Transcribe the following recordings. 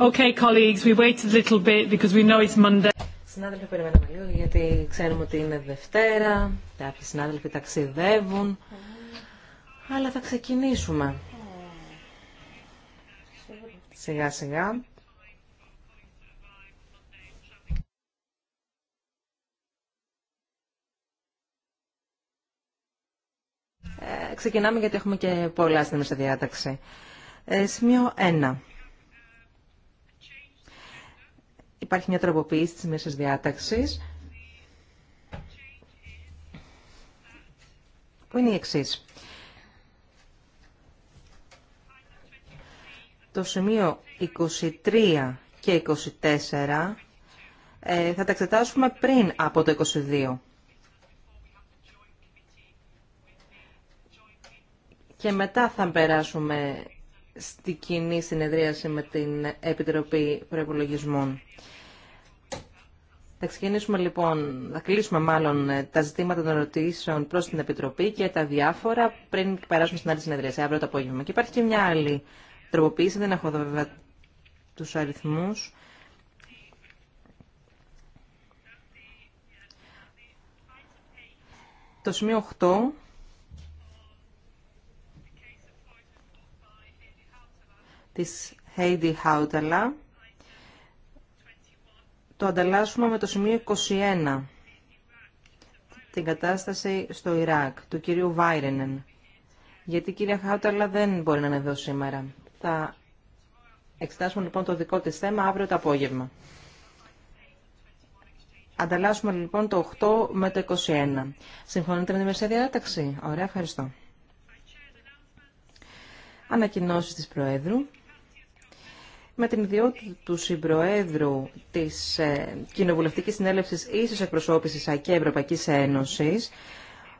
Okay, colleagues, we wait a little bit because we know it's Monday. Συνάδελφοι, περιμέναμε λίγο γιατί ξέρουμε ότι είναι Δευτέρα, κάποιοι συνάδελφοι ταξιδεύουν, αλλά θα ξεκινήσουμε. Ε, σιγά σιγά. ξεκινάμε γιατί έχουμε και πολλά στην μέσα διάταξη. Ε, σημείο 1. Υπάρχει μια τροποποίηση της μέσης διάταξης. Που είναι η εξής. Το σημείο 23 και 24 ε, θα τα εξετάσουμε πριν από το 22. και μετά θα περάσουμε στη κοινή συνεδρίαση με την Επιτροπή Προϋπολογισμών. Θα ξεκινήσουμε λοιπόν, θα κλείσουμε μάλλον τα ζητήματα των ερωτήσεων προς την Επιτροπή και τα διάφορα πριν περάσουμε στην άλλη συνεδρίαση, αύριο το απόγευμα. Και υπάρχει και μια άλλη τροποποίηση, δεν έχω εδώ βέβαια τους αριθμούς. Το σημείο 8 της Heidi Hautala. Το ανταλλάσσουμε με το σημείο 21, την κατάσταση στο Ιράκ, του κυρίου Βάιρενεν. Γιατί η κυρία Χάουταλα δεν μπορεί να είναι εδώ σήμερα. Θα εξετάσουμε λοιπόν το δικό της θέμα αύριο το απόγευμα. Ανταλλάσσουμε λοιπόν το 8 με το 21. Συμφωνείτε με τη μεσαία διάταξη. Ωραία, ευχαριστώ. Ανακοινώσει της Προέδρου με την ιδιότητα του Συμπροέδρου της ε, Κοινοβουλευτικής Συνέλευσης Ίσως Εκπροσώπησης ΑΚΕ Ευρωπαϊκή Ένωση,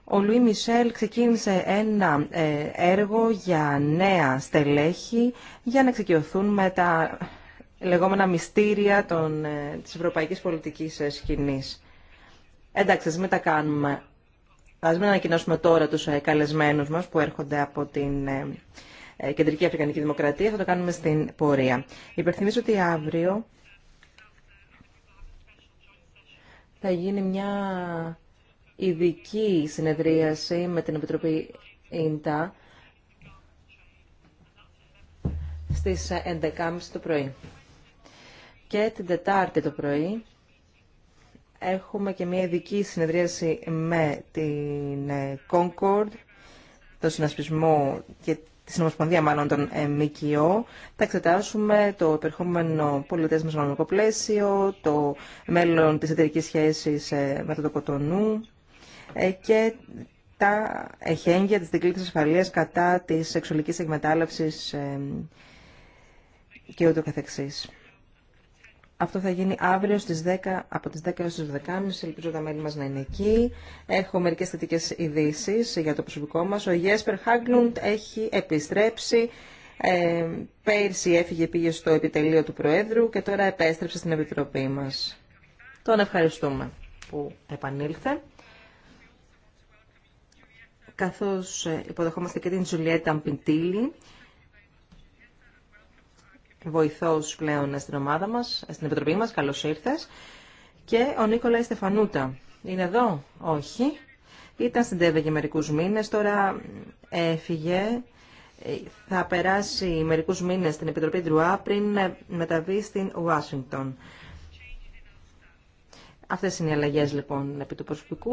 ο Λουί Μισελ ξεκίνησε ένα ε, έργο για νέα στελέχη για να εξοικειωθούν με τα λεγόμενα μυστήρια των, ε, της ευρωπαϊκής πολιτικής ε, σκηνής. Εντάξει, ας μην τα κάνουμε. Ας μην ανακοινώσουμε τώρα τους καλεσμένους μας που έρχονται από την ε, Κεντρική Αφρικανική Δημοκρατία. Θα το κάνουμε στην πορεία. Υπερθυμίζω ότι αύριο θα γίνει μια ειδική συνεδρίαση με την Επιτροπή ΙΝΤΑ στις 11.30 το πρωί. Και την Τετάρτη το πρωί έχουμε και μια ειδική συνεδρίαση με την Concord, το συνασπισμό και στην Ομοσπονδία μάλλον των ε, ΜΚΟ. Θα εξετάσουμε το επερχόμενο πολιτές νομικό πλαίσιο, το μέλλον της εταιρικής σχέσης ε, με το Κοτονού ε, και τα εχέγγυα της δικλήτης ασφαλείας κατά της σεξουαλικής εκμετάλλευσης και ούτω καθεξής. Αυτό θα γίνει αύριο στις 10, από τις 10 έως τις 12.30. Ελπίζω τα μέλη μας να είναι εκεί. Έχω μερικές θετικές ειδήσει για το προσωπικό μας. Ο Γέσπερ Χάγκλουντ έχει επιστρέψει. Ε, πέρσι έφυγε, πήγε στο επιτελείο του Προέδρου και τώρα επέστρεψε στην Επιτροπή μας. Τον ευχαριστούμε που επανήλθε. Καθώς ε, υποδεχόμαστε και την Τζουλιέτα Μπιντήλη, Βοηθό πλέον στην ομάδα μα, στην Επιτροπή μα, καλώ ήρθε, Και ο Νίκολα Στεφανούτα. Είναι εδώ. Όχι. Ήταν στην ΤΕΒΕ για μερικού μήνε, Τώρα ε, έφυγε. Ε, θα περάσει μερικού μήνε στην Επιτροπή Ντρουά πριν ε, μεταβεί στην Ουάσιγκτον. Αυτέ είναι οι αλλαγέ λοιπόν επί του προσωπικού.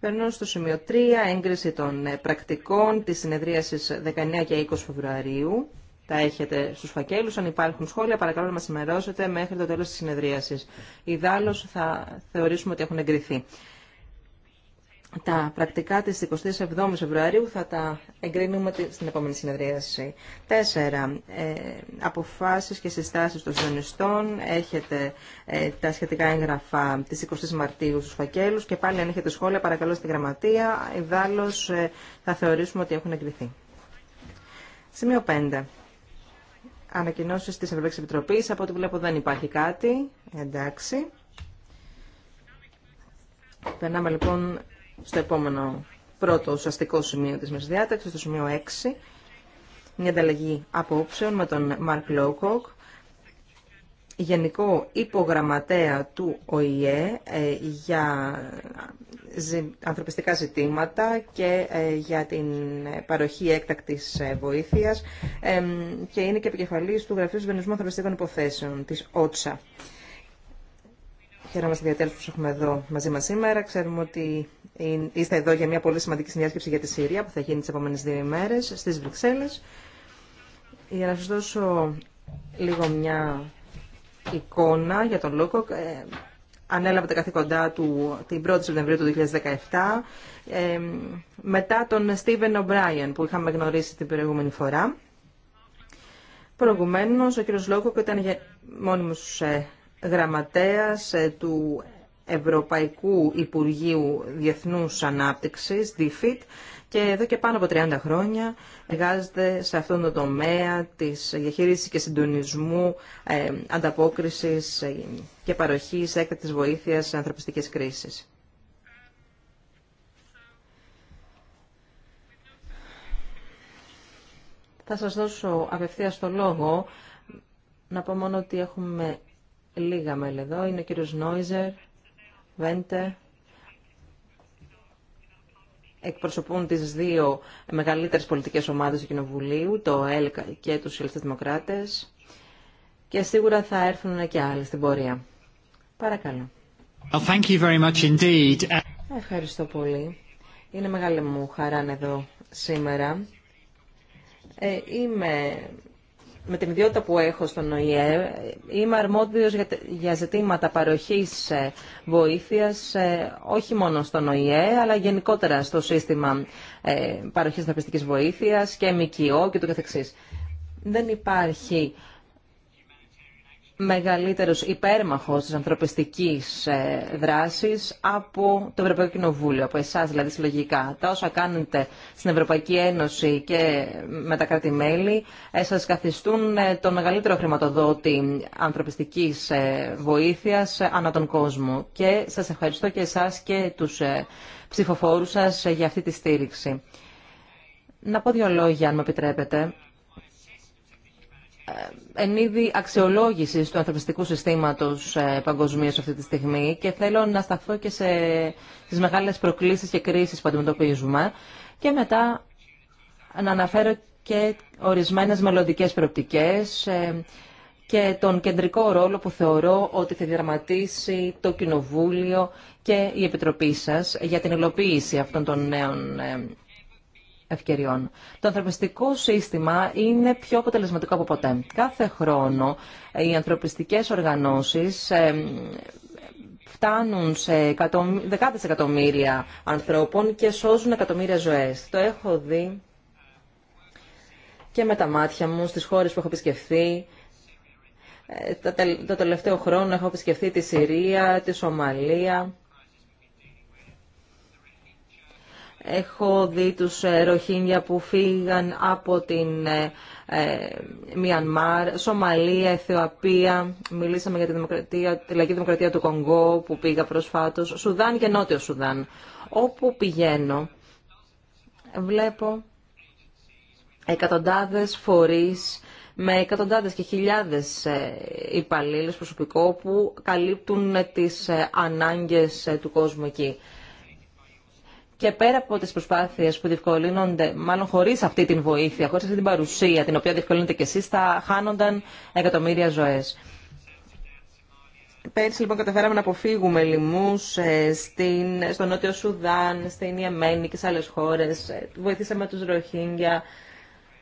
Περνούν στο σημείο 3, έγκριση των πρακτικών της συνεδρίασης 19 και 20 Φεβρουαρίου τα έχετε στου φακέλου, Αν υπάρχουν σχόλια, παρακαλώ να μα ενημερώσετε μέχρι το τέλο τη συνεδρίαση. Ιδάλω θα θεωρήσουμε ότι έχουν εγκριθεί. Τα πρακτικά της 27 η Φεβρουαρίου θα τα εγκρίνουμε στην επόμενη συνεδρίαση. Τέσσερα. Ε, αποφάσεις και συστάσει των συντονιστών. Έχετε ε, τα σχετικά έγγραφα της 20ης Μαρτίου στους φακέλους και πάλι αν έχετε σχόλια παρακαλώ στη γραμματεία. Ιδάλλως ε, θα θεωρήσουμε ότι έχουν εγκριθεί. Σημείο 5. Ανακοινώσεις της Ευρωπαϊκής Επιτροπής. Από ό,τι βλέπω δεν υπάρχει κάτι. Εντάξει. Περνάμε λοιπόν στο επόμενο πρώτο ουσιαστικό σημείο της μεσης το σημείο 6. Μια ανταλλαγή απόψεων με τον Μαρκ Λόκοκ, Γενικό Υπογραμματέα του ΟΗΕ ε, για ανθρωπιστικά ζητήματα και ε, για την παροχή έκτακτης ε, βοήθειας και είναι και επικεφαλής του Γραφείου Συμπενισμού Ανθρωπιστικών Υποθέσεων της ΟΤΣΑ. Χαίρομαστε διατέλους που έχουμε εδώ μαζί μας σήμερα. Ξέρουμε ότι είστε εδώ για μια πολύ σημαντική συνδιάσκεψη για τη Συρία που θα γίνει τις επόμενες δύο ημέρε στις Βρυξέλλες. Για να σας δώσω λίγο μια εικόνα για τον Λόκοκ. Ε, ανέλαβε τα καθήκοντά του την 1η Σεπτεμβρίου του 2017, ε, μετά τον Στίβεν Ομπράιεν που είχαμε γνωρίσει την προηγούμενη φορά. Προηγουμένω, ο κ. Λόκοκ ήταν μόνιμος ε, γραμματέας ε, του Ευρωπαϊκού Υπουργείου Διεθνούς Ανάπτυξη, DFIT, και εδώ και πάνω από 30 χρόνια εργάζεται σε αυτόν τον τομέα της διαχείρισης και συντονισμού ε, ανταπόκρισης ε, και παροχής έκτακτης βοήθειας σε ανθρωπιστικές κρίσεις. Θα σας δώσω απευθείας το λόγο. Να πω μόνο ότι έχουμε λίγα μέλη εδώ. Είναι ο κύριος Νόιζερ, Βέντε, εκπροσωπούν τις δύο μεγαλύτερες πολιτικές ομάδες του Κοινοβουλίου, το ΕΛΚ και τους Συλλογιστές Δημοκράτες και σίγουρα θα έρθουν και άλλοι στην πορεία. Παρακαλώ. Well, thank you very much indeed. Ευχαριστώ πολύ. Είναι μεγάλη μου χαρά να εδώ σήμερα. Ε, είμαι με την ιδιότητα που έχω στον ΟΗΕ, είμαι αρμόδιος για ζητήματα παροχής ε, βοήθειας, ε, όχι μόνο στον ΟΗΕ, αλλά γενικότερα στο σύστημα ε, παροχής ανθρωπιστική βοήθειας και ΜΚΟ και το καθεξής. Δεν υπάρχει μεγαλύτερος υπέρμαχος της ανθρωπιστικής ε, δράσης από το Ευρωπαϊκό Κοινοβούλιο, από εσάς δηλαδή συλλογικά. Τα όσα κάνετε στην Ευρωπαϊκή Ένωση και με τα κράτη-μέλη ε, σας καθιστούν ε, τον μεγαλύτερο χρηματοδότη ανθρωπιστικής βοήθειας ανά τον κόσμο. Και σας ευχαριστώ και εσάς και τους ψηφοφόρους σας για αυτή τη στήριξη. Να πω δύο λόγια, αν με επιτρέπετε, ε, εν είδη αξιολόγησης του ανθρωπιστικού συστήματος ε, παγκοσμίω αυτή τη στιγμή και θέλω να σταθώ και σε τις μεγάλες προκλήσεις και κρίσει που αντιμετωπίζουμε και μετά να αναφέρω και ορισμένες μελλοντικέ προοπτικές ε, και τον κεντρικό ρόλο που θεωρώ ότι θα διαδραματίσει το Κοινοβούλιο και η Επιτροπή σας για την υλοποίηση αυτών των νέων ευκαιριών. Το ανθρωπιστικό σύστημα είναι πιο αποτελεσματικό από ποτέ. Κάθε χρόνο ε, οι ανθρωπιστικές οργανώσεις ε, φτάνουν σε δεκάδες εκατομμύρια ανθρώπων και σώζουν εκατομμύρια ζωές. Το έχω δει και με τα μάτια μου στις χώρες που έχω επισκεφθεί. Ε, το τελευταίο χρόνο έχω επισκεφθεί τη Συρία, τη Σομαλία Έχω δει τους ε, Ροχίνια που φύγαν από την ε, ε, Μιανμάρ, Σομαλία, Αιθιοπία, μιλήσαμε για τη, δημοκρατία, τη λαϊκή δημοκρατία του Κονγκό που πήγα προσφάτως, Σουδάν και Νότιο Σουδάν. Όπου πηγαίνω βλέπω εκατοντάδες φορείς με εκατοντάδες και χιλιάδες ε, υπαλλήλους προσωπικό που καλύπτουν τις ανάγκες του κόσμου εκεί και πέρα από τι προσπάθειε που διευκολύνονται, μάλλον χωρί αυτή την βοήθεια, χωρί αυτή την παρουσία την οποία διευκολύνεται και εσεί, θα χάνονταν εκατομμύρια ζωέ. Πέρσι λοιπόν καταφέραμε να αποφύγουμε λοιμούς ε, στο Νότιο Σουδάν, στην Ιεμένη και σε άλλες χώρες. Ε, βοηθήσαμε τους Ροχίνγκια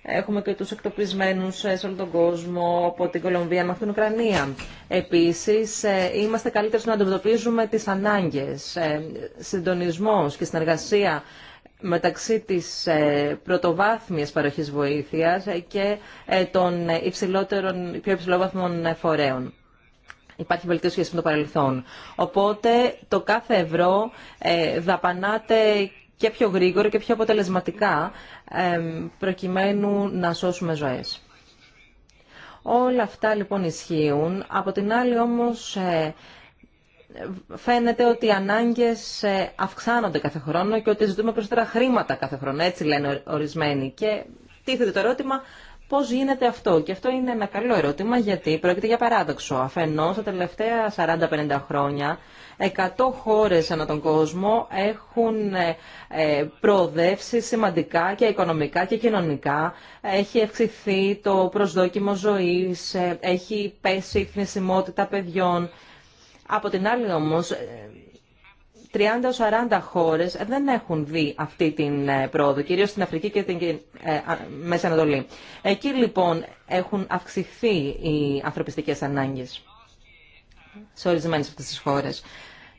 Έχουμε και τους εκτοπισμένους ε, σε όλο τον κόσμο, από την Κολομβία μέχρι την Ουκρανία. Επίσης, ε, είμαστε καλύτεροι να αντιμετωπίζουμε τις ανάγκες. Ε, συντονισμός και συνεργασία μεταξύ της πρωτοβάθμιας παροχής βοήθειας και των υψηλότερων, πιο υψηλόβαθμων φορέων. Υπάρχει βελτίωση σχέση με το παρελθόν. Οπότε το κάθε ευρώ δαπανάται και πιο γρήγορο και πιο αποτελεσματικά προκειμένου να σώσουμε ζωές. Όλα αυτά λοιπόν ισχύουν. Από την άλλη όμως ε, φαίνεται ότι οι ανάγκες ε, αυξάνονται κάθε χρόνο και ότι ζητούμε περισσότερα χρήματα κάθε χρόνο. Έτσι λένε ορισμένοι. Και τίθεται το ερώτημα Πώς γίνεται αυτό. Και αυτό είναι ένα καλό ερώτημα γιατί πρόκειται για παράδοξο. Αφενό τα τελευταία 40-50 χρόνια 100 χώρες ανά τον κόσμο έχουν ε, ε, προοδεύσει σημαντικά και οικονομικά και κοινωνικά. Έχει αυξηθεί το προσδόκιμο ζωής, ε, έχει πέσει η θνησιμότητα παιδιών. Από την άλλη όμως 30-40 χώρες δεν έχουν δει αυτή την ε, πρόοδο, κυρίω στην Αφρική και την ε, Μέση Ανατολή. Εκεί λοιπόν έχουν αυξηθεί οι ανθρωπιστικές ανάγκες σε ορισμένε αυτές τι χώρε.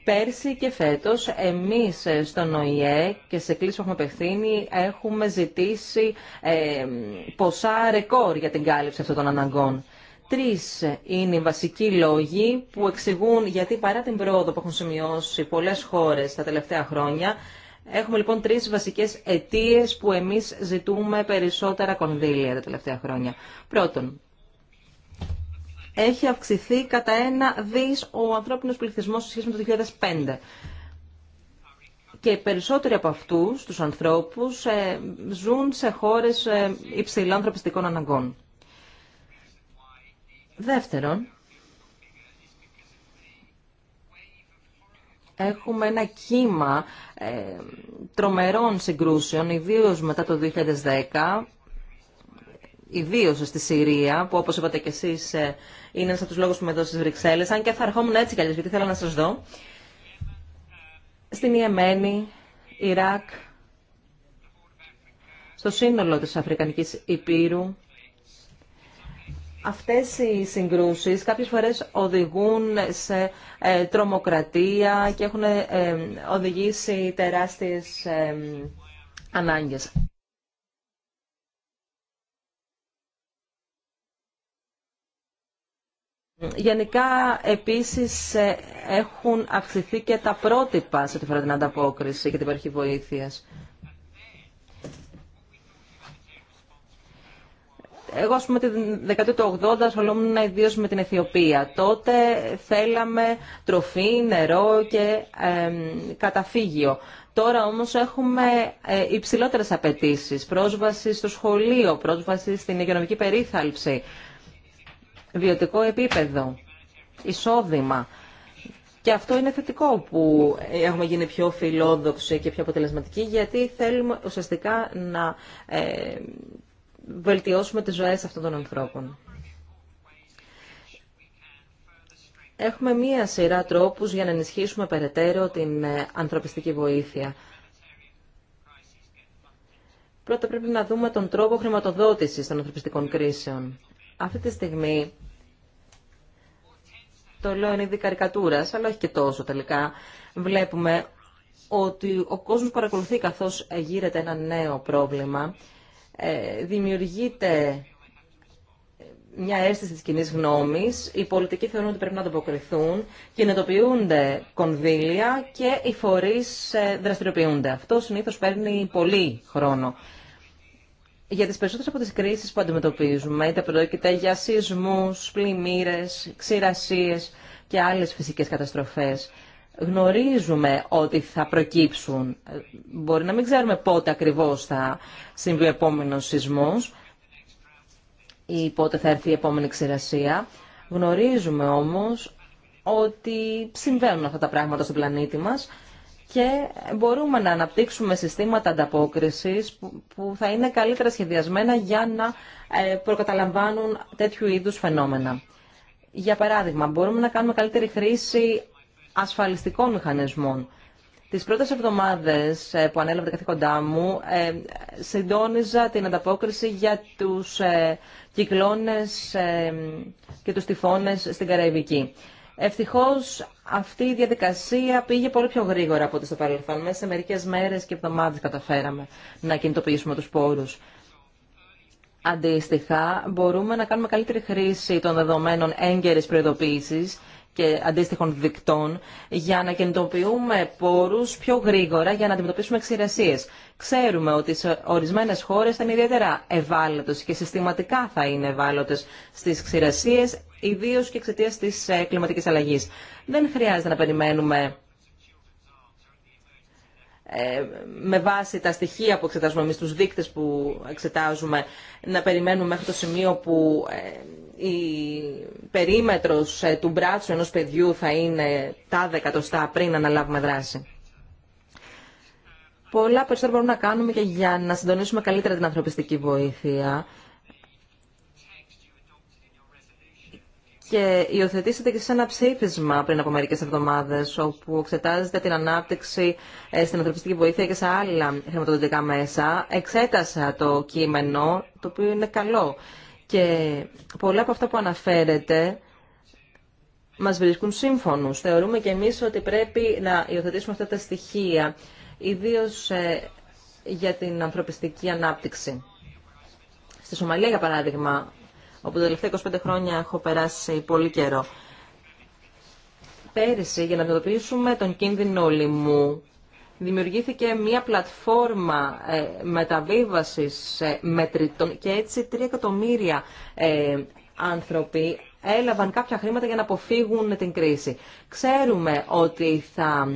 Πέρσι και φέτος εμείς ε, στον ΟΗΕ και σε κλίση που έχουμε απευθύνει έχουμε ζητήσει ποσά ρεκόρ για την κάλυψη αυτών των αναγκών. Τρεις είναι οι βασικοί λόγοι που εξηγούν γιατί παρά την πρόοδο που έχουν σημειώσει πολλές χώρες τα τελευταία χρόνια, έχουμε λοιπόν τρεις βασικές αιτίες που εμείς ζητούμε περισσότερα κονδύλια τα τελευταία χρόνια. Πρώτον, έχει αυξηθεί κατά ένα δις ο ανθρώπινος πληθυσμός σε σχέση με το 2005. Και περισσότεροι από αυτούς, τους ανθρώπους, ε, ζουν σε χώρες ε, υψηλών ανθρωπιστικών αναγκών. Δεύτερον, έχουμε ένα κύμα ε, τρομερών συγκρούσεων, ιδίως μετά το 2010, ιδίως στη Συρία, που όπως είπατε και εσείς ε, είναι ένας τους λόγους που με εδώ στις Βρυξέλλες, αν και θα ερχόμουν έτσι κι αλλιώς, γιατί θέλω να σας δω. Στην Ιεμένη, Ιράκ, στο σύνολο της Αφρικανικής Υπήρου, Αυτές οι συγκρούσεις κάποιες φορές οδηγούν σε ε, τρομοκρατία και έχουν ε, οδηγήσει τεράστιες ε, ανάγκες. Γενικά, επίσης, έχουν αυξηθεί και τα πρότυπα σε τη φορά την ανταπόκριση και την παροχή βοήθειας. Εγώ, α πούμε, τη δεκαετία του 80 ασχολούμουν ιδίω με την Αιθιοπία. Τότε θέλαμε τροφή, νερό και καταφύγιο. Τώρα όμως έχουμε ε, υψηλότερες απαιτήσει, πρόσβαση στο σχολείο, πρόσβαση στην υγειονομική περίθαλψη, βιωτικό επίπεδο, εισόδημα. Και αυτό είναι θετικό που έχουμε γίνει πιο φιλόδοξοι και πιο αποτελεσματικοί, γιατί θέλουμε ουσιαστικά να ε, βελτιώσουμε τις ζωές αυτών των ανθρώπων. Έχουμε μία σειρά τρόπους για να ενισχύσουμε περαιτέρω την ε, ανθρωπιστική βοήθεια. Πρώτα πρέπει να δούμε τον τρόπο χρηματοδότησης των ανθρωπιστικών κρίσεων. Αυτή τη στιγμή, το λέω είναι ήδη καρικατούρας, αλλά όχι και τόσο τελικά, βλέπουμε ότι ο κόσμος παρακολουθεί καθώς γύρεται ένα νέο πρόβλημα ε, δημιουργείται μια αίσθηση της κοινή γνώμης, οι πολιτικοί θεωρούν ότι πρέπει να ανταποκριθούν, κινητοποιούνται κονδύλια και οι φορείς ε, δραστηριοποιούνται. Αυτό συνήθως παίρνει πολύ χρόνο. Για τις περισσότερες από τις κρίσεις που αντιμετωπίζουμε, είτε πρόκειται για σεισμούς, πλημμύρες, ξηρασίες και άλλες φυσικές καταστροφές, γνωρίζουμε ότι θα προκύψουν. Μπορεί να μην ξέρουμε πότε ακριβώς θα συμβεί ο επόμενος σεισμός ή πότε θα έρθει η επόμενη ξηρασία. Γνωρίζουμε όμως ότι συμβαίνουν αυτά τα πράγματα στον πλανήτη μας και μπορούμε να αναπτύξουμε συστήματα ανταπόκρισης που θα είναι καλύτερα σχεδιασμένα για να ε, προκαταλαμβάνουν τέτοιου είδους φαινόμενα. Για παράδειγμα, μπορούμε να κάνουμε καλύτερη χρήση ασφαλιστικών μηχανισμών. Τις πρώτες εβδομάδες ε, που ανέλαβε τα καθήκοντά μου, ε, συντόνιζα την ανταπόκριση για τους ε, κυκλώνε και τους τυφώνε στην Καραϊβική. Ευτυχώ αυτή η διαδικασία πήγε πολύ πιο γρήγορα από ό,τι στο παρελθόν. Μέσα σε μερικές μέρες και εβδομάδες καταφέραμε να κινητοποιήσουμε τους πόρους. Αντίστοιχα, μπορούμε να κάνουμε καλύτερη χρήση των δεδομένων έγκαιρη προειδοποίηση και αντίστοιχων δικτών για να κινητοποιούμε πόρου πιο γρήγορα για να αντιμετωπίσουμε ξηρασίες. Ξέρουμε ότι σε ορισμένες χώρες θα είναι ιδιαίτερα ευάλωτε και συστηματικά θα είναι ευάλωτε στι ξηρασίες, ιδίω και εξαιτία τη ε, κλιματική αλλαγή. Δεν χρειάζεται να περιμένουμε ε, με βάση τα στοιχεία που εξετάζουμε εμείς, τους δείκτες που εξετάζουμε, να περιμένουμε μέχρι το σημείο που ε, η περίμετρος ε, του μπράτσου ενός παιδιού θα είναι τα δεκατοστά πριν αναλάβουμε δράση. Πολλά περισσότερα μπορούμε να κάνουμε και για να συντονίσουμε καλύτερα την ανθρωπιστική βοήθεια. και υιοθετήσετε και σε ένα ψήφισμα πριν από μερικέ εβδομάδε, όπου εξετάζετε την ανάπτυξη ε, στην ανθρωπιστική βοήθεια και σε άλλα χρηματοδοτικά μέσα. Εξέτασα το κείμενο, το οποίο είναι καλό. Και πολλά από αυτά που αναφέρετε μας βρίσκουν σύμφωνους. Θεωρούμε και εμεί ότι πρέπει να υιοθετήσουμε αυτά τα στοιχεία, ιδίως ε, για την ανθρωπιστική ανάπτυξη. Στη Σομαλία, για παράδειγμα, όπου τα τελευταία 25 χρόνια έχω περάσει πολύ καιρό. Πέρυσι, για να αντιμετωπίσουμε τον κίνδυνο λοιμού, δημιουργήθηκε μια πλατφόρμα ε, μεταβίβασης ε, μετρητών και έτσι 3 εκατομμύρια ε, άνθρωποι έλαβαν κάποια χρήματα για να αποφύγουν την κρίση. Ξέρουμε ότι θα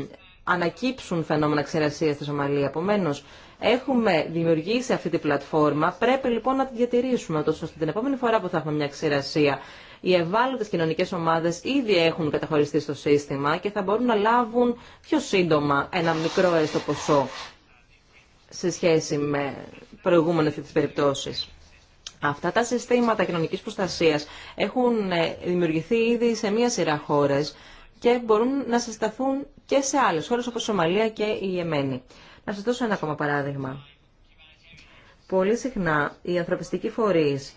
ανακύψουν φαινόμενα ξηρασία στη Σομαλία. Επομένως, Έχουμε δημιουργήσει αυτή τη πλατφόρμα, πρέπει λοιπόν να τη διατηρήσουμε, ώστε την επόμενη φορά που θα έχουμε μια ξηρασία οι ευάλωτε κοινωνικέ ομάδε ήδη έχουν καταχωριστεί στο σύστημα και θα μπορούν να λάβουν πιο σύντομα ένα μικρό έστω ποσό σε σχέση με προηγούμενες τις περιπτώσει. Αυτά τα συστήματα κοινωνική προστασία έχουν ε, δημιουργηθεί ήδη σε μία σειρά χώρε και μπορούν να συσταθούν και σε άλλε χώρε όπω η Σομαλία και η Εμένη. Να σας δώσω ένα ακόμα παράδειγμα. Πολύ συχνά οι ανθρωπιστικοί φορείς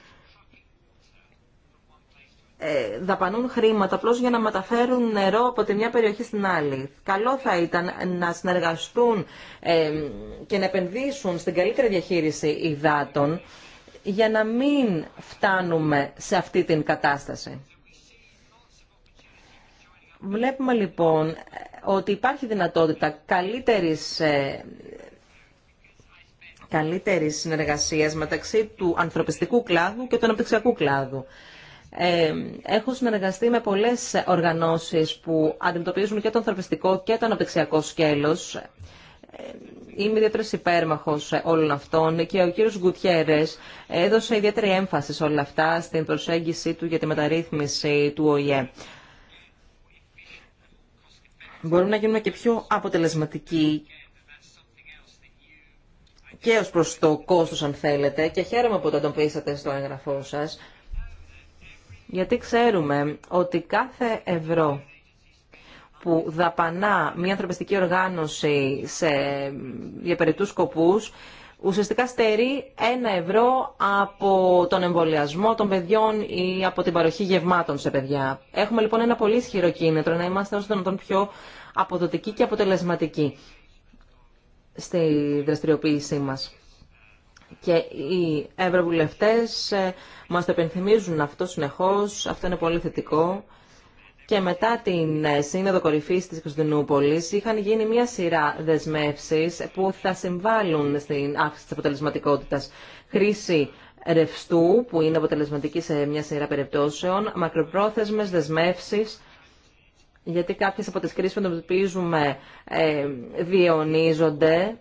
ε, δαπανούν χρήματα απλώ για να μεταφέρουν νερό από τη μια περιοχή στην άλλη. Καλό θα ήταν να συνεργαστούν ε, και να επενδύσουν στην καλύτερη διαχείριση υδάτων για να μην φτάνουμε σε αυτή την κατάσταση. Βλέπουμε λοιπόν ότι υπάρχει δυνατότητα καλύτερης, ε, καλύτερης συνεργασίας μεταξύ του ανθρωπιστικού κλάδου και του αναπτυξιακού κλάδου. Ε, έχω συνεργαστεί με πολλές οργανώσεις που αντιμετωπίζουν και το ανθρωπιστικό και το αναπτυξιακό σκέλος. Ε, είμαι ιδιαίτερο υπέρμαχο όλων αυτών και ο κύριος Γκουτιέρες έδωσε ιδιαίτερη έμφαση σε όλα αυτά στην προσέγγιση του για τη μεταρρύθμιση του ΟΗΕ μπορούμε να γίνουμε και πιο αποτελεσματικοί και ως προς το κόστος αν θέλετε και χαίρομαι που το εντοπίσατε στο έγγραφό σας γιατί ξέρουμε ότι κάθε ευρώ που δαπανά μια ανθρωπιστική οργάνωση σε διαπεριτούς σκοπούς ουσιαστικά στερεί ένα ευρώ από τον εμβολιασμό των παιδιών ή από την παροχή γευμάτων σε παιδιά. Έχουμε λοιπόν ένα πολύ ισχυρό κίνητρο να είμαστε όσο τον πιο αποδοτικοί και αποτελεσματικοί στη δραστηριοποίησή μας. Και οι ευρωβουλευτές ε, μας το επενθυμίζουν αυτό συνεχώς, αυτό είναι πολύ θετικό και μετά την ε, Σύνοδο κορυφή της Κωνσταντινούπολης είχαν γίνει μια σειρά δεσμεύσει που θα συμβάλλουν στην αύξηση τη αποτελεσματικότητας. Χρήση ρευστού που είναι αποτελεσματική σε μια σειρά περιπτώσεων, μακροπρόθεσμε δεσμεύσει, γιατί κάποιε από τι κρίσει που αντιμετωπίζουμε ε, διαιωνίζονται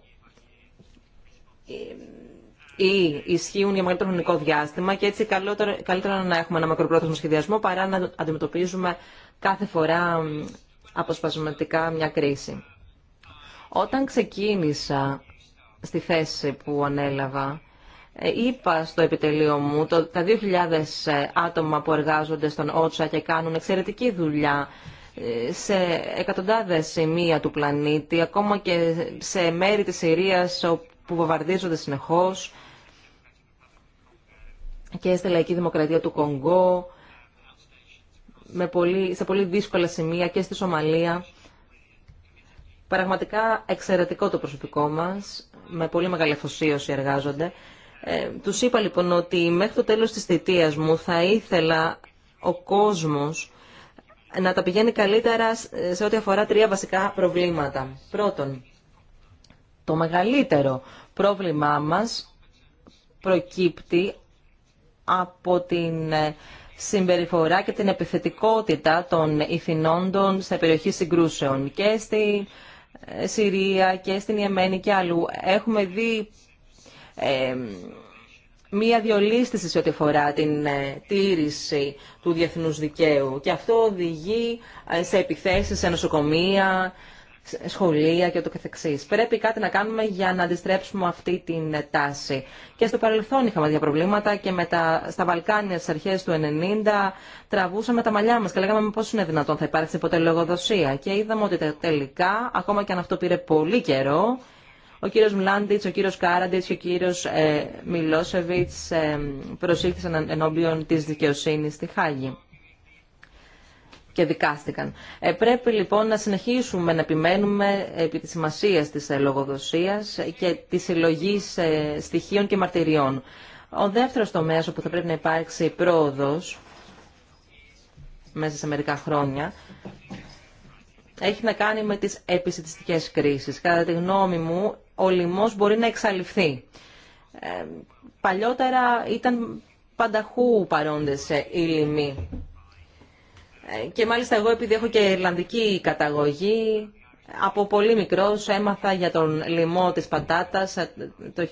ή ισχύουν για μεγαλύτερο χρονικό διάστημα και έτσι καλύτερο να έχουμε ένα μακροπρόθεσμο σχεδιασμό παρά να αντιμετωπίζουμε κάθε φορά αποσπασματικά μια κρίση. Όταν ξεκίνησα στη θέση που ανέλαβα, ε, είπα στο επιτελείο μου το, τα 2.000 άτομα που εργάζονται στον Ότσα και κάνουν εξαιρετική δουλειά ε, σε εκατοντάδες σημεία του πλανήτη, ακόμα και σε μέρη της Συρίας που βαβαρδίζονται συνεχώς, και στη Λαϊκή Δημοκρατία του Κονγκό, με πολύ, σε πολύ δύσκολα σημεία και στη Σομαλία. Πραγματικά εξαιρετικό το προσωπικό μας, με πολύ μεγάλη αφοσίωση εργάζονται. Ε, τους είπα λοιπόν ότι μέχρι το τέλος της θητείας μου θα ήθελα ο κόσμος να τα πηγαίνει καλύτερα σε ό,τι αφορά τρία βασικά προβλήματα. Πρώτον, το μεγαλύτερο πρόβλημά μας προκύπτει από την ε, συμπεριφορά και την επιθετικότητα των ηθινόντων σε περιοχή συγκρούσεων και στη ε, Συρία και στην Ιεμένη και αλλού. Έχουμε δει ε, μία διολίστηση σε ό,τι αφορά την ε, τήρηση του διεθνούς δικαίου και αυτό οδηγεί σε επιθέσεις σε νοσοκομεία, σχολεία και ούτω καθεξής. Πρέπει κάτι να κάνουμε για να αντιστρέψουμε αυτή την τάση. Και στο παρελθόν είχαμε τέτοια προβλήματα και με στα Βαλκάνια στις αρχές του 1990 τραβούσαμε τα μαλλιά μας και λέγαμε πώ είναι δυνατόν θα υπάρξει ποτέ λογοδοσία. Και είδαμε ότι τελικά, ακόμα και αν αυτό πήρε πολύ καιρό, ο κύριος Μλάντιτς, ο κύριος Κάραντιτς και ο κύριος ε, Μιλόσεβιτς ε, ενώπιον της δικαιοσύνης στη Χάγη και δικάστηκαν. Ε, πρέπει λοιπόν να συνεχίσουμε να επιμένουμε επί της σημασίας της ε, λογοδοσίας και της συλλογή ε, στοιχείων και μαρτυριών. Ο δεύτερος τομέας όπου θα πρέπει να υπάρξει πρόοδος μέσα σε μερικά χρόνια έχει να κάνει με τις επιστημιστικές κρίσεις. Κατά τη γνώμη μου, ο λοιμός μπορεί να εξαλειφθεί. παλιότερα ήταν πανταχού παρόντες οι λοιμοί. Ε, και μάλιστα εγώ επειδή έχω και Ιρλανδική καταγωγή, από πολύ μικρός έμαθα για τον λοιμό της πατάτας ε, το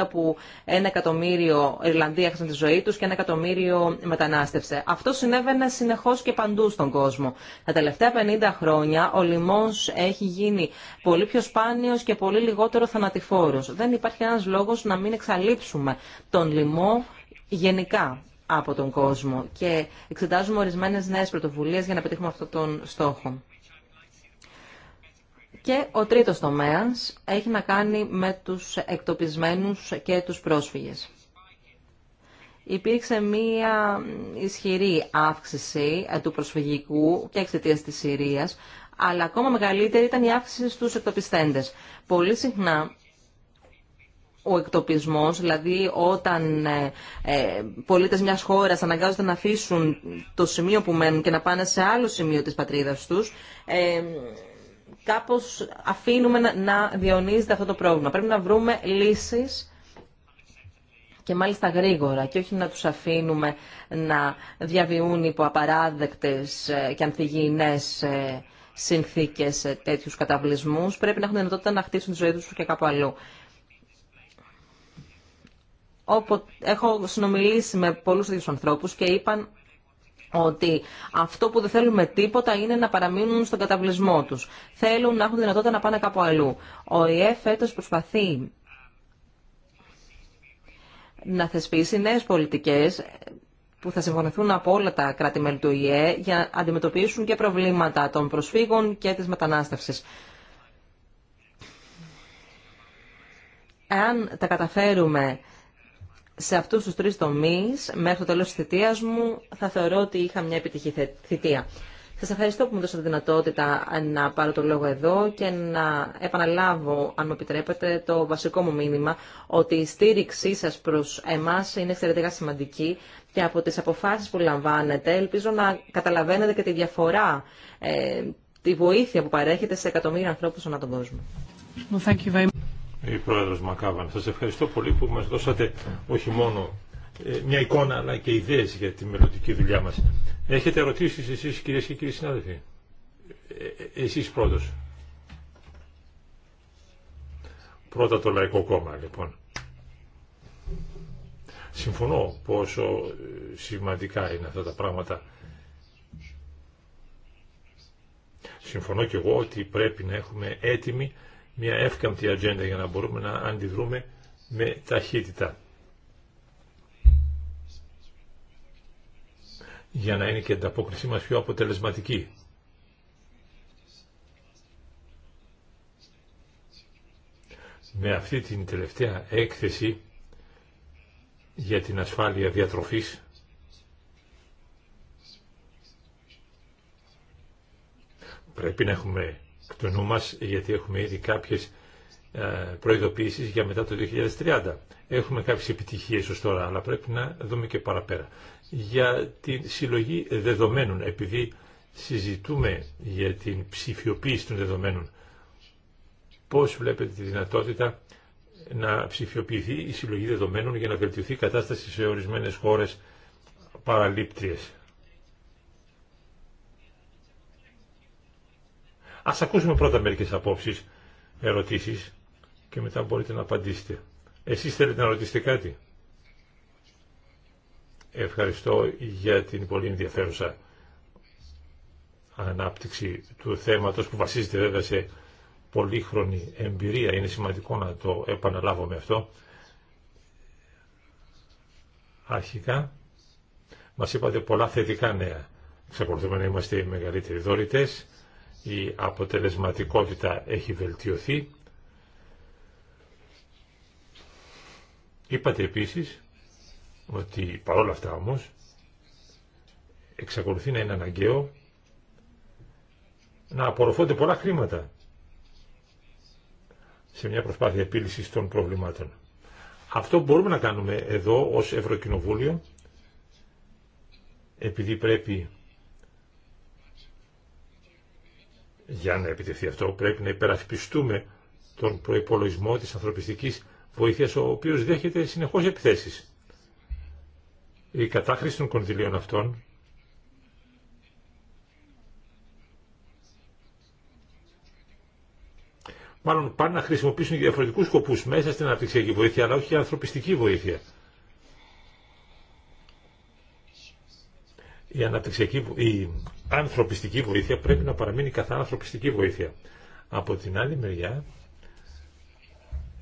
1840 που ένα εκατομμύριο Ιρλανδοί έχασαν τη ζωή τους και ένα εκατομμύριο μετανάστευσε. Αυτό συνέβαινε συνεχώς και παντού στον κόσμο. Τα τελευταία 50 χρόνια ο λοιμός έχει γίνει πολύ πιο σπάνιος και πολύ λιγότερο θανατηφόρος. Δεν υπάρχει ένας λόγος να μην εξαλείψουμε τον λοιμό γενικά από τον κόσμο και εξετάζουμε ορισμένες νέες πρωτοβουλίες για να πετύχουμε αυτόν τον στόχο. Και ο τρίτος τομέας έχει να κάνει με τους εκτοπισμένους και τους πρόσφυγες. Υπήρξε μία ισχυρή αύξηση ε, του προσφυγικού και εξαιτία της Συρίας, αλλά ακόμα μεγαλύτερη ήταν η αύξηση στους εκτοπιστέντες. Πολύ συχνά ο εκτοπισμός, δηλαδή όταν ε, ε, πολίτες μιας χώρας αναγκάζονται να αφήσουν το σημείο που μένουν και να πάνε σε άλλο σημείο της πατρίδας τους, ε, κάπως αφήνουμε να, να αυτό το πρόβλημα. Πρέπει να βρούμε λύσεις και μάλιστα γρήγορα και όχι να τους αφήνουμε να διαβιούν υπό απαράδεκτες ε, και ανθυγιεινές ε, συνθήκες τέτοιους καταβλισμούς. Πρέπει να έχουν δυνατότητα να χτίσουν τη ζωή τους και κάπου αλλού. Όπου έχω συνομιλήσει με πολλούς τέτοιους ανθρώπους και είπαν ότι αυτό που δεν θέλουμε τίποτα είναι να παραμείνουν στον καταβλισμό τους. Θέλουν να έχουν δυνατότητα να πάνε κάπου αλλού. Ο ΙΕ φέτος προσπαθεί να θεσπίσει νέες πολιτικές που θα συμφωνηθούν από όλα τα κράτη-μέλη του ΙΕ για να αντιμετωπίσουν και προβλήματα των προσφύγων και της μετανάστευσης. Εάν τα καταφέρουμε σε αυτούς τους τρεις τομείς, μέχρι το τέλος της θητείας μου, θα θεωρώ ότι είχα μια επιτυχή θητεία. Σας ευχαριστώ που μου δώσατε τη δυνατότητα να πάρω το λόγο εδώ και να επαναλάβω, αν μου επιτρέπετε, το βασικό μου μήνυμα ότι η στήριξή σας προς εμάς είναι εξαιρετικά σημαντική και από τις αποφάσεις που λαμβάνετε ελπίζω να καταλαβαίνετε και τη διαφορά, ε, τη βοήθεια που παρέχετε σε εκατομμύρια ανθρώπους ανά τον κόσμο. Well, η πρόεδρος Μακάβαν. Σας ευχαριστώ πολύ που μας δώσατε όχι μόνο ε, μια εικόνα αλλά και ιδέες για τη μελλοντική δουλειά μας. Έχετε ερωτήσεις εσείς κυρίες και κύριοι συνάδελφοι. Ε, ε εσείς πρώτος. Πρώτα το Λαϊκό Κόμμα λοιπόν. Συμφωνώ πόσο ε, σημαντικά είναι αυτά τα πράγματα. Συμφωνώ και εγώ ότι πρέπει να έχουμε έτοιμη μια εύκαμπτη ατζέντα για να μπορούμε να αντιδρούμε με ταχύτητα. Για να είναι και η ανταπόκρισή μας πιο αποτελεσματική. Με αυτή την τελευταία έκθεση για την ασφάλεια διατροφής πρέπει να έχουμε του νου γιατί έχουμε ήδη κάποιες ε, προειδοποιήσεις για μετά το 2030. Έχουμε κάποιες επιτυχίες ως τώρα, αλλά πρέπει να δούμε και παραπέρα. Για την συλλογή δεδομένων, επειδή συζητούμε για την ψηφιοποίηση των δεδομένων, πώς βλέπετε τη δυνατότητα να ψηφιοποιηθεί η συλλογή δεδομένων για να βελτιωθεί η κατάσταση σε ορισμένες χώρες παραλήπτριες. Ας ακούσουμε πρώτα μερικές απόψεις, ερωτήσεις και μετά μπορείτε να απαντήσετε. Εσείς θέλετε να ρωτήσετε κάτι. Ευχαριστώ για την πολύ ενδιαφέρουσα ανάπτυξη του θέματος που βασίζεται βέβαια σε πολύχρονη εμπειρία. Είναι σημαντικό να το επαναλάβω με αυτό. Αρχικά μας είπατε πολλά θετικά νέα. Ξεκολουθούμε να είμαστε οι μεγαλύτεροι δωρητές η αποτελεσματικότητα έχει βελτιωθεί. Είπατε επίσης ότι παρόλα αυτά όμως εξακολουθεί να είναι αναγκαίο να απορροφώνται πολλά χρήματα σε μια προσπάθεια επίλυσης των προβλημάτων. Αυτό που μπορούμε να κάνουμε εδώ ως Ευρωκοινοβούλιο, επειδή πρέπει Για να επιτευχθεί αυτό πρέπει να υπερασπιστούμε τον προϋπολογισμό της ανθρωπιστικής βοήθειας, ο οποίος δέχεται συνεχώς επιθέσεις. Η κατάχρηση των κονδυλίων αυτών μάλλον πάνε να χρησιμοποιήσουν διαφορετικούς σκοπούς μέσα στην αναπτυξιακή βοήθεια, αλλά όχι η ανθρωπιστική βοήθεια. η, αναπτυξιακή, η ανθρωπιστική βοήθεια πρέπει να παραμείνει καθαρά ανθρωπιστική βοήθεια. Από την άλλη μεριά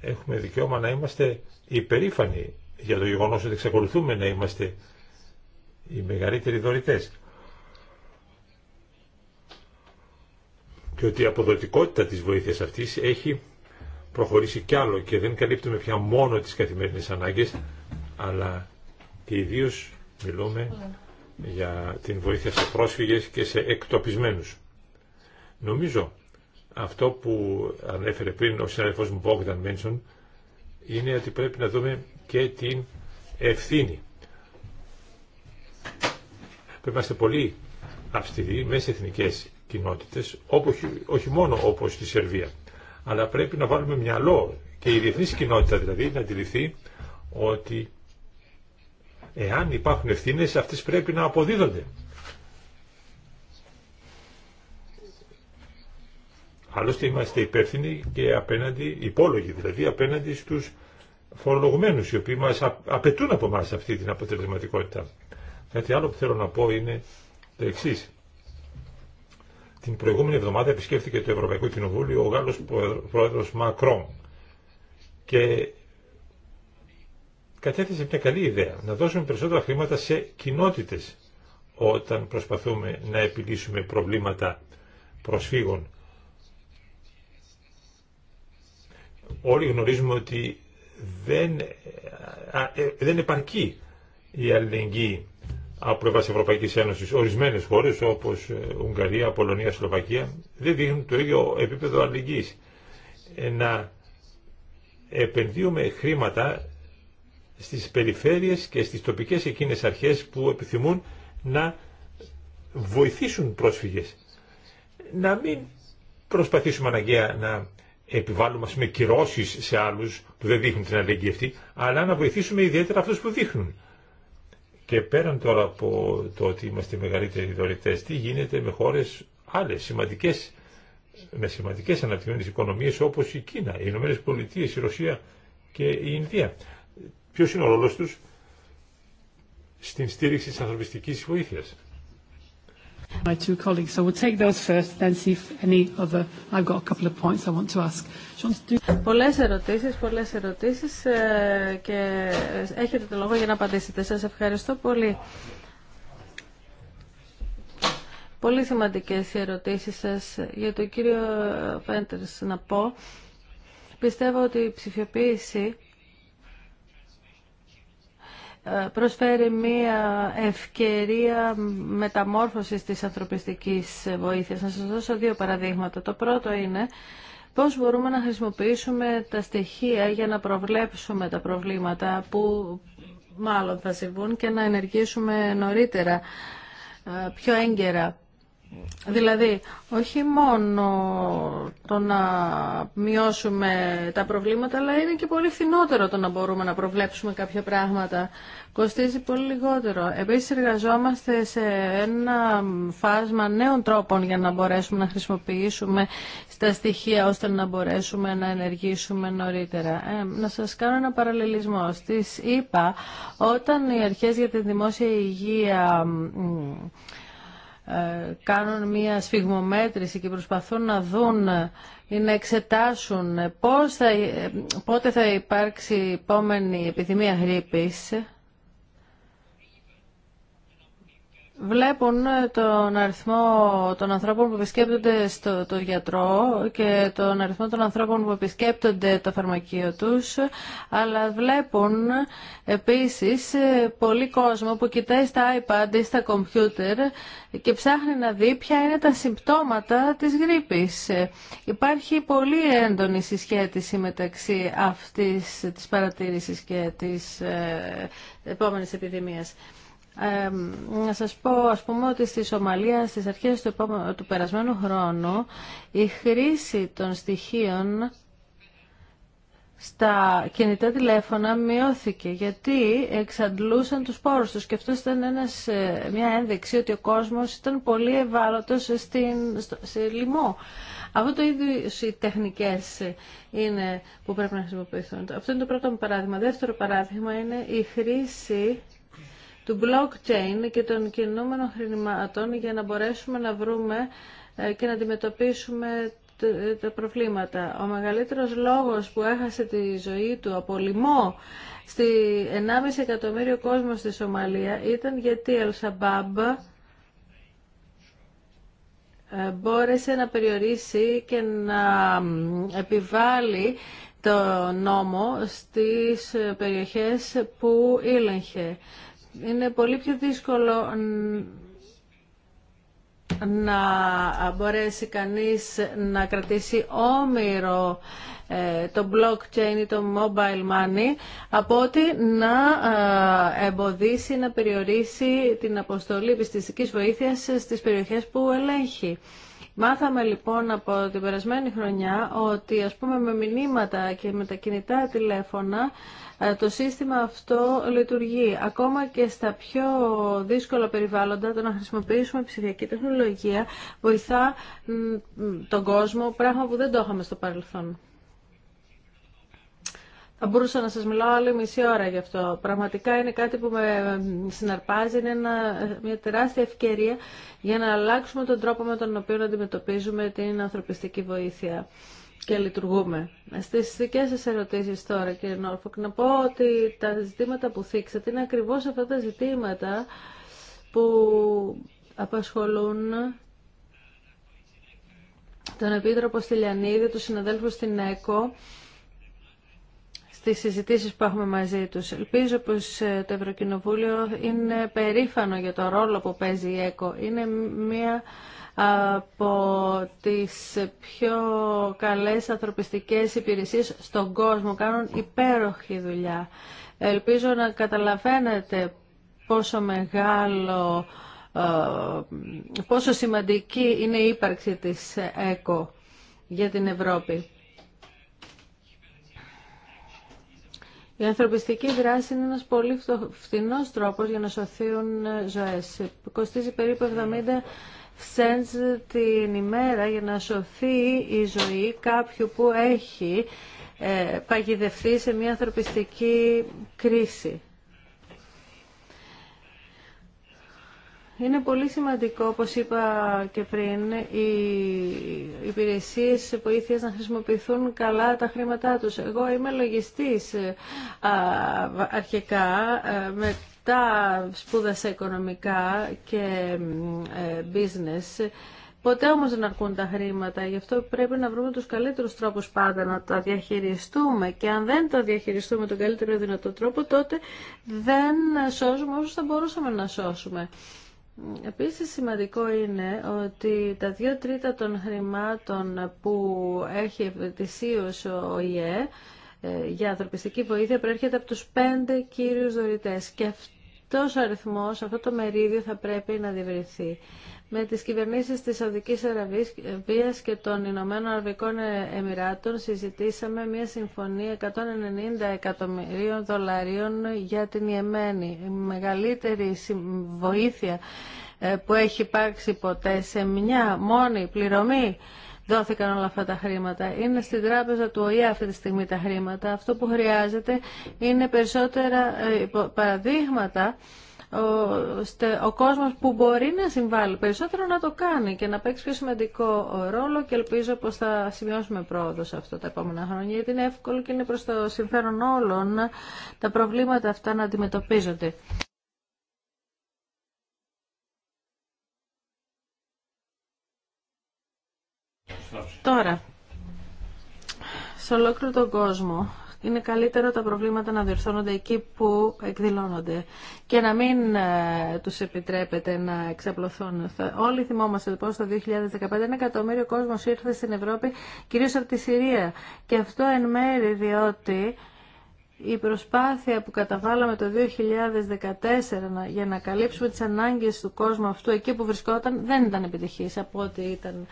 έχουμε δικαίωμα να είμαστε υπερήφανοι για το γεγονός ότι εξακολουθούμε να είμαστε οι μεγαλύτεροι δωρητές. Και ότι η αποδοτικότητα της βοήθειας αυτής έχει προχωρήσει κι άλλο και δεν καλύπτουμε πια μόνο τις καθημερινές ανάγκες, αλλά και ιδίω μιλούμε για την βοήθεια σε πρόσφυγες και σε εκτοπισμένους. Νομίζω αυτό που ανέφερε πριν ο συνάδελφός μου Bogdan Μένσον είναι ότι πρέπει να δούμε και την ευθύνη. Πρέπει να είμαστε πολύ αυστηροί μέσα εθνικές κοινότητες, όχι μόνο όπως στη Σερβία, αλλά πρέπει να βάλουμε μυαλό και η διεθνής κοινότητα δηλαδή να αντιληφθεί ότι Εάν υπάρχουν ευθύνες, αυτές πρέπει να αποδίδονται. Άλλωστε είμαστε υπεύθυνοι και απέναντι, υπόλογοι δηλαδή, απέναντι στους φορολογουμένους, οι οποίοι μας απαιτούν από εμά αυτή την αποτελεσματικότητα. Κάτι άλλο που θέλω να πω είναι το εξή. Την προηγούμενη εβδομάδα επισκέφθηκε το Ευρωπαϊκό Κοινοβούλιο ο Γάλλος Πρόεδρος Μακρόν και κατέθεσε μια καλή ιδέα, να δώσουμε περισσότερα χρήματα σε κοινότητες όταν προσπαθούμε να επιλύσουμε προβλήματα προσφύγων. Όλοι γνωρίζουμε ότι δεν, α, ε, δεν επαρκεί η αλληλεγγύη από πλευράς Ευρωπαϊκή Ένωσης. Ορισμένες χώρες όπως ε, Ουγγαρία, Πολωνία, Σλοβακία δεν δείχνουν το ίδιο επίπεδο αλληλεγγύη. Ε, να επενδύουμε χρήματα στις περιφέρειες και στις τοπικές εκείνες αρχές που επιθυμούν να βοηθήσουν πρόσφυγες. Να μην προσπαθήσουμε αναγκαία να επιβάλλουμε με κυρώσεις σε άλλους που δεν δείχνουν την αλληλεγγύη αυτή, αλλά να βοηθήσουμε ιδιαίτερα αυτούς που δείχνουν. Και πέραν τώρα από το ότι είμαστε μεγαλύτεροι δωρητές, τι γίνεται με χώρες άλλες σημαντικές, με σημαντικές αναπτυγμένες οικονομίες όπως η Κίνα, οι Ηνωμένες Πολιτείες, η Ρωσία και η Ινδία. Ποιος είναι ο ρόλος τους στην στήριξη της ανθρωπιστικής βοήθειας. My two colleagues, so we'll take those first, then see if any other. I've got a couple of points I want to ask. Πολλές ερωτήσεις, πολλές ερωτήσεις ε, και ε, έχετε το λόγο για να απαντήσετε. Σας ευχαριστώ πολύ. Πολύ σημαντικές οι ερωτήσεις σας για τον κύριο Φέντερς να πω. Πιστεύω ότι η ψηφιοποίηση προσφέρει μία ευκαιρία μεταμόρφωσης της ανθρωπιστικής βοήθειας. Να σας δώσω δύο παραδείγματα. Το πρώτο είναι πώς μπορούμε να χρησιμοποιήσουμε τα στοιχεία για να προβλέψουμε τα προβλήματα που μάλλον θα συμβούν και να ενεργήσουμε νωρίτερα, ε, πιο έγκαιρα. Δηλαδή, όχι μόνο το να μειώσουμε τα προβλήματα, αλλά είναι και πολύ φθηνότερο το να μπορούμε να προβλέψουμε κάποια πράγματα. Κοστίζει πολύ λιγότερο. Επίσης, εργαζόμαστε σε ένα φάσμα νέων τρόπων για να μπορέσουμε να χρησιμοποιήσουμε στα στοιχεία, ώστε να μπορέσουμε να ενεργήσουμε νωρίτερα. Ε, να σας κάνω ένα παραλληλισμό. Στις είπα, όταν οι αρχές για τη δημόσια υγεία ε, κάνουν μία σφιγμομέτρηση και προσπαθούν να δουν ή να εξετάσουν πώς θα, ε, πότε θα υπάρξει η να εξετασουν πως επιδημία γρήπης βλέπουν ε, τον αριθμό των ανθρώπων που επισκέπτονται στο το γιατρό και τον αριθμό των ανθρώπων που επισκέπτονται το φαρμακείο τους, αλλά βλέπουν επίσης ε, πολύ κόσμο που κοιτάει στα iPad ή στα κομπιούτερ και ψάχνει να δει ποια είναι τα συμπτώματα της γρήπης. Ε, υπάρχει πολύ έντονη συσχέτιση μεταξύ αυτής της παρατήρησης και της επόμενης επιδημίας να σας πω ας πούμε ότι στη Σομαλία στις αρχές του, του περασμένου χρόνου η χρήση των στοιχείων στα κινητά τηλέφωνα μειώθηκε γιατί εξαντλούσαν τους πόρους τους και αυτό ήταν ένας, ε, μια ένδειξη ότι ο κόσμος ήταν πολύ ευάλωτος σε λοιμό. Αυτό το ίδιο οι τεχνικές είναι που πρέπει να χρησιμοποιηθούν. Αυτό είναι το πρώτο μου παράδειγμα. Δεύτερο παράδειγμα είναι η χρήση του blockchain και των κινούμενων χρηματών για να μπορέσουμε να βρούμε ε, και να αντιμετωπίσουμε τα προβλήματα. Ο μεγαλύτερος λόγος που έχασε τη ζωή του από λοιμό στη 1,5 εκατομμύριο κόσμο στη Σομαλία ήταν γιατί η Al-Shabaab ε, μπόρεσε να περιορίσει και να επιβάλλει το νόμο στις ε, περιοχές που ήλεγχε είναι πολύ πιο δύσκολο να μπορέσει κανείς να κρατήσει όμοιρο ε, το blockchain ή το mobile money από ότι να ε, εμποδίσει, να περιορίσει την αποστολή επιστησικής βοήθειας στις περιοχές που ελέγχει. Μάθαμε λοιπόν από την περασμένη χρονιά ότι ας πούμε με μηνύματα και με τα κινητά τηλέφωνα ε, το σύστημα αυτό λειτουργεί. Ακόμα και στα πιο δύσκολα περιβάλλοντα το να χρησιμοποιήσουμε ψηφιακή τεχνολογία βοηθά τον κόσμο, πράγμα που δεν το είχαμε στο παρελθόν. Θα μπορούσα να σας μιλάω άλλη μισή ώρα γι' αυτό. Πραγματικά είναι κάτι που με συναρπάζει, είναι μια τεράστια ευκαιρία για να αλλάξουμε τον τρόπο με τον οποίο αντιμετωπίζουμε την ανθρωπιστική βοήθεια και λειτουργούμε. Στις δικέ σα ερωτήσεις τώρα κύριε Νόρφοκ, να πω ότι τα ζητήματα που θίξατε είναι ακριβώς αυτά τα ζητήματα που απασχολούν τον Επίτροπο Στυλιανίδη, του συναδέλφου στην ΕΚΟ, στις συζητήσεις που έχουμε μαζί τους. Ελπίζω πως ε, το Ευρωκοινοβούλιο είναι περήφανο για το ρόλο που παίζει η ΕΚΟ. Είναι μια από τις πιο καλές ανθρωπιστικές υπηρεσίες στον κόσμο. Κάνουν υπέροχη δουλειά. Ελπίζω να καταλαβαίνετε πόσο μεγάλο, ε, πόσο σημαντική είναι η ύπαρξη της ΕΚΟ για την Ευρώπη. Η ανθρωπιστική δράση είναι ένας πολύ φθηνός τρόπος για να σωθούν ε, ζωές. Κοστίζει περίπου 70 cents την ημέρα για να σωθεί η ζωή κάποιου που έχει ε, παγιδευτεί σε μια ανθρωπιστική κρίση. Είναι πολύ σημαντικό, όπως είπα και πριν, οι υπηρεσίες βοήθειας να χρησιμοποιηθούν καλά τα χρήματά τους. Εγώ είμαι λογιστής ε, αρχικά, ε, μετά σπούδασα οικονομικά και ε, business. Ποτέ όμως δεν αρκούν τα χρήματα, γι' αυτό πρέπει να βρούμε τους καλύτερους τρόπους πάντα να τα διαχειριστούμε και αν δεν τα διαχειριστούμε τον καλύτερο δυνατό τρόπο τότε δεν σώζουμε όσους θα μπορούσαμε να σώσουμε. Επίσης σημαντικό είναι ότι τα δύο τρίτα των χρημάτων που έχει ετησίως ο ΙΕ ε, για ανθρωπιστική βοήθεια προέρχεται από τους πέντε κύριους δωρητές και αυτός ο αριθμός, αυτό το μερίδιο θα πρέπει να διευρυνθεί με τις κυβερνήσεις της Σαουδικής Αραβίας και των Ηνωμένων Αραβικών Εμμυράτων συζητήσαμε μια συμφωνία 190 εκατομμυρίων δολαρίων για την Ιεμένη. Η μεγαλύτερη βοήθεια ε, που έχει υπάρξει ποτέ σε μια μόνη πληρωμή δόθηκαν όλα αυτά τα χρήματα. Είναι στην τράπεζα του ΟΗΑ αυτή τη στιγμή τα χρήματα. Αυτό που χρειάζεται είναι περισσότερα ε, παραδείγματα ώστε ο κόσμος που μπορεί να συμβάλλει περισσότερο να το κάνει και να παίξει πιο σημαντικό ρόλο και ελπίζω πως θα σημειώσουμε πρόοδο σε αυτό τα επόμενα χρόνια γιατί είναι εύκολο και είναι προς το συμφέρον όλων τα προβλήματα αυτά να αντιμετωπίζονται. Τώρα, σε ολόκληρο τον κόσμο είναι καλύτερο τα προβλήματα να διορθώνονται εκεί που εκδηλώνονται και να μην ε, τους επιτρέπεται να εξαπλωθούν. Όλοι θυμόμαστε πως το 2015 ένα εκατομμύριο κόσμος ήρθε στην Ευρώπη κυρίως από τη Συρία και αυτό εν μέρη διότι η προσπάθεια που καταβάλαμε το 2014 για να καλύψουμε τις ανάγκες του κόσμου αυτού εκεί που βρισκόταν δεν ήταν επιτυχής από ό,τι ήταν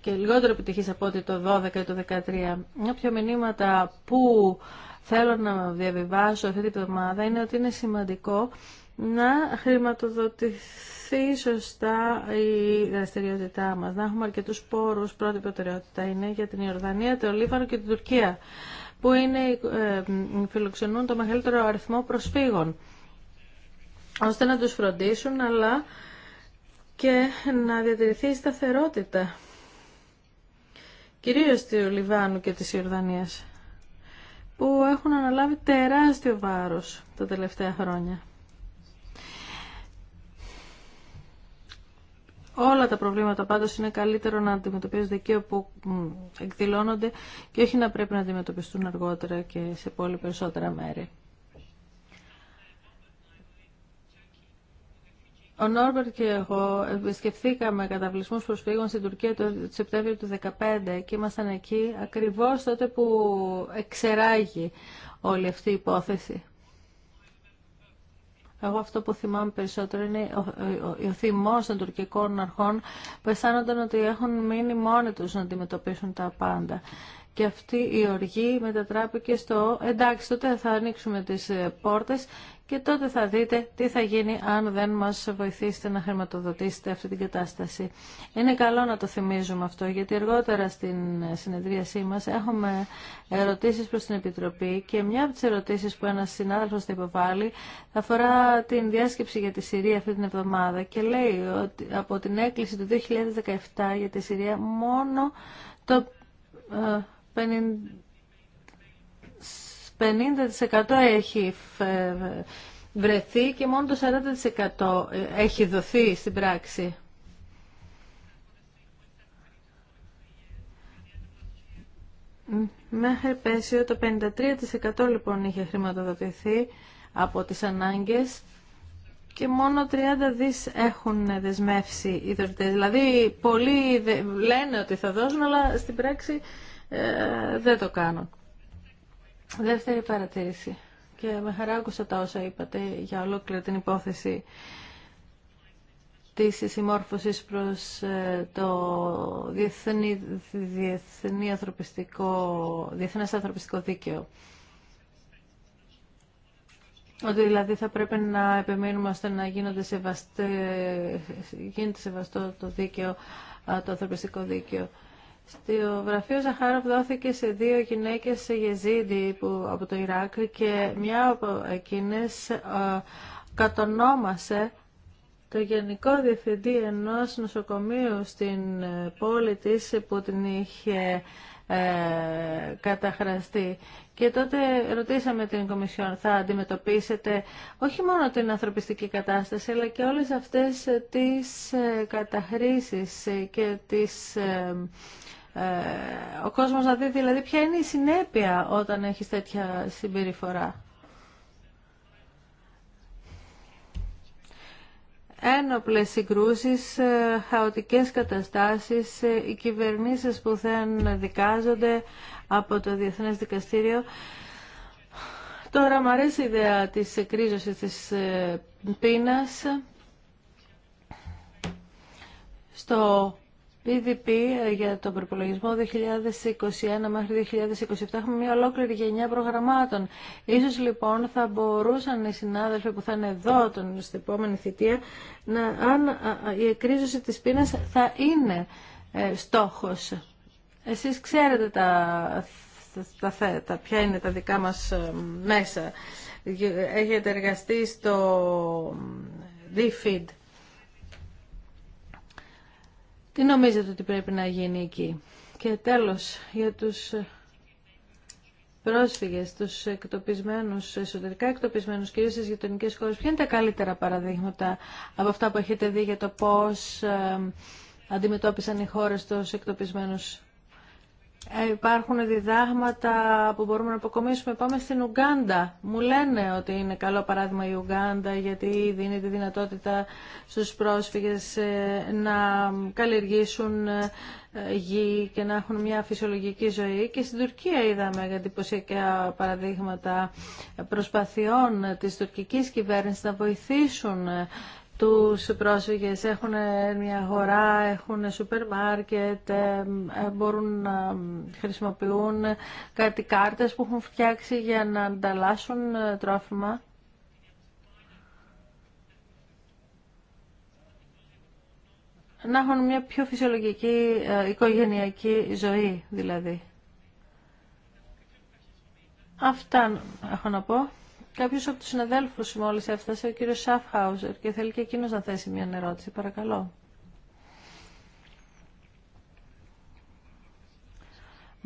και λιγότερο επιτυχής από ό,τι το 2012 ή το 2013. Όποια μηνύματα που θέλω να διαβιβάσω αυτή την εβδομάδα είναι ότι είναι σημαντικό να χρηματοδοτηθεί σωστά η δραστηριότητά μας, να έχουμε αρκετούς πόρους, πρώτη προτεραιότητα είναι για την Ιορδανία, το Λίβανο και την Τουρκία που είναι, ε, φιλοξενούν το μεγαλύτερο αριθμό προσφύγων, ώστε να τους φροντίσουν, αλλά και να διατηρηθεί η σταθερότητα, κυρίως του Λιβάνου και της Ιορδανίας, που έχουν αναλάβει τεράστιο βάρος τα τελευταία χρόνια. Όλα τα προβλήματα πάντως είναι καλύτερο να αντιμετωπίζονται εκεί όπου εκδηλώνονται και όχι να πρέπει να αντιμετωπιστούν αργότερα και σε πολύ περισσότερα μέρη. Ο Νόρμπερτ και εγώ επισκεφθήκαμε καταβλισμού προσφύγων στην Τουρκία το Σεπτέμβριο του 2015 και ήμασταν εκεί ακριβώ τότε που εξεράγει όλη αυτή η υπόθεση. Εγώ αυτό που θυμάμαι περισσότερο είναι ο θυμός των τουρκικών αρχών που αισθάνονταν ότι έχουν μείνει μόνοι τους να αντιμετωπίσουν τα πάντα. Και αυτή η οργή μετατράπηκε στο εντάξει τότε θα ανοίξουμε τις ε, πόρτες και τότε θα δείτε τι θα γίνει αν δεν μας βοηθήσετε να χρηματοδοτήσετε αυτή την κατάσταση. Είναι καλό να το θυμίζουμε αυτό γιατί αργότερα στην συνεδρίασή μας έχουμε ερωτήσεις προς την Επιτροπή και μια από τις ερωτήσεις που ένας συνάδελφος θα υποβάλει αφορά την διάσκεψη για τη Συρία αυτή την εβδομάδα και λέει ότι από την έκκληση του 2017 για τη Συρία μόνο το 50% έχει βρεθεί και μόνο το 40% έχει δοθεί στην πράξη. Μέχρι πέσιο το 53% λοιπόν είχε χρηματοδοτηθεί από τις ανάγκες και μόνο 30 δις έχουν δεσμεύσει οι δορυτές. Δηλαδή πολλοί λένε ότι θα δώσουν αλλά στην πράξη ε, δεν το κάνουν. Δεύτερη παρατήρηση. Και με χαρά άκουσα τα όσα είπατε για ολόκληρη την υπόθεση της συμμόρφωσης προς ε, το διεθνή, ανθρωπιστικό, διεθνές ανθρωπιστικό δίκαιο. Ότι δηλαδή θα πρέπει να επιμείνουμε ώστε να γίνονται σεβαστε, γίνεται σεβαστό το δίκαιο, το ανθρωπιστικό δίκαιο. Στο γραφείο Ζαχάροφ δόθηκε σε δύο γυναίκες σε Γεζίδι που, από το Ιράκ και μια από εκείνες ε, κατονόμασε το Γενικό Διευθυντή ενός νοσοκομείου στην ε, πόλη της που την είχε ε, καταχραστεί. Και τότε ρωτήσαμε την Κομισιόν, θα αντιμετωπίσετε όχι μόνο την ανθρωπιστική κατάσταση, αλλά και όλες αυτές τις καταχρήσεις και τις ε, ο κόσμος να δει δηλαδή ποια είναι η συνέπεια όταν έχεις τέτοια συμπεριφορά. Ένοπλες συγκρούσεις, ε, χαοτικές καταστάσεις, ε, οι κυβερνήσεις που δεν δικάζονται από το Διεθνές Δικαστήριο. Τώρα μου αρέσει η ιδέα της κρίζωσης της πείνας στο PDP ε, για τον προπολογισμό 2021 μέχρι 2027 έχουμε μια ολόκληρη γενιά προγραμμάτων. Ίσως λοιπόν θα μπορούσαν οι συνάδελφοι που θα είναι εδώ τον, στην επόμενη θητεία να, αν η εκρίζωση της πείνας θα είναι ε, στόχος. Εσείς ξέρετε τα, τα, τα, ποια είναι τα δικά μας ε, μέσα. Έχετε εργαστεί στο DFID. Τι νομίζετε ότι πρέπει να γίνει εκεί. Και τέλος, για τους πρόσφυγες, τους εκτοπισμένους, εσωτερικά εκτοπισμένους, κυρίως στις γειτονικές χώρες, ποια είναι τα καλύτερα παραδείγματα από αυτά που έχετε δει για το πώς ε, αντιμετώπισαν οι χώρες τους εκτοπισμένους ε, υπάρχουν διδάγματα που μπορούμε να αποκομίσουμε. Πάμε στην Ουγκάντα. Μου λένε ότι είναι καλό παράδειγμα η Ουγκάντα γιατί δίνει τη δυνατότητα στους πρόσφυγες ε, να καλλιεργήσουν ε, γη και να έχουν μια φυσιολογική ζωή. Και στην Τουρκία είδαμε εντυπωσιακά παραδείγματα προσπαθειών της τουρκικής κυβέρνησης να βοηθήσουν τους πρόσφυγες. Έχουν μια αγορά, έχουν σούπερ μάρκετ, ε, ε, μπορούν να χρησιμοποιούν κάτι κάρτες που έχουν φτιάξει για να ανταλλάσσουν ε, τρόφιμα. Να έχουν μια πιο φυσιολογική οικογενειακή ζωή δηλαδή. Αυτά έχω να πω. Κάποιο από του συναδέλφου μόλι έφτασε, ο κύριο Σαφχάουζερ, και θέλει και εκείνο να θέσει μια ερώτηση. Παρακαλώ.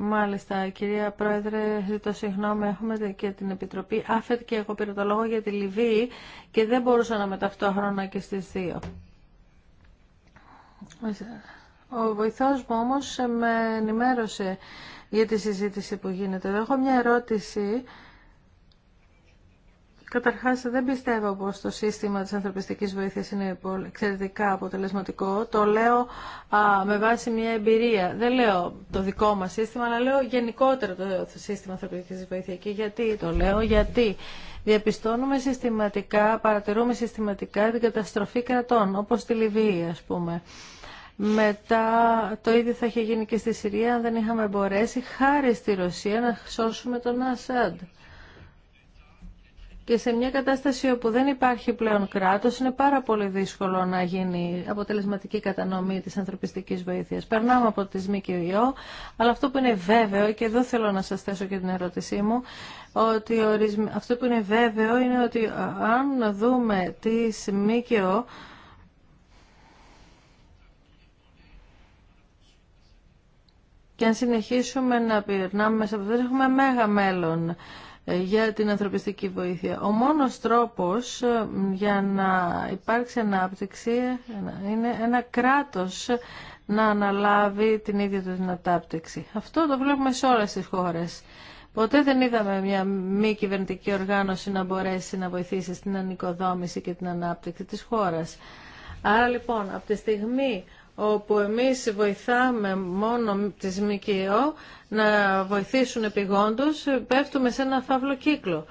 Μάλιστα, κυρία Πρόεδρε, ζητώ συγγνώμη, έχουμε και την Επιτροπή Άφετ και εγώ πήρα το λόγο για τη Λιβύη και δεν μπορούσα να μεταφτώ χρόνο και στις δύο. Ο βοηθός μου όμως με ενημέρωσε για τη συζήτηση που γίνεται. Έχω μια ερώτηση Καταρχάς δεν πιστεύω πως το σύστημα της ανθρωπιστικής βοήθειας είναι εξαιρετικά αποτελεσματικό. Το λέω α, με βάση μια εμπειρία. Δεν λέω το δικό μας σύστημα, αλλά λέω γενικότερα το σύστημα ανθρωπιστικής βοήθειας. Και γιατί το λέω, γιατί διαπιστώνουμε συστηματικά, παρατηρούμε συστηματικά την καταστροφή κρατών, όπως στη Λιβύη ας πούμε. Μετά το ίδιο θα είχε γίνει και στη Συρία αν δεν είχαμε μπορέσει χάρη στη Ρωσία να σώσουμε τον Ασάντ. Και σε μια κατάσταση όπου δεν υπάρχει πλέον κράτος, είναι πάρα πολύ δύσκολο να γίνει αποτελεσματική κατανομή της ανθρωπιστικής βοήθειας. Περνάμε από τις ΜΚΟ, αλλά αυτό που είναι βέβαιο, και εδώ θέλω να σας θέσω και την ερώτησή μου, ότι αυτό που είναι βέβαιο είναι ότι αν δούμε τις ΜΚΟ, και αν συνεχίσουμε να πυρνάμε μέσα από αυτό, έχουμε μέγα μέλλον. Ε, για την ανθρωπιστική βοήθεια. Ο μόνος τρόπος ε, για να υπάρξει ανάπτυξη ε, είναι ένα κράτος να αναλάβει την ίδια του την ανάπτυξη. Αυτό το βλέπουμε σε όλες τις χώρες. Ποτέ δεν είδαμε μια μη κυβερνητική οργάνωση να μπορέσει να βοηθήσει στην ανοικοδόμηση και την ανάπτυξη της χώρας. Άρα λοιπόν, από τη στιγμή όπου εμείς βοηθάμε μόνο τις ΜΚΟ να βοηθήσουν επιγόντως, πέφτουμε σε ένα φαύλο κύκλο.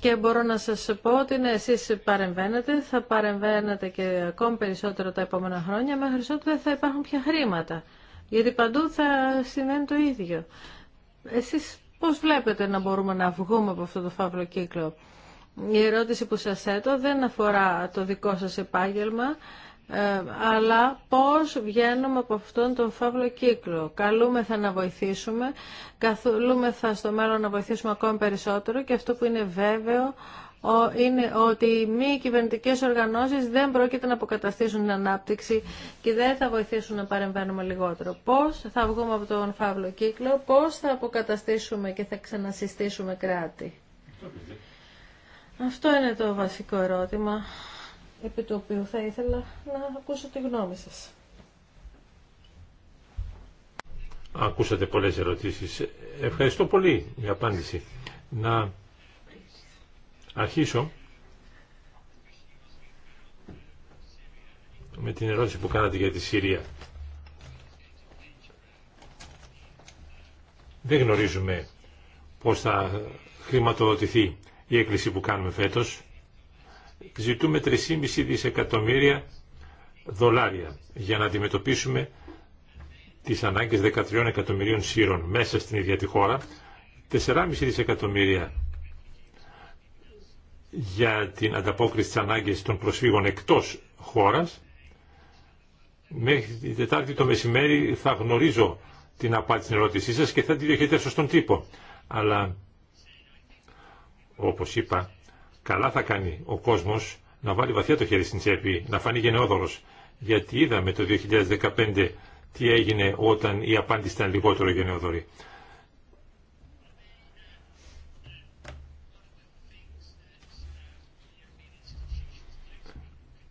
Και μπορώ να σας πω ότι ναι, εσείς παρεμβαίνετε, θα παρεμβαίνετε και ακόμη περισσότερο τα επόμενα χρόνια, μέχρι ότου δεν θα υπάρχουν πια χρήματα. Γιατί παντού θα συμβαίνει το ίδιο. Εσείς πώς βλέπετε να μπορούμε να βγούμε από αυτό το φαύλο κύκλο. Η ερώτηση που σας έτω δεν αφορά το δικό σας επάγγελμα, ε, αλλά πώς βγαίνουμε από αυτόν τον φαύλο κύκλο. Καλούμεθα να βοηθήσουμε, θα στο μέλλον να βοηθήσουμε ακόμη περισσότερο και αυτό που είναι βέβαιο είναι ότι οι μη κυβερνητικέ οργανώσεις δεν πρόκειται να αποκαταστήσουν την ανάπτυξη και δεν θα βοηθήσουν να παρεμβαίνουμε λιγότερο. Πώς θα βγούμε από τον φαύλο κύκλο, Πώς θα αποκαταστήσουμε και θα ξανασυστήσουμε κράτη. Αυτό είναι το βασικό ερώτημα επί του οποίου θα ήθελα να ακούσω τη γνώμη σας. Ακούσατε πολλές ερωτήσεις. Ευχαριστώ πολύ για απάντηση. Να αρχίσω με την ερώτηση που κάνατε για τη Συρία. Δεν γνωρίζουμε πώς θα χρηματοδοτηθεί η έκκληση που κάνουμε φέτος ζητούμε 3,5 δισεκατομμύρια δολάρια για να αντιμετωπίσουμε τις ανάγκες 13 εκατομμυρίων σύρων μέσα στην ίδια τη χώρα, 4,5 δισεκατομμύρια για την ανταπόκριση της ανάγκης των προσφύγων εκτός χώρας. Μέχρι την Τετάρτη το μεσημέρι θα γνωρίζω την απάντηση στην ερώτησή σας και θα τη διοχετεύσω στον τύπο. Αλλά, όπως είπα, Καλά θα κάνει ο κόσμος να βάλει βαθιά το χέρι στην τσέπη, να φανεί γενναιόδωρος. Γιατί είδαμε το 2015 τι έγινε όταν η απάντηση ήταν λιγότερο γενναιόδωρη.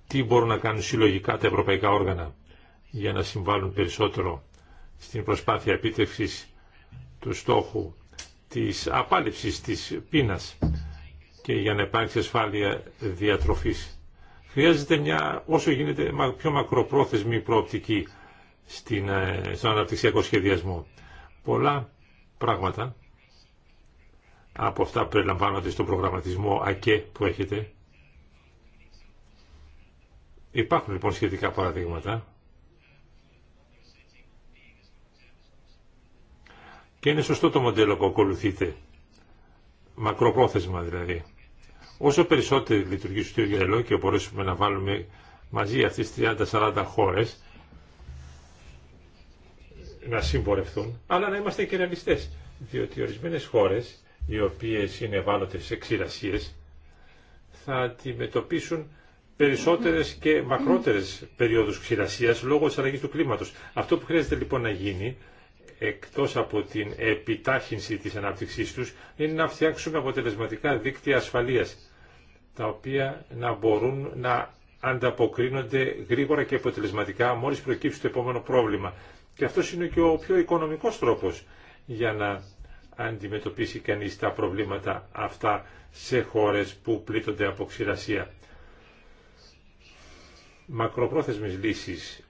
Τι μπορούν να κάνουν συλλογικά τα ευρωπαϊκά όργανα για να συμβάλλουν περισσότερο στην προσπάθεια επίτευξης του στόχου της απάλληψης της πείνας και για να υπάρξει ασφάλεια διατροφής. Χρειάζεται μια όσο γίνεται πιο μακροπρόθεσμη προοπτική στην, ε, στον αναπτυξιακό σχεδιασμό. Πολλά πράγματα από αυτά που περιλαμβάνονται στον προγραμματισμό ΑΚΕ που έχετε. Υπάρχουν λοιπόν σχετικά παραδείγματα. Και είναι σωστό το μοντέλο που ακολουθείτε. Μακροπρόθεσμα δηλαδή. Όσο περισσότεροι λειτουργήσουν το ίδιο και μπορέσουμε να βάλουμε μαζί αυτέ τι 30-40 χώρε. να συμπορευτούν, αλλά να είμαστε και ρεαλιστέ. Διότι ορισμένε χώρε, οι οποίε είναι ευάλωτε σε ξηρασίε, θα αντιμετωπίσουν περισσότερε και μακρότερε περιόδου ξηρασία λόγω τη αλλαγή του κλίματο. Αυτό που χρειάζεται λοιπόν να γίνει, εκτός από την επιτάχυνση της ανάπτυξής τους, είναι να φτιάξουμε αποτελεσματικά δίκτυα ασφαλείας τα οποία να μπορούν να ανταποκρίνονται γρήγορα και αποτελεσματικά μόλις προκύψει το επόμενο πρόβλημα. Και αυτός είναι και ο πιο οικονομικός τρόπος για να αντιμετωπίσει κανείς τα προβλήματα αυτά σε χώρες που πλήττονται από ξηρασία. Μακροπρόθεσμες λύσεις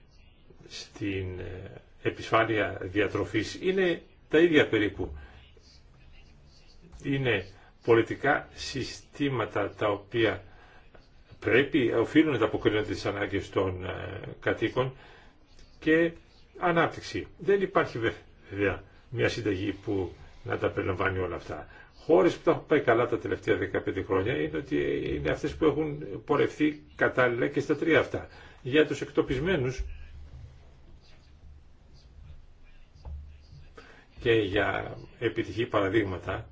στην ε, επισφάλεια διατροφής είναι τα ίδια περίπου. Είναι πολιτικά συστήματα τα οποία πρέπει, οφείλουν να αποκρίνονται τις ανάγκες των ε, κατοίκων και ανάπτυξη. Δεν υπάρχει βέβαια μια συνταγή που να τα περιλαμβάνει όλα αυτά. Χώρες που τα έχουν πάει καλά τα τελευταία 15 χρόνια είναι ότι είναι αυτές που έχουν πορευθεί κατάλληλα και στα τρία αυτά. Για τους εκτοπισμένους και για επιτυχή παραδείγματα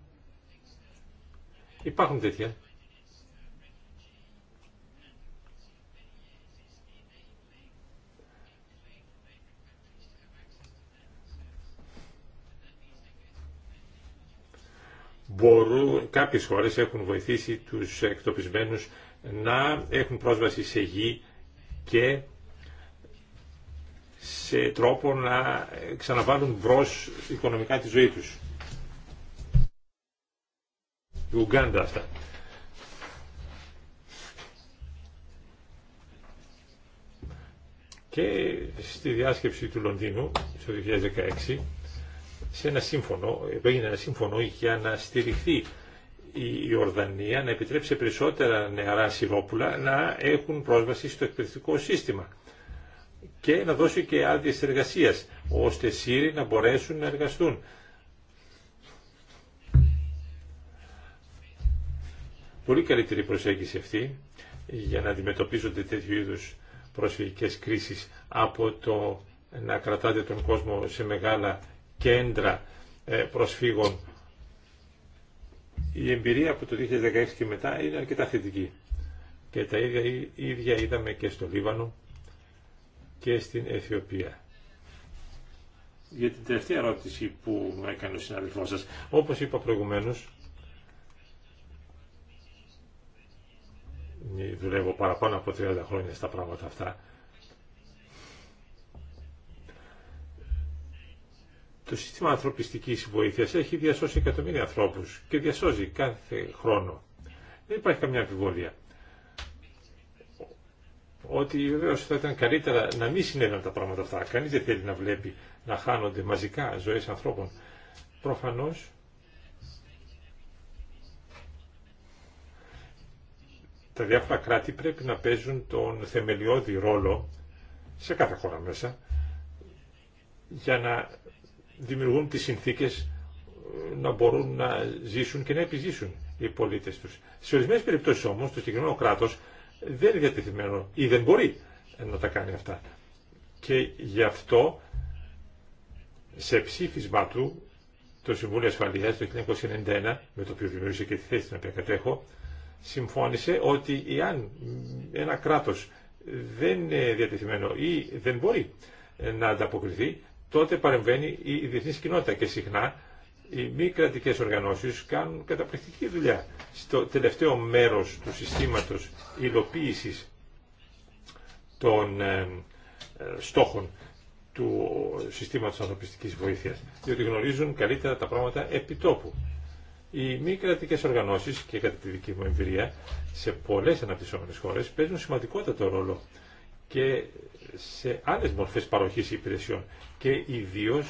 Υπάρχουν τέτοια. Μπορούν, κάποιες χώρες έχουν βοηθήσει τους εκτοπισμένους να έχουν πρόσβαση σε γη και σε τρόπο να ξαναβάλουν μπρος οικονομικά τη ζωή τους. Και στη διάσκεψη του Λονδίνου το 2016 σε ένα σύμφωνο, έγινε ένα σύμφωνο για να στηριχθεί η Ιορδανία να επιτρέψει περισσότερα νεαρά σιρόπουλα να έχουν πρόσβαση στο εκπαιδευτικό σύστημα και να δώσει και άδειε εργασία ώστε Σύριοι να μπορέσουν να εργαστούν πολύ καλύτερη προσέγγιση αυτή για να αντιμετωπίζονται τέτοιου είδους προσφυγικές κρίσεις από το να κρατάτε τον κόσμο σε μεγάλα κέντρα ε, προσφύγων. Η εμπειρία από το 2016 και μετά είναι αρκετά θετική. Και τα ίδια, ίδια είδαμε και στο Λίβανο και στην Αιθιοπία. Για την τελευταία ερώτηση που μου έκανε ο συνάδελφός σας, όπως είπα προηγουμένως, δουλεύω παραπάνω από 30 χρόνια στα πράγματα αυτά. Το σύστημα ανθρωπιστικής βοήθειας έχει διασώσει εκατομμύρια ανθρώπους και διασώζει κάθε χρόνο. Δεν υπάρχει καμιά αμφιβολία. Ότι βεβαίω θα ήταν καλύτερα να μην συνέβαιναν τα πράγματα αυτά. Κανείς δεν θέλει να βλέπει να χάνονται μαζικά ζωές ανθρώπων. Προφανώς τα διάφορα κράτη πρέπει να παίζουν τον θεμελιώδη ρόλο σε κάθε χώρα μέσα για να δημιουργούν τις συνθήκες ε, να μπορούν να ζήσουν και να επιζήσουν οι πολίτες τους. Σε ορισμένε περιπτώσεις όμως το συγκεκριμένο κράτος δεν είναι διατεθειμένο ή δεν μπορεί να τα κάνει αυτά. Και γι' αυτό σε ψήφισμά του το Συμβούλιο Ασφαλείας το 1991, με το οποίο δημιούργησε και τη θέση την οποία κατέχω, συμφώνησε ότι εάν ένα κράτος δεν είναι διατεθειμένο ή δεν μπορεί να ανταποκριθεί, τότε παρεμβαίνει η διεθνή κοινότητα και συχνά οι μη κρατικέ οργανώσεις κάνουν καταπληκτική δουλειά στο τελευταίο μέρος του συστήματος υλοποίηση των ε, στόχων του συστήματος ανθρωπιστικής βοήθειας, διότι γνωρίζουν καλύτερα τα πράγματα επιτόπου. Οι μη κρατικές οργανώσεις και κατά τη δική μου εμπειρία σε πολλές αναπτυσσόμενες χώρες παίζουν σημαντικότατο ρόλο και σε άλλες μορφές παροχής υπηρεσιών και ιδίως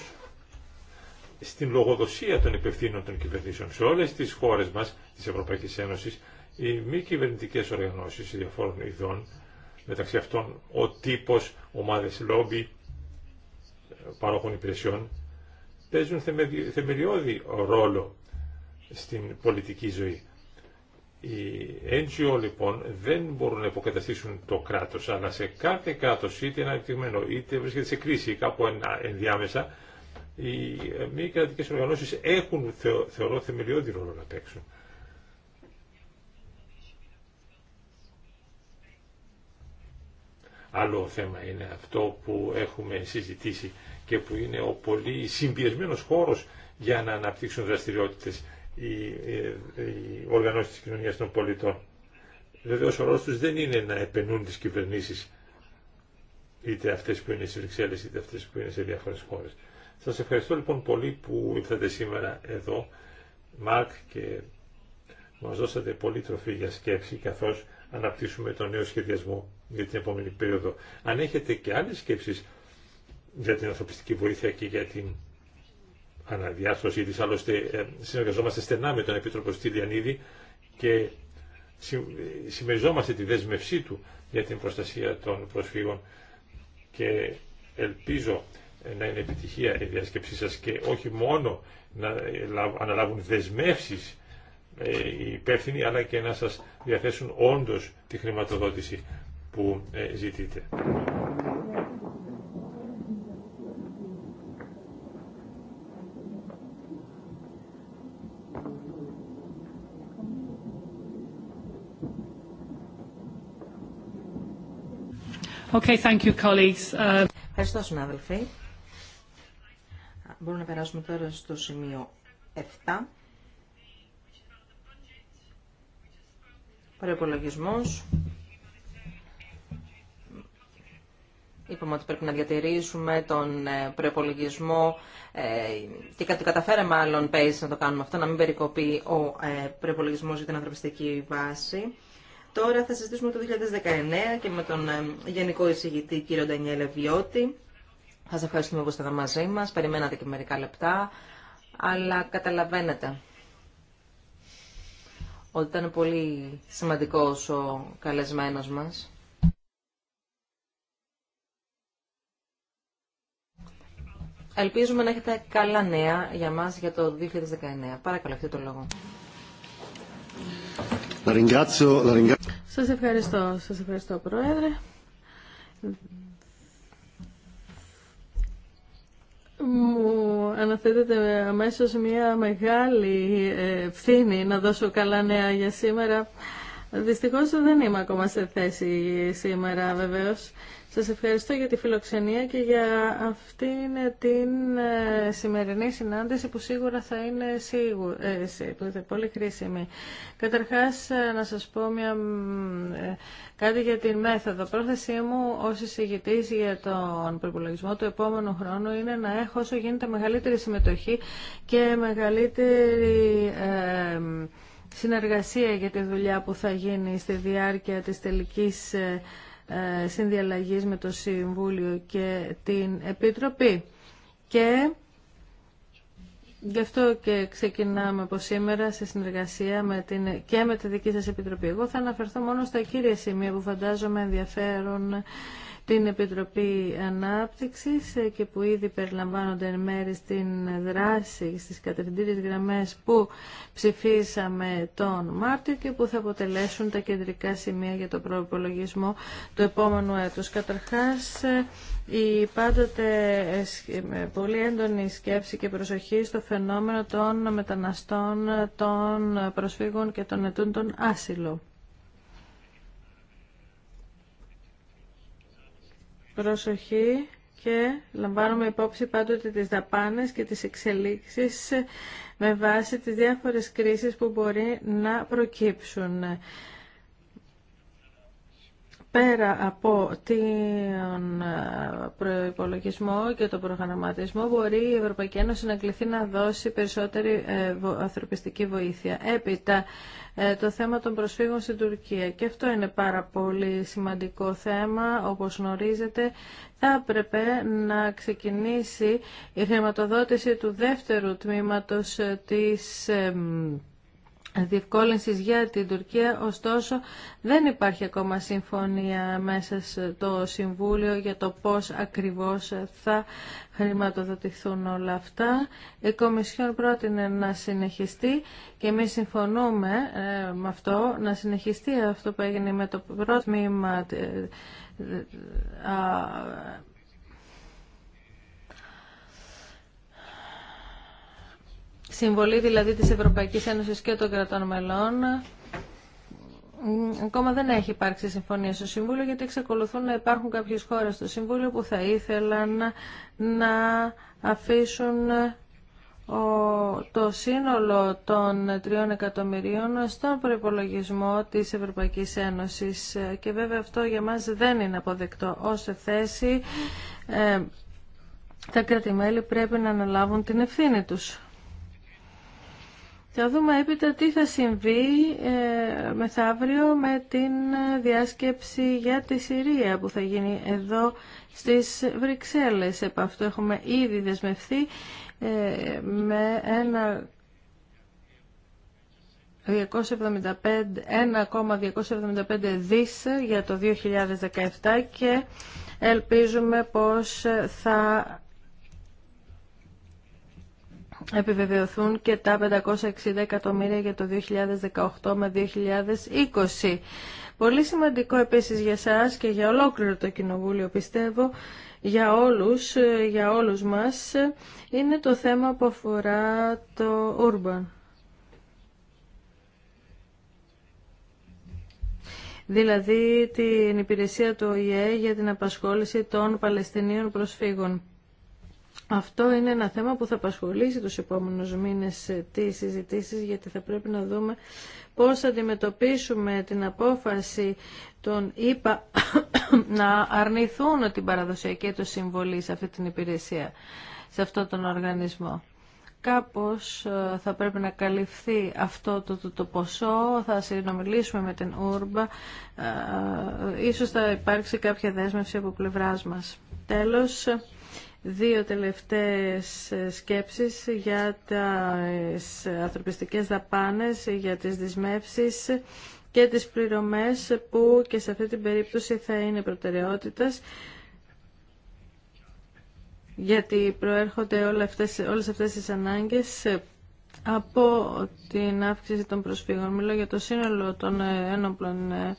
στην λογοδοσία των υπευθύνων των κυβερνήσεων. Σε όλες τις χώρες μας της Ευρωπαϊκής Ένωσης οι μη κυβερνητικέ οργανώσεις διαφόρων ειδών μεταξύ αυτών ο τύπος, ομάδες λόμπι, παρόχων υπηρεσιών παίζουν θεμελιώδη ρόλο στην πολιτική ζωή. Οι NGO λοιπόν δεν μπορούν να υποκαταστήσουν το κράτος, αλλά σε κάθε κράτος, είτε είναι αναπτυγμένο, είτε βρίσκεται σε κρίση ή κάπου ενδιάμεσα, οι ε, μη κρατικέ οργανώσεις έχουν, θεωρώ, θεμελιώδη ρόλο να παίξουν. Άλλο θέμα είναι αυτό που έχουμε συζητήσει και που είναι ο πολύ συμπιεσμένος χώρος για να αναπτύξουν δραστηριότητες οι, οι οργανώσεις της κοινωνίας των πολιτών. Βεβαίω ο ρόλο του δεν είναι να επενούν τι κυβερνήσει, είτε αυτέ που είναι σε Βρυξέλλε, είτε αυτέ που είναι σε διάφορε χώρε. Σα ευχαριστώ λοιπόν πολύ που ήρθατε σήμερα εδώ, Μάρκ, και μα δώσατε πολύ τροφή για σκέψη, καθώ αναπτύσσουμε τον νέο σχεδιασμό για την επόμενη περίοδο. Αν έχετε και άλλε σκέψει για την ανθρωπιστική βοήθεια και για την αναδιάρθρωσή της. Άλλωστε ε, συνεργαζόμαστε στενά με τον Επίτροπο Στυλιανίδη και συμμεριζόμαστε τη δέσμευσή του για την προστασία των προσφύγων και ελπίζω ε, να είναι επιτυχία η διασκεψή σας και όχι μόνο να ε, αναλάβουν δεσμεύσεις οι υπεύθυνοι αλλά και να σας διαθέσουν όντως τη χρηματοδότηση που ζητείτε. Uh, Ευχαριστώ, συνάδελφοι. Μπορούμε να περάσουμε τώρα στο σημείο 7. Προπολογισμό. Είπαμε ότι πρέπει να διατηρήσουμε τον ε, προπολογισμό ε, και κάτι καταφέραμε μάλλον πέρυσι να το κάνουμε αυτό, να μην περικοπεί ο ε, προπολογισμό για την ανθρωπιστική βάση. Τώρα θα συζητήσουμε το 2019 και με τον ε, Γενικό Εισηγητή κύριο Ντανιέλε Βιώτη. Θα σας ευχαριστούμε που ήσασταν μαζί μας. Περιμένατε και μερικά λεπτά, αλλά καταλαβαίνετε ότι ήταν πολύ σημαντικός ο καλεσμένος μας. Ελπίζουμε να έχετε καλά νέα για μας για το 2019. Παρακαλώ, αυτή το λόγο. Σας ευχαριστώ. Σας ευχαριστώ, Πρόεδρε. Μου αναθέτεται αμέσως μια μεγάλη ευθύνη να δώσω καλά νέα για σήμερα. Δυστυχώς δεν είμαι ακόμα σε θέση σήμερα βεβαίως. Σας ευχαριστώ για τη φιλοξενία και για αυτήν την ε, σημερινή συνάντηση που σίγουρα θα είναι, ε, πολύ χρήσιμη. Καταρχάς, ε, να σας πω μια, κάτι για την μέθοδο. Πρόθεσή μου ως εισηγητής για τον προπολογισμό του επόμενου χρόνου είναι να έχω όσο γίνεται μεγαλύτερη συμμετοχή και μεγαλύτερη... συνεργασία για τη δουλειά που θα γίνει στη διάρκεια της τελικής ε, συνδιαλλαγής με το Συμβούλιο και την Επιτροπή. Και γι' αυτό και ξεκινάμε από σήμερα σε συνεργασία με την, και με τη δική σας Επιτροπή. Εγώ θα αναφερθώ μόνο στα κύρια σημεία που φαντάζομαι ενδιαφέρον την Επιτροπή Ανάπτυξης ε, και που ήδη περιλαμβάνονται μέρη στην δράση στις κατευθυντήριες γραμμές που ψηφίσαμε τον Μάρτιο και που θα αποτελέσουν τα κεντρικά σημεία για το προπολογισμό του επόμενου έτους. Καταρχάς, ε, η πάντοτε ε, πολύ έντονη σκέψη και προσοχή στο φαινόμενο των μεταναστών, των προσφύγων και των ετούντων άσυλο. προσοχή και λαμβάνουμε υπόψη πάντοτε τις δαπάνες και τις εξελίξεις με βάση τις διάφορες κρίσεις που μπορεί να προκύψουν πέρα από τον ε, προϋπολογισμό και τον προγραμματισμό μπορεί η Ευρωπαϊκή Ένωση να κληθεί να δώσει περισσότερη ε, ανθρωπιστική βοήθεια. Έπειτα ε, το θέμα των προσφύγων στην Τουρκία και αυτό είναι πάρα πολύ σημαντικό θέμα όπως γνωρίζετε θα έπρεπε να ξεκινήσει η χρηματοδότηση του δεύτερου τμήματος της διευκόλυνση για την Τουρκία, ωστόσο δεν υπάρχει ακόμα συμφωνία μέσα στο Συμβούλιο για το πώς ακριβώς θα χρηματοδοτηθούν όλα αυτά. Η Κομισιόν πρότεινε να συνεχιστεί και εμείς συμφωνούμε ε, με αυτό, να συνεχιστεί αυτό που έγινε με το πρώτο τμήμα ε, ε, συμβολή δηλαδή της Ευρωπαϊκής Ένωσης και των κρατών μελών Ακόμα δεν έχει υπάρξει συμφωνία στο Συμβούλιο γιατί εξακολουθούν να υπάρχουν κάποιες χώρες στο Συμβούλιο που θα ήθελαν να αφήσουν το σύνολο των 3 εκατομμυρίων στον προϋπολογισμό της Ευρωπαϊκής Ένωσης και βέβαια αυτό για μας δεν είναι αποδεκτό ως θέση ε, τα κράτη-μέλη πρέπει να αναλάβουν την ευθύνη τους. Θα δούμε έπειτα τι θα συμβεί ε, μεθαύριο με την ε, διάσκεψη για τη Συρία που θα γίνει εδώ στις Βρυξέλλες. Επ' αυτό έχουμε ήδη δεσμευθεί ε, με ένα 1,275 δις για το 2017 και ελπίζουμε πως θα επιβεβαιωθούν και τα 560 εκατομμύρια για το 2018 με 2020. Πολύ σημαντικό επίσης για σας και για ολόκληρο το Κοινοβούλιο πιστεύω, για όλους, για όλους μας, είναι το θέμα που αφορά το Urban. δηλαδή την υπηρεσία του ΟΗΕ για την απασχόληση των Παλαιστινίων προσφύγων. Αυτό είναι ένα θέμα που θα απασχολήσει τους επόμενους μήνες ε, τις συζητήσεις γιατί θα πρέπει να δούμε πώς θα αντιμετωπίσουμε την απόφαση των ΙΠΑ να αρνηθούν την παραδοσιακή του συμβολή σε αυτή την υπηρεσία, σε αυτόν τον οργανισμό. Κάπως ε, θα πρέπει να καλυφθεί αυτό το, το, ποσό, θα συνομιλήσουμε με την Ούρμπα, ε, ίσως θα υπάρξει κάποια δέσμευση από πλευράς μας. Τέλος, δύο τελευταίες ε, σκέψεις για τις ανθρωπιστικές δαπάνες, για τις δυσμεύσεις και τις πληρωμές που και σε αυτή την περίπτωση θα είναι προτεραιότητας γιατί προέρχονται όλες αυτές, όλες αυτές τις ανάγκες από την αύξηση των προσφύγων. Μιλώ για το σύνολο των ε, ένοπλων ε,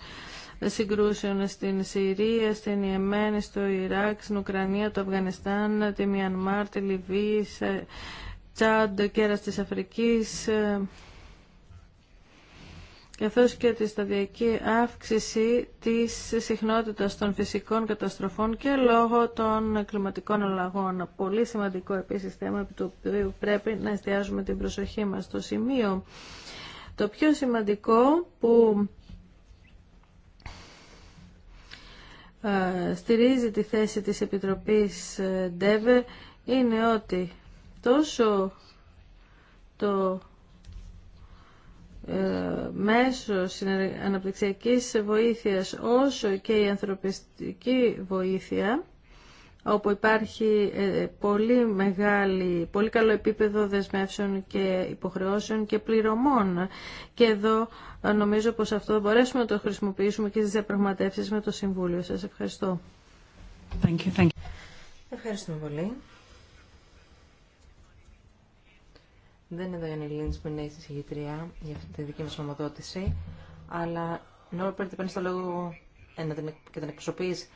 συγκρούσεων στην Συρία, στην Ιεμένη, στο Ιράκ, στην Ουκρανία, το Αφγανιστάν, τη Μιανμάρ, τη Λιβύη, Τσάντ, κέρας της Αφρικής, ε, καθώς και τη σταδιακή αύξηση της συχνότητας των φυσικών καταστροφών και λόγω των κλιματικών αλλαγών. Πολύ σημαντικό επίσης θέμα το του πρέπει να εστιάζουμε την προσοχή μας. στο σημείο το πιο σημαντικό που Ε, στηρίζει τη θέση της Επιτροπής ε, ΔΕΒΕ είναι ότι τόσο το ε, μέσο αναπτυξιακής βοήθειας όσο και η ανθρωπιστική βοήθεια όπου υπάρχει ε, πολύ μεγάλη, πολύ καλό επίπεδο δεσμεύσεων και υποχρεώσεων και πληρωμών. Και εδώ ε, νομίζω πως αυτό μπορέσουμε να το χρησιμοποιήσουμε και στις διαπραγματεύσεις με το Συμβούλιο. Σας ευχαριστώ. Thank you, thank you. Ευχαριστούμε πολύ. Δεν είναι εδώ η Ανιλίνης που είναι η συζητητρία για αυτή τη δική μας ομοδότηση, αλλά Νόρπερτ παίρνει το λόγο να και την εκπροσωπείς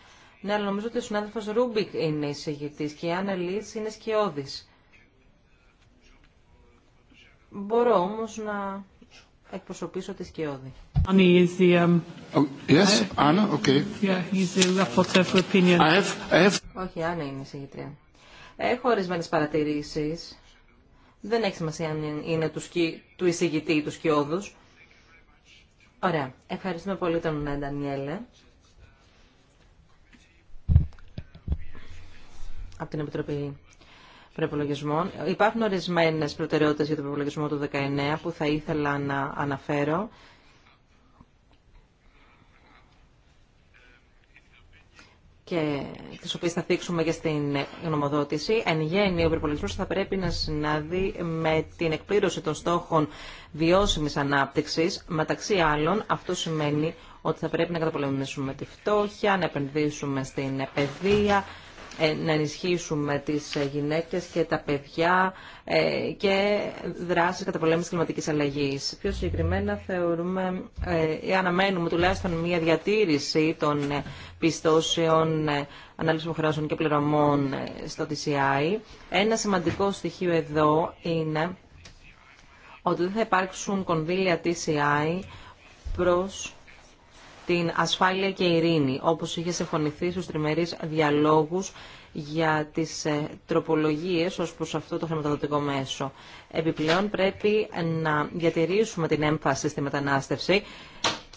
ναι, αλλά νομίζω ότι ο συνάδελφο Ρούμπικ είναι εισηγητή και η Άννα Λίτ είναι σκιώδη. Μπορώ όμω να εκπροσωπήσω τη σκιώδη. Όχι, Άννα είναι εισηγητρία. Έχω ορισμένε παρατηρήσει. Δεν έχει σημασία αν είναι του, σκι... του εισηγητή ή του σκιώδου. Ωραία. Ευχαριστούμε πολύ τον Ντανιέλε. από την Επιτροπή Προπολογισμών. Υπάρχουν ορισμένε προτεραιότητε για τον προπολογισμό του 19 που θα ήθελα να αναφέρω. και τις οποίες θα θίξουμε και στην γνωμοδότηση. Εν γέννη, ο προϋπολογισμός θα πρέπει να συνάδει με την εκπλήρωση των στόχων βιώσιμης ανάπτυξης. Μεταξύ άλλων, αυτό σημαίνει ότι θα πρέπει να καταπολεμήσουμε τη φτώχεια, να επενδύσουμε στην παιδεία, ε, να ενισχύσουμε τις ε, γυναίκες και τα παιδιά ε, και δράσεις κατά πολέμηση κλιματικής αλλαγής. Πιο συγκεκριμένα θεωρούμε ή αναμένουμε τουλάχιστον μια διατήρηση των πιστώσεων ανάλυση χρεώσεων και πληρωμών στο TCI. Ένα σημαντικό στοιχείο εδώ είναι ότι δεν θα υπάρξουν κονδύλια TCI προς την ασφάλεια και ειρήνη, όπως είχε συμφωνηθεί στους τριμερείς διαλόγους για τις ε, τροπολογίες ως προς αυτό το χρηματοδοτικό μέσο. Επιπλέον πρέπει να διατηρήσουμε την έμφαση στη μετανάστευση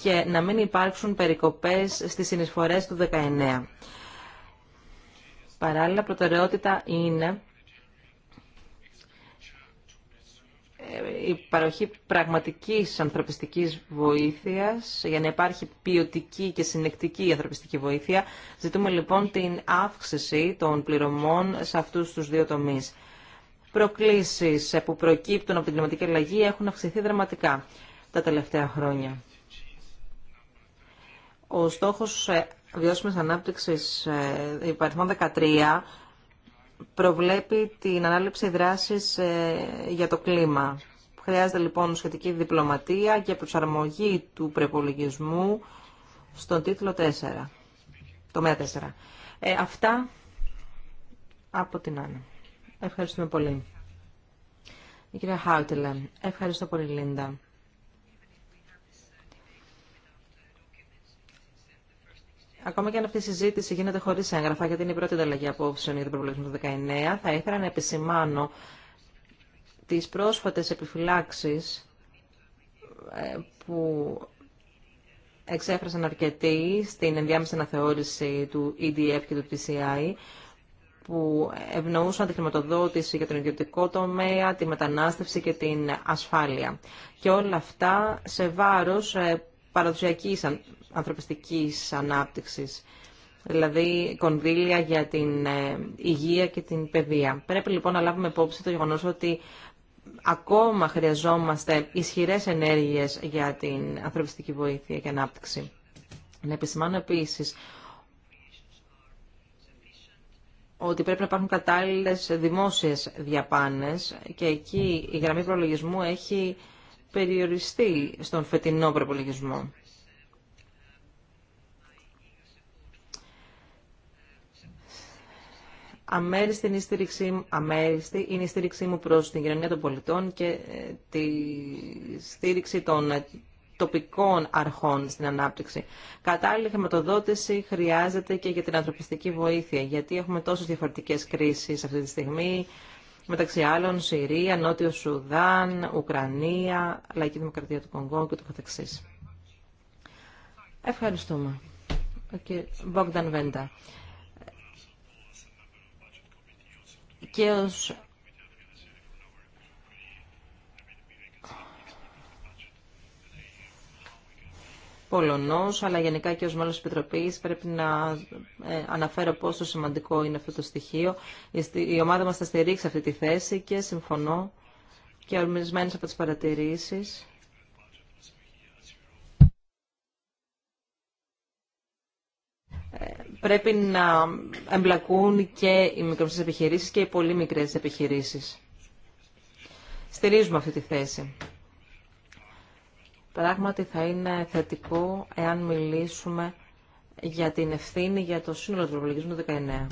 και να μην υπάρξουν περικοπές στις συνεισφορές του 19. Παράλληλα, προτεραιότητα είναι η παροχή πραγματικής ανθρωπιστικής βοήθειας, για να υπάρχει ποιοτική και συνεκτική ανθρωπιστική βοήθεια. Ζητούμε λοιπόν την αύξηση των πληρωμών σε αυτούς τους δύο τομείς. Προκλήσεις που προκύπτουν από την κλιματική αλλαγή έχουν αυξηθεί δραματικά τα τελευταία χρόνια. Ο στόχος ε, βιώσιμης ανάπτυξης ε, υπαριθμών 13 προβλέπει την ανάληψη δράσης ε, για το κλίμα. Χρειάζεται λοιπόν σχετική διπλωματία και προσαρμογή του προπολογισμού στον τίτλο 4, τομέα 4. Ε, αυτά από την Άννα. Ευχαριστούμε πολύ. Η κυρία Χάουτελε. Ευχαριστώ πολύ, Λίντα. Ακόμα και αν αυτή η συζήτηση γίνεται χωρί έγγραφα, γιατί είναι η πρώτη ανταλλαγή απόψεων για την προβολή του 19, θα ήθελα να επισημάνω τι πρόσφατε επιφυλάξει ε, που εξέφρασαν αρκετοί στην ενδιάμεση αναθεώρηση του EDF και του TCI, που ευνοούσαν τη χρηματοδότηση για τον ιδιωτικό τομέα, τη μετανάστευση και την ασφάλεια. Και όλα αυτά σε βάρος ε, Παραδοσιακή ανθρωπιστική ανάπτυξη, δηλαδή κονδύλια για την ε, υγεία και την παιδεία. Πρέπει λοιπόν να λάβουμε υπόψη το γεγονός ότι ακόμα χρειαζόμαστε ισχυρέ ενέργειες για την ανθρωπιστική βοήθεια και ανάπτυξη. Να επισημάνω επίσης ότι πρέπει να υπάρχουν κατάλληλες δημόσιες διαπάνες και εκεί η γραμμή προλογισμού έχει περιοριστεί στον φετινό προπολογισμό. Αμέριστη είναι, η στήριξή αμέριστη είναι η στήριξή μου προς την κοινωνία των πολιτών και ε, τη στήριξη των ε, τοπικών αρχών στην ανάπτυξη. Κατάλληλη χρηματοδότηση χρειάζεται και για την ανθρωπιστική βοήθεια, γιατί έχουμε τόσες διαφορετικές κρίσεις αυτή τη στιγμή, μεταξύ άλλων Συρία, Νότιο Σουδάν, Ουκρανία, Λαϊκή Δημοκρατία του Κονγκό και το καθεξής. Ευχαριστούμε. Και κ. Βέντα. Και ως Πολωνός, αλλά γενικά και ως μέλος της Επιτροπής πρέπει να ε, αναφέρω πόσο σημαντικό είναι αυτό το στοιχείο. Η ομάδα μας θα στηρίξει αυτή τη θέση και συμφωνώ και ορμισμένες από τις παρατηρήσεις. Πρέπει να εμπλακούν και οι μικρές επιχειρήσεις και οι πολύ μικρές επιχειρήσεις. Στηρίζουμε αυτή τη θέση. Πράγματι θα είναι θετικό εάν μιλήσουμε για την ευθύνη για το σύνολο του προπολογισμού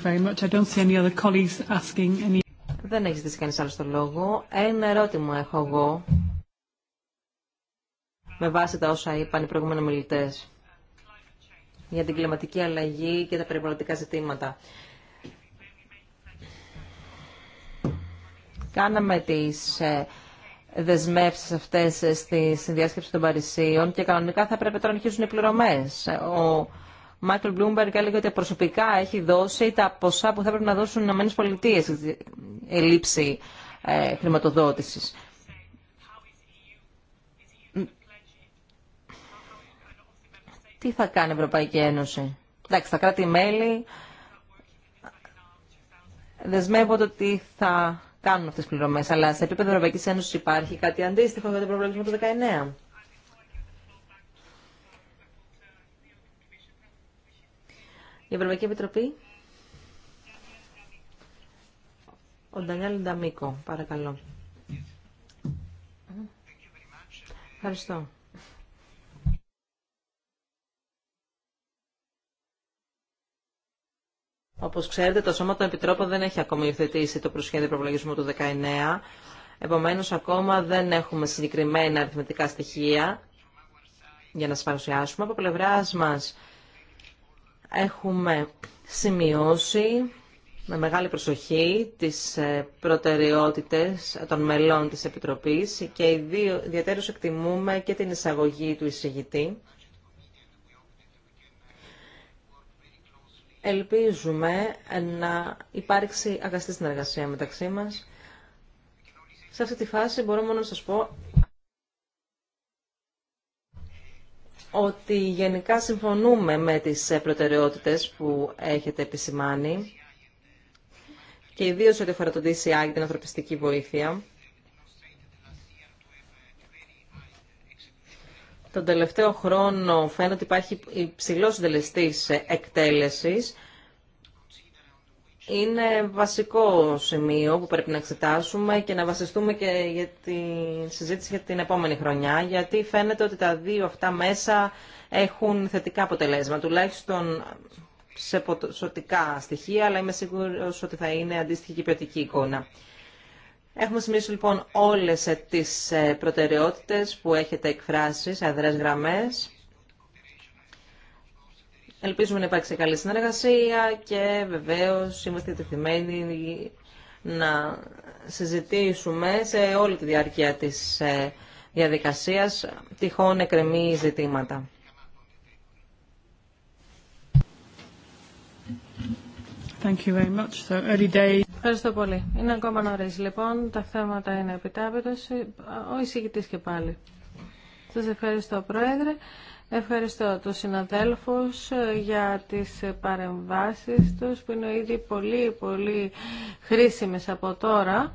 19. Δεν έχει ζητήσει κανείς άλλο το λόγο. Ένα ερώτημα έχω εγώ με βάση τα όσα είπαν οι προηγούμενοι μιλητές για την κλιματική αλλαγή και τα περιβαλλοντικά ζητήματα. Κάναμε τις ε, Δεσμεύσει αυτέ στη συνδιάσκεψη των Παρισίων και κανονικά θα πρέπει τώρα να αρχίσουν οι πληρωμέ. Ο Μάικλ Μπλούμπεργκ έλεγε ότι προσωπικά έχει δώσει τα ποσά που θα πρέπει να δώσουν οι Ηνωμένες η ελλείψη ε, χρηματοδότησης. Τι θα κάνει η Ευρωπαϊκή Ένωση. Εντάξει, τα κράτη-μέλη δεσμεύονται ότι θα κάνουν αυτέ τι πληρωμέ. Αλλά σε επίπεδο Ευρωπαϊκή Ένωση υπάρχει κάτι αντίστοιχο για τον προβλέψιμο του 19. Η Ευρωπαϊκή Επιτροπή. Ο Ντανιάλ Νταμίκο, παρακαλώ. Ευχαριστώ. Όπω ξέρετε, το Σώμα των Επιτρόπων δεν έχει ακόμη υιοθετήσει το προσχέδιο προπολογισμού του 19. επομένω, ακόμα δεν έχουμε συγκεκριμένα αριθμητικά στοιχεία για να σα παρουσιάσουμε. Από πλευρά μα έχουμε σημειώσει με μεγάλη προσοχή τις ε, προτεραιότητες των μελών της Επιτροπής και ιδιαίτερως εκτιμούμε και την εισαγωγή του εισηγητή ελπίζουμε να υπάρξει αγαστή συνεργασία μεταξύ μας. Σε αυτή τη φάση μπορώ μόνο να σας πω ότι γενικά συμφωνούμε με τις προτεραιότητες που έχετε επισημάνει και ιδίως ό,τι αφορά το DCI την ανθρωπιστική βοήθεια. Τον τελευταίο χρόνο φαίνεται ότι υπάρχει υψηλό συντελεστή εκτέλεση Είναι βασικό σημείο που πρέπει να εξετάσουμε και να βασιστούμε και για τη συζήτηση για την επόμενη χρονιά, γιατί φαίνεται ότι τα δύο αυτά μέσα έχουν θετικά αποτελέσματα, τουλάχιστον σε ποσοτικά στοιχεία, αλλά είμαι σίγουρος ότι θα είναι αντίστοιχη και ποιοτική εικόνα. Έχουμε σημειώσει λοιπόν όλες ε, τις ε, προτεραιότητες που έχετε εκφράσει σε αδρές γραμμές. Ελπίζουμε να υπάρξει καλή συνεργασία και βεβαίως είμαστε τεθειμένοι να συζητήσουμε σε όλη τη διάρκεια της ε, διαδικασίας τυχόν εκρεμή ζητήματα. Ευχαριστώ πολύ. Είναι ακόμα νωρί λοιπόν. Τα θέματα είναι επιτάπητο. Ο εισηγητή και πάλι. Σα ευχαριστώ, Πρόεδρε. Ευχαριστώ τους συναδέλφους ε, για τις παρεμβάσεις τους που είναι ήδη πολύ πολύ χρήσιμες από τώρα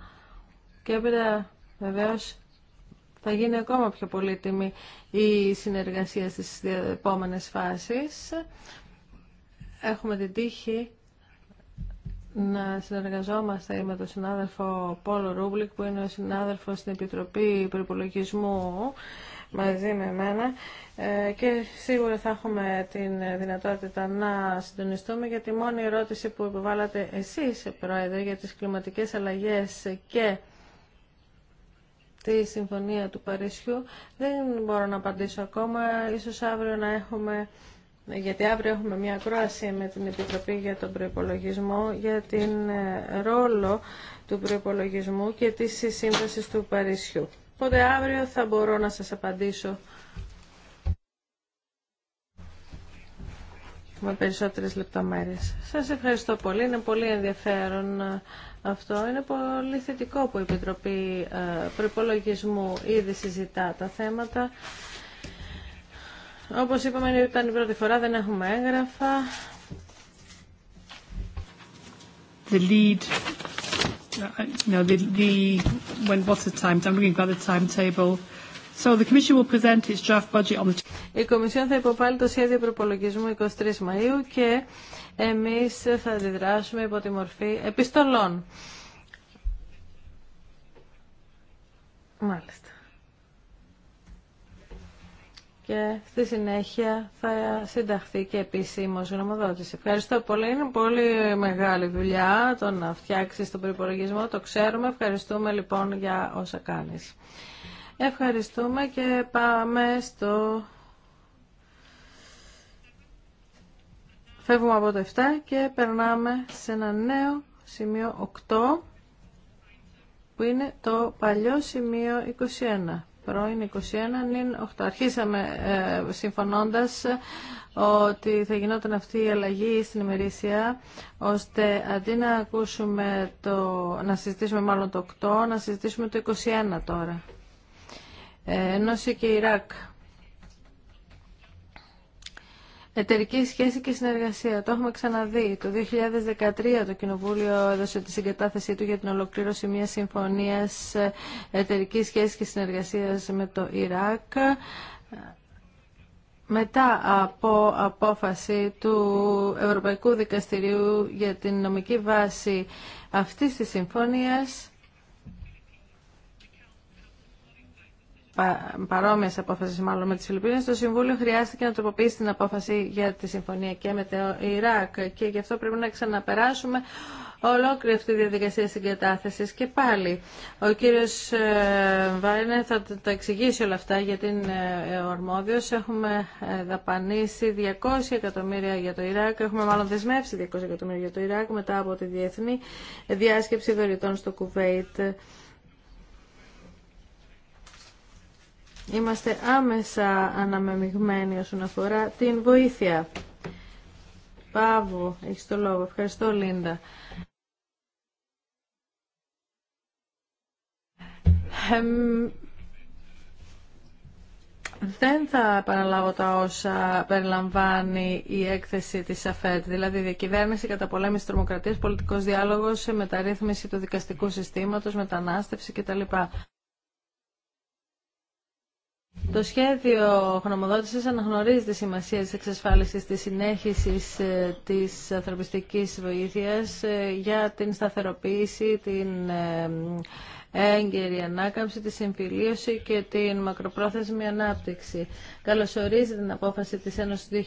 και έπειτα βεβαίως θα γίνει ακόμα πιο πολύτιμη η συνεργασία στις επόμενες φάσεις. Έχουμε την τύχη να συνεργαζόμαστε με τον συνάδελφο Πόλο Ρούμπλικ που είναι ο συνάδελφος στην Επιτροπή Προπολογισμού μαζί με εμένα ε, και σίγουρα θα έχουμε την δυνατότητα να συντονιστούμε γιατί η μόνη ερώτηση που επιβάλλατε εσείς Πρόεδρε για τις κλιματικές αλλαγές και τη Συμφωνία του Παρισιού δεν μπορώ να απαντήσω ακόμα ίσως αύριο να έχουμε γιατί αύριο έχουμε μια ακρόαση με την Επιτροπή για τον Προϋπολογισμό για την ε, ρόλο του προϋπολογισμού και της σύμβασης του Παρισιού. Οπότε αύριο θα μπορώ να σας απαντήσω με περισσότερες λεπτομέρειες. Σας ευχαριστώ πολύ. Είναι πολύ ενδιαφέρον ε, αυτό. Είναι πολύ θετικό που η Επιτροπή ε, Προϋπολογισμού ήδη συζητά τα θέματα. Όπως είπαμε ήταν η πρώτη φορά, δεν έχουμε έγγραφα. The lead... Uh, no, the, the, when what's the time? I'm looking at the timetable. So the Commission will present its draft budget on the... Η Κομισιόν θα υποβάλει το σχέδιο προπολογισμού 23 Μαΐου και εμείς θα αντιδράσουμε υπό τη μορφή επιστολών. Μάλιστα και στη συνέχεια θα συνταχθεί και επίσημο γνωμοδότηση. Ευχαριστώ πολύ. Είναι πολύ μεγάλη δουλειά το να φτιάξει τον προπολογισμό. Το ξέρουμε. Ευχαριστούμε λοιπόν για όσα κάνει. Ευχαριστούμε και πάμε στο. Φεύγουμε από το 7 και περνάμε σε ένα νέο σημείο 8 που είναι το παλιό σημείο 21 πρώην 21 8. Αρχίσαμε ε, συμφωνώντας ε, ότι θα γινόταν αυτή η αλλαγή στην ημερήσια, ώστε αντί να ακούσουμε το, να συζητήσουμε μάλλον το 8, να συζητήσουμε το 21 τώρα. Ε, ενώ και Ιράκ. Εταιρική σχέση και συνεργασία. Το έχουμε ξαναδεί. Το 2013 το Κοινοβούλιο έδωσε τη συγκατάθεσή του για την ολοκλήρωση μιας συμφωνίας εταιρική σχέση και συνεργασίας με το Ιράκ. Μετά από απόφαση του Ευρωπαϊκού Δικαστηρίου για την νομική βάση αυτής της συμφωνίας, παρόμοιε απόφασει, μάλλον με τι Φιλιππίνε, το Συμβούλιο χρειάστηκε να τροποποιήσει την απόφαση για τη συμφωνία και με το Ιράκ. Και γι' αυτό πρέπει να ξαναπεράσουμε ολόκληρη αυτή τη διαδικασία συγκατάθεση. Και πάλι, ο κύριο ε, Βάινερ θα τα εξηγήσει όλα αυτά, γιατί είναι ε, ο Έχουμε ε, δαπανίσει 200 εκατομμύρια για το Ιράκ, έχουμε μάλλον δεσμεύσει 200 εκατομμύρια για το Ιράκ μετά από τη διεθνή διάσκεψη δωρητών στο Κουβέιτ. Είμαστε άμεσα αναμεμειγμένοι όσον αφορά την βοήθεια. Πάβο, έχει το λόγο. Ευχαριστώ, Λίντα. δεν θα επαναλάβω τα όσα περιλαμβάνει η έκθεση της ΑΦΕΤ, δηλαδή διακυβέρνηση, κατά καταπολέμηση τρομοκρατίας, πολιτικός διάλογος, μεταρρύθμιση του δικαστικού συστήματος, μετανάστευση κτλ. Το σχέδιο χρονομοδότηση αναγνωρίζει τη σημασία της εξασφάλιση της συνέχισης ε, τη ανθρωπιστική βοήθειας ε, για την σταθεροποίηση, την ε, έγκαιρη ανάκαμψη, τη συμφιλίωση και την μακροπρόθεσμη ανάπτυξη. Καλωσορίζει την απόφαση της Ένωσης 2017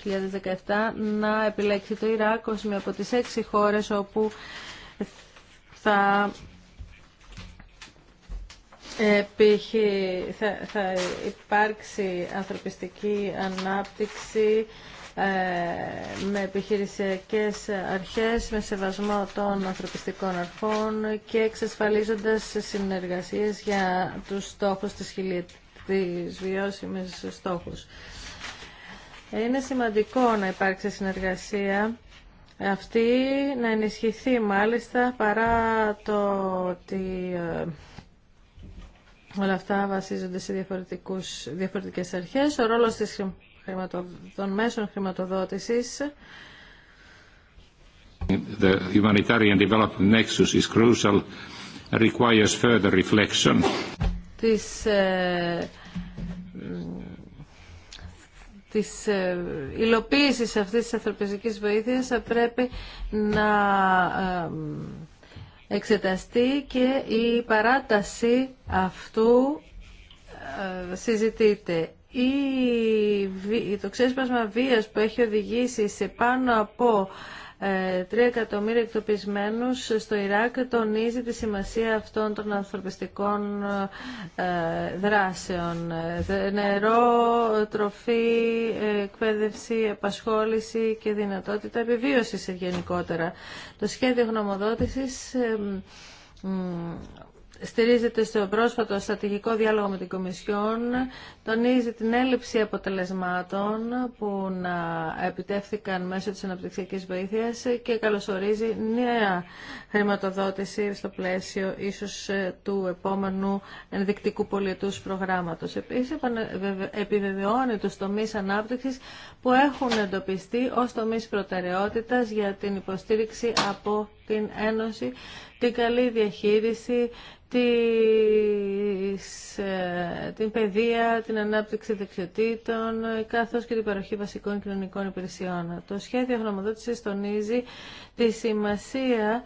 να επιλέξει το Ιράκ με από τις έξι χώρε όπου θα Π.χ. Θα, υπάρξει ανθρωπιστική ανάπτυξη ε, με επιχειρησιακές αρχές, με σεβασμό των ανθρωπιστικών αρχών και εξασφαλίζοντας συνεργασίες για τους στόχους της, χιλιετής βιώσιμης στόχους. Είναι σημαντικό να υπάρξει συνεργασία αυτή, να ενισχυθεί μάλιστα παρά το ότι ε, Όλα αυτά βασίζονται σε διαφορετικούς, διαφορετικές αρχές. Ο ρόλος της χρηματο, των μέσων χρηματοδότησης The humanitarian development nexus is crucial, requires further reflection. Της, ε, της ε, υλοποίησης αυτής της ανθρωπιστικής βοήθειας θα πρέπει να ε, εξεταστεί και η παράταση αυτού ε, συζητείται. Ή το ξέσπασμα βίας που έχει οδηγήσει σε πάνω από 3 ε, εκατομμύρια εκτοπισμένους στο Ιράκ τονίζει τη σημασία αυτών των ανθρωπιστικών ε, δράσεων. Ε, νερό, τροφή, εκπαίδευση, απασχόληση και δυνατότητα επιβίωσης γενικότερα. Το σχέδιο γνωμοδότησης στηρίζεται στο πρόσφατο στρατηγικό διάλογο με την Κομισιόν, τονίζει την έλλειψη αποτελεσμάτων που να επιτεύθηκαν μέσω της αναπτυξιακής βοήθειας και καλωσορίζει νέα χρηματοδότηση στο πλαίσιο ίσως ε, του επόμενου ενδεικτικού πολιετούς προγράμματος. Επίσης, επιβεβαιώνει τους τομείς ανάπτυξης που έχουν εντοπιστεί ως τομείς προτεραιότητας για την υποστήριξη από την Ένωση, την καλή διαχείριση της, ε, την παιδεία, την ανάπτυξη δεξιοτήτων, καθώς και την παροχή βασικών κοινωνικών υπηρεσιών. Το σχέδιο γνωμοδότησης τονίζει τη σημασία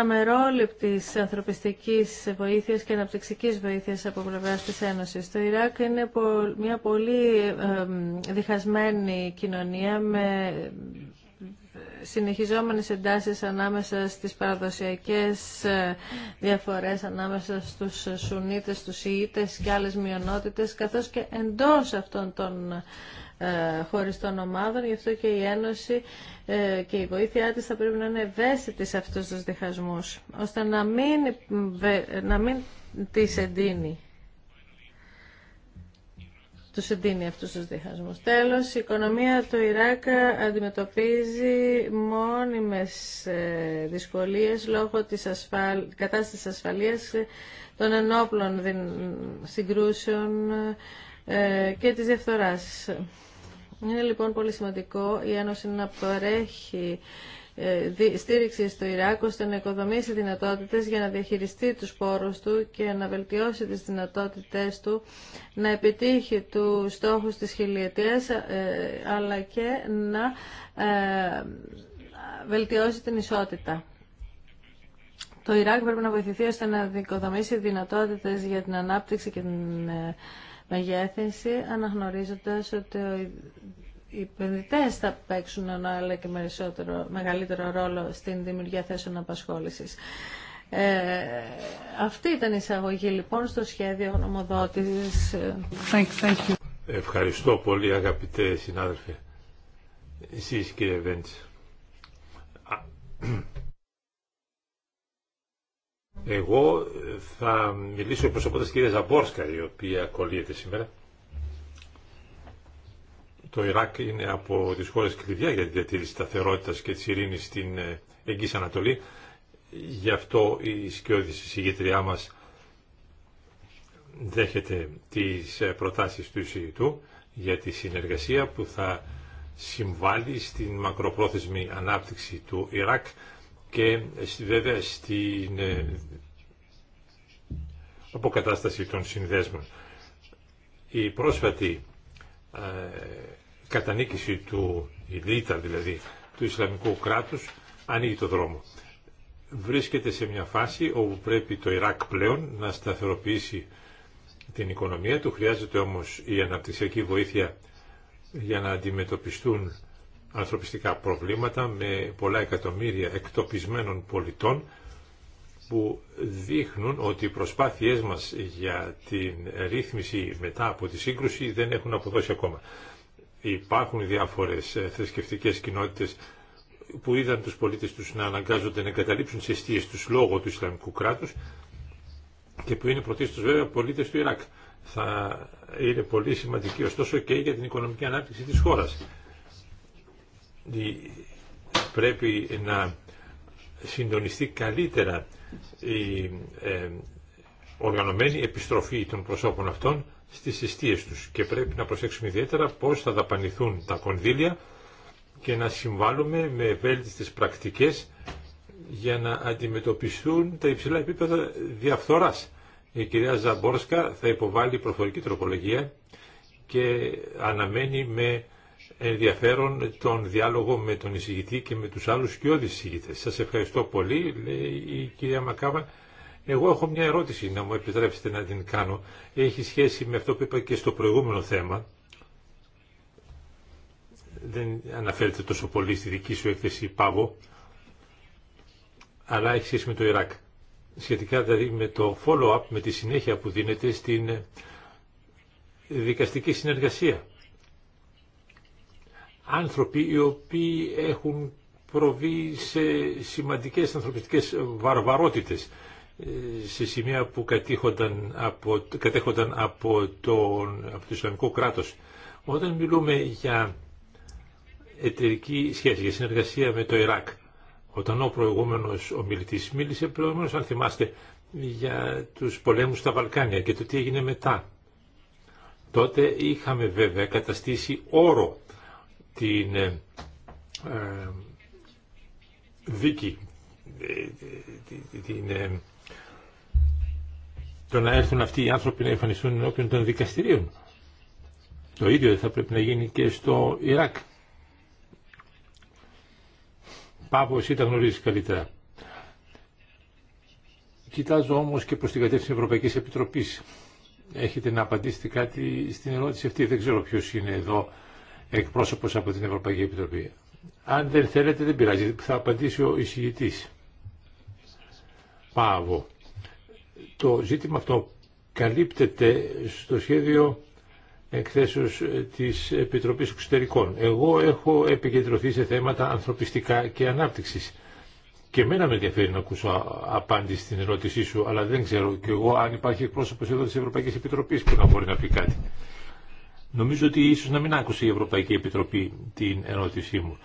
αμερόληπτης ανθρωπιστικής βοήθειας και αναπτυξικής βοήθειας από πλευρά της Ένωσης. Το Ιράκ είναι μια πολύ ε, ε, διχασμένη κοινωνία με συνεχιζόμενες εντάσεις ανάμεσα στις παραδοσιακές ε, διαφορές ανάμεσα στους Σουνίτες, τους Ιήτες και άλλες μειονότητες, καθώς και εντός αυτών των ε, χωριστών ομάδων. Γι' αυτό και η Ένωση ε, και η βοήθειά της θα πρέπει να είναι ευαίσθητη σε αυτούς τους διχασμούς, ώστε να μην, να μην τις εντείνει τους εντείνει αυτούς του διχασμούς. Τέλος, η οικονομία του Ιράκ αντιμετωπίζει μόνιμε δυσκολίε λόγω της ασφαλ... κατάστασης ασφαλείας των ενόπλων συγκρούσεων ε, και τη διαφθορά. Είναι λοιπόν πολύ σημαντικό η Ένωση να παρέχει ε, στήριξη στο Ιράκ ώστε να οικοδομήσει δυνατότητες για να διαχειριστεί τους πόρους του και να βελτιώσει τις δυνατότητες του να επιτύχει του στόχους της χιλιετίας ε, αλλά και να ε, βελτιώσει την ισότητα. Το Ιράκ πρέπει να βοηθηθεί ώστε να δικοδομήσει δυνατότητες για την ανάπτυξη και την μεγέθυνση αναγνωρίζοντας ότι οι επενδυτέ θα παίξουν ένα άλλο και μεγαλύτερο ρόλο στην δημιουργία θέσεων απασχόλησης. Ε, αυτή ήταν η εισαγωγή λοιπόν στο σχέδιο νομοδότησης. Ευχαριστώ πολύ αγαπητέ συνάδελφε. Εσείς κύριε Βέντς. Εγώ θα μιλήσω εκπροσωπώντας κυρία Ζαμπόρσκα η οποία κολλείεται σήμερα το Ιράκ είναι από τις χώρες κλειδιά για τη διατήρηση σταθερότητας και τη ειρήνης στην ε, Εγγύη Ανατολή. Γι' αυτό η σκιώδη συγγετριά μας δέχεται τι ε, προτάσεις του Ισηγητού για τη συνεργασία που θα συμβάλλει στην μακροπρόθεσμη ανάπτυξη του Ιράκ και βέβαια στην ε, αποκατάσταση των συνδέσμων. Η πρόσφατη ε, κατανίκηση του ηλίτα δηλαδή του Ισλαμικού κράτους ανοίγει το δρόμο. Βρίσκεται σε μια φάση όπου πρέπει το Ιράκ πλέον να σταθεροποιήσει την οικονομία του. Χρειάζεται όμως η αναπτυξιακή βοήθεια για να αντιμετωπιστούν ανθρωπιστικά προβλήματα με πολλά εκατομμύρια εκτοπισμένων πολιτών που δείχνουν ότι οι προσπάθειές μας για την ρύθμιση μετά από τη σύγκρουση δεν έχουν αποδώσει ακόμα. Υπάρχουν διάφορες ε, θρησκευτικέ κοινότητες που είδαν τους πολίτες τους να αναγκάζονται να εγκαταλείψουν τις αιστείες τους λόγω του Ισλαμικού κράτους και που είναι πρωτίστως βέβαια πολίτες του Ιράκ. Θα είναι πολύ σημαντική ωστόσο και για την οικονομική ανάπτυξη της χώρας. Πρέπει να συντονιστεί καλύτερα η ε, οργανωμένη επιστροφή των προσώπων αυτών στις συστίες τους και πρέπει να προσέξουμε ιδιαίτερα πώς θα δαπανηθούν τα κονδύλια και να συμβάλλουμε με ευέλτιστες πρακτικές για να αντιμετωπιστούν τα υψηλά επίπεδα διαφθοράς. Η κυρία Ζαμπόρσκα θα υποβάλει προφορική τροπολογία και αναμένει με ενδιαφέρον τον διάλογο με τον εισηγητή και με τους άλλους και όλους εισηγητές. Σας ευχαριστώ πολύ, λέει η κυρία Μακάβα. Εγώ έχω μια ερώτηση να μου επιτρέψετε να την κάνω. Έχει σχέση με αυτό που είπα και στο προηγούμενο θέμα. Δεν αναφέρεται τόσο πολύ στη δική σου έκθεση Πάβο, αλλά έχει σχέση με το Ιράκ. Σχετικά δηλαδή με το follow-up, με τη συνέχεια που δίνεται στην δικαστική συνεργασία άνθρωποι οι οποίοι έχουν προβεί σε σημαντικές ανθρωπιστικές βαρβαρότητες ε, σε σημεία που από, κατέχονταν από, τον, από το Ισλαμικό κράτος. Όταν μιλούμε για εταιρική σχέση, για συνεργασία με το Ιράκ, όταν ο προηγούμενος ομιλητής μίλησε προηγούμενος, αν θυμάστε, για τους πολέμους στα Βαλκάνια και το τι έγινε μετά. Τότε είχαμε βέβαια καταστήσει όρο την ε, ε, δίκη, ε, την, το να έρθουν αυτοί οι άνθρωποι να εμφανιστούν ενώπιον των δικαστηρίων. Το ίδιο θα πρέπει να γίνει και στο Ιράκ. Πάπο, εσύ τα γνωρίζεις καλύτερα. Κοιτάζω όμως και προς την κατεύθυνση Ευρωπαϊκής Επιτροπής. Έχετε να απαντήσετε κάτι στην ερώτηση αυτή. Δεν ξέρω ποιος είναι εδώ εκπρόσωπος από την Ευρωπαϊκή Επιτροπή. Αν δεν θέλετε δεν πειράζει, θα απαντήσει ο εισηγητής. πάω Το ζήτημα αυτό καλύπτεται στο σχέδιο εκθέσεως της Επιτροπής Εξωτερικών. Εγώ έχω επικεντρωθεί σε θέματα ανθρωπιστικά και ανάπτυξης. Και εμένα με ενδιαφέρει να ακούσω απάντηση στην ερώτησή σου, αλλά δεν ξέρω κι εγώ αν υπάρχει εκπρόσωπο εδώ τη Ευρωπαϊκή Επιτροπή που να μπορεί να πει κάτι. Νομίζω ότι ίσως να μην άκουσε η Ευρωπαϊκή Επιτροπή την ερώτησή μου.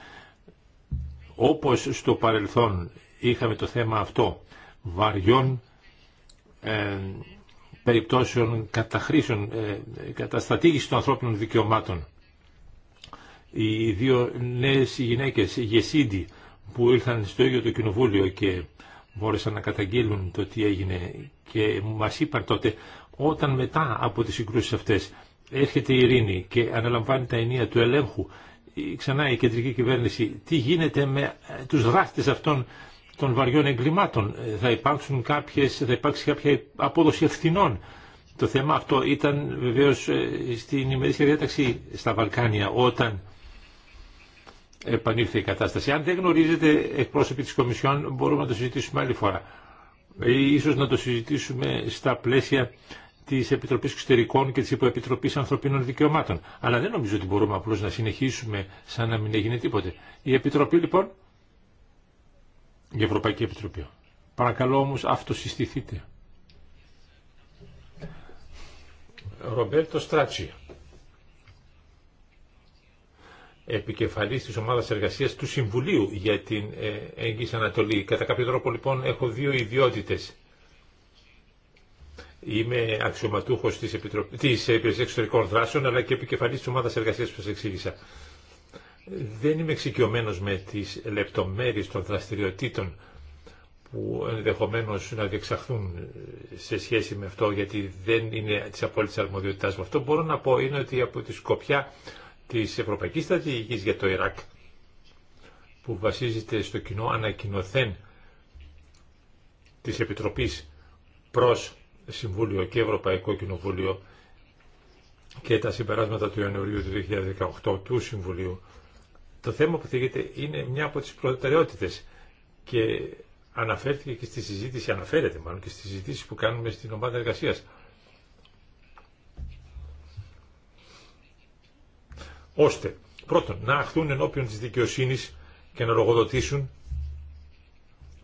Όπως στο παρελθόν είχαμε το θέμα αυτό βαριών ε, περιπτώσεων καταχρήσεων, ε, καταστατήγηση των ανθρώπινων δικαιωμάτων. Οι δύο νέες γυναίκες, Γεσίντι, που ήρθαν στο ίδιο το κοινοβούλιο και μπόρεσαν να καταγγείλουν το τι έγινε και μας είπαν τότε όταν μετά από τις συγκρούσεις αυτές έρχεται η ειρήνη και αναλαμβάνει τα ενία του ελέγχου ξανά η κεντρική κυβέρνηση τι γίνεται με ε, τους δράστες αυτών των βαριών εγκλημάτων ε, θα, υπάρξουν κάποιες, θα υπάρξει κάποια απόδοση ευθυνών το θέμα αυτό ήταν βεβαίως ε, στην ημερήσια διάταξη στα Βαλκάνια όταν επανήλθε η κατάσταση. Αν δεν γνωρίζετε εκπρόσωποι της Κομισιόν μπορούμε να το συζητήσουμε άλλη φορά. Ίσως να το συζητήσουμε στα πλαίσια Τη Επιτροπής Εξωτερικών και τη Υποεπιτροπής Ανθρωπίνων Δικαιωμάτων. Αλλά δεν νομίζω ότι μπορούμε απλώς να συνεχίσουμε σαν να μην έγινε τίποτε. Η Επιτροπή λοιπόν, η Ευρωπαϊκή Επιτροπή. Παρακαλώ όμως αυτοσυστηθείτε. Ρομπέρτο Στράτσι, επικεφαλής της ομάδας Εργασία του Συμβουλίου για την Εγγύης Ανατολή. Κατά κάποιο τρόπο λοιπόν έχω δύο ιδιότητε. Είμαι αξιωματούχο τη Επιτροπή της Υπηρεσία Εξωτερικών Δράσεων αλλά και επικεφαλή τη ομάδα εργασία που σα εξήγησα. Δεν είμαι εξοικειωμένο με τι λεπτομέρειε των δραστηριοτήτων που ενδεχομένω να διεξαχθούν σε σχέση με αυτό γιατί δεν είναι τη απόλυτη αρμοδιότητά μου. Αυτό μπορώ να πω είναι ότι από τη σκοπιά τη Ευρωπαϊκή Στρατηγική για το Ιράκ που βασίζεται στο κοινό ανακοινοθέν τη Επιτροπή προς Συμβούλιο και Ευρωπαϊκό Κοινοβούλιο και τα συμπεράσματα του Ιανουαρίου του 2018 του Συμβουλίου. Το θέμα που θίγεται είναι μια από τις προτεραιότητες και αναφέρθηκε και στη συζήτηση, αναφέρεται μάλλον και στη συζήτηση που κάνουμε στην ομάδα εργασίας. Ώστε πρώτον να αχθούν ενώπιον της δικαιοσύνης και να λογοδοτήσουν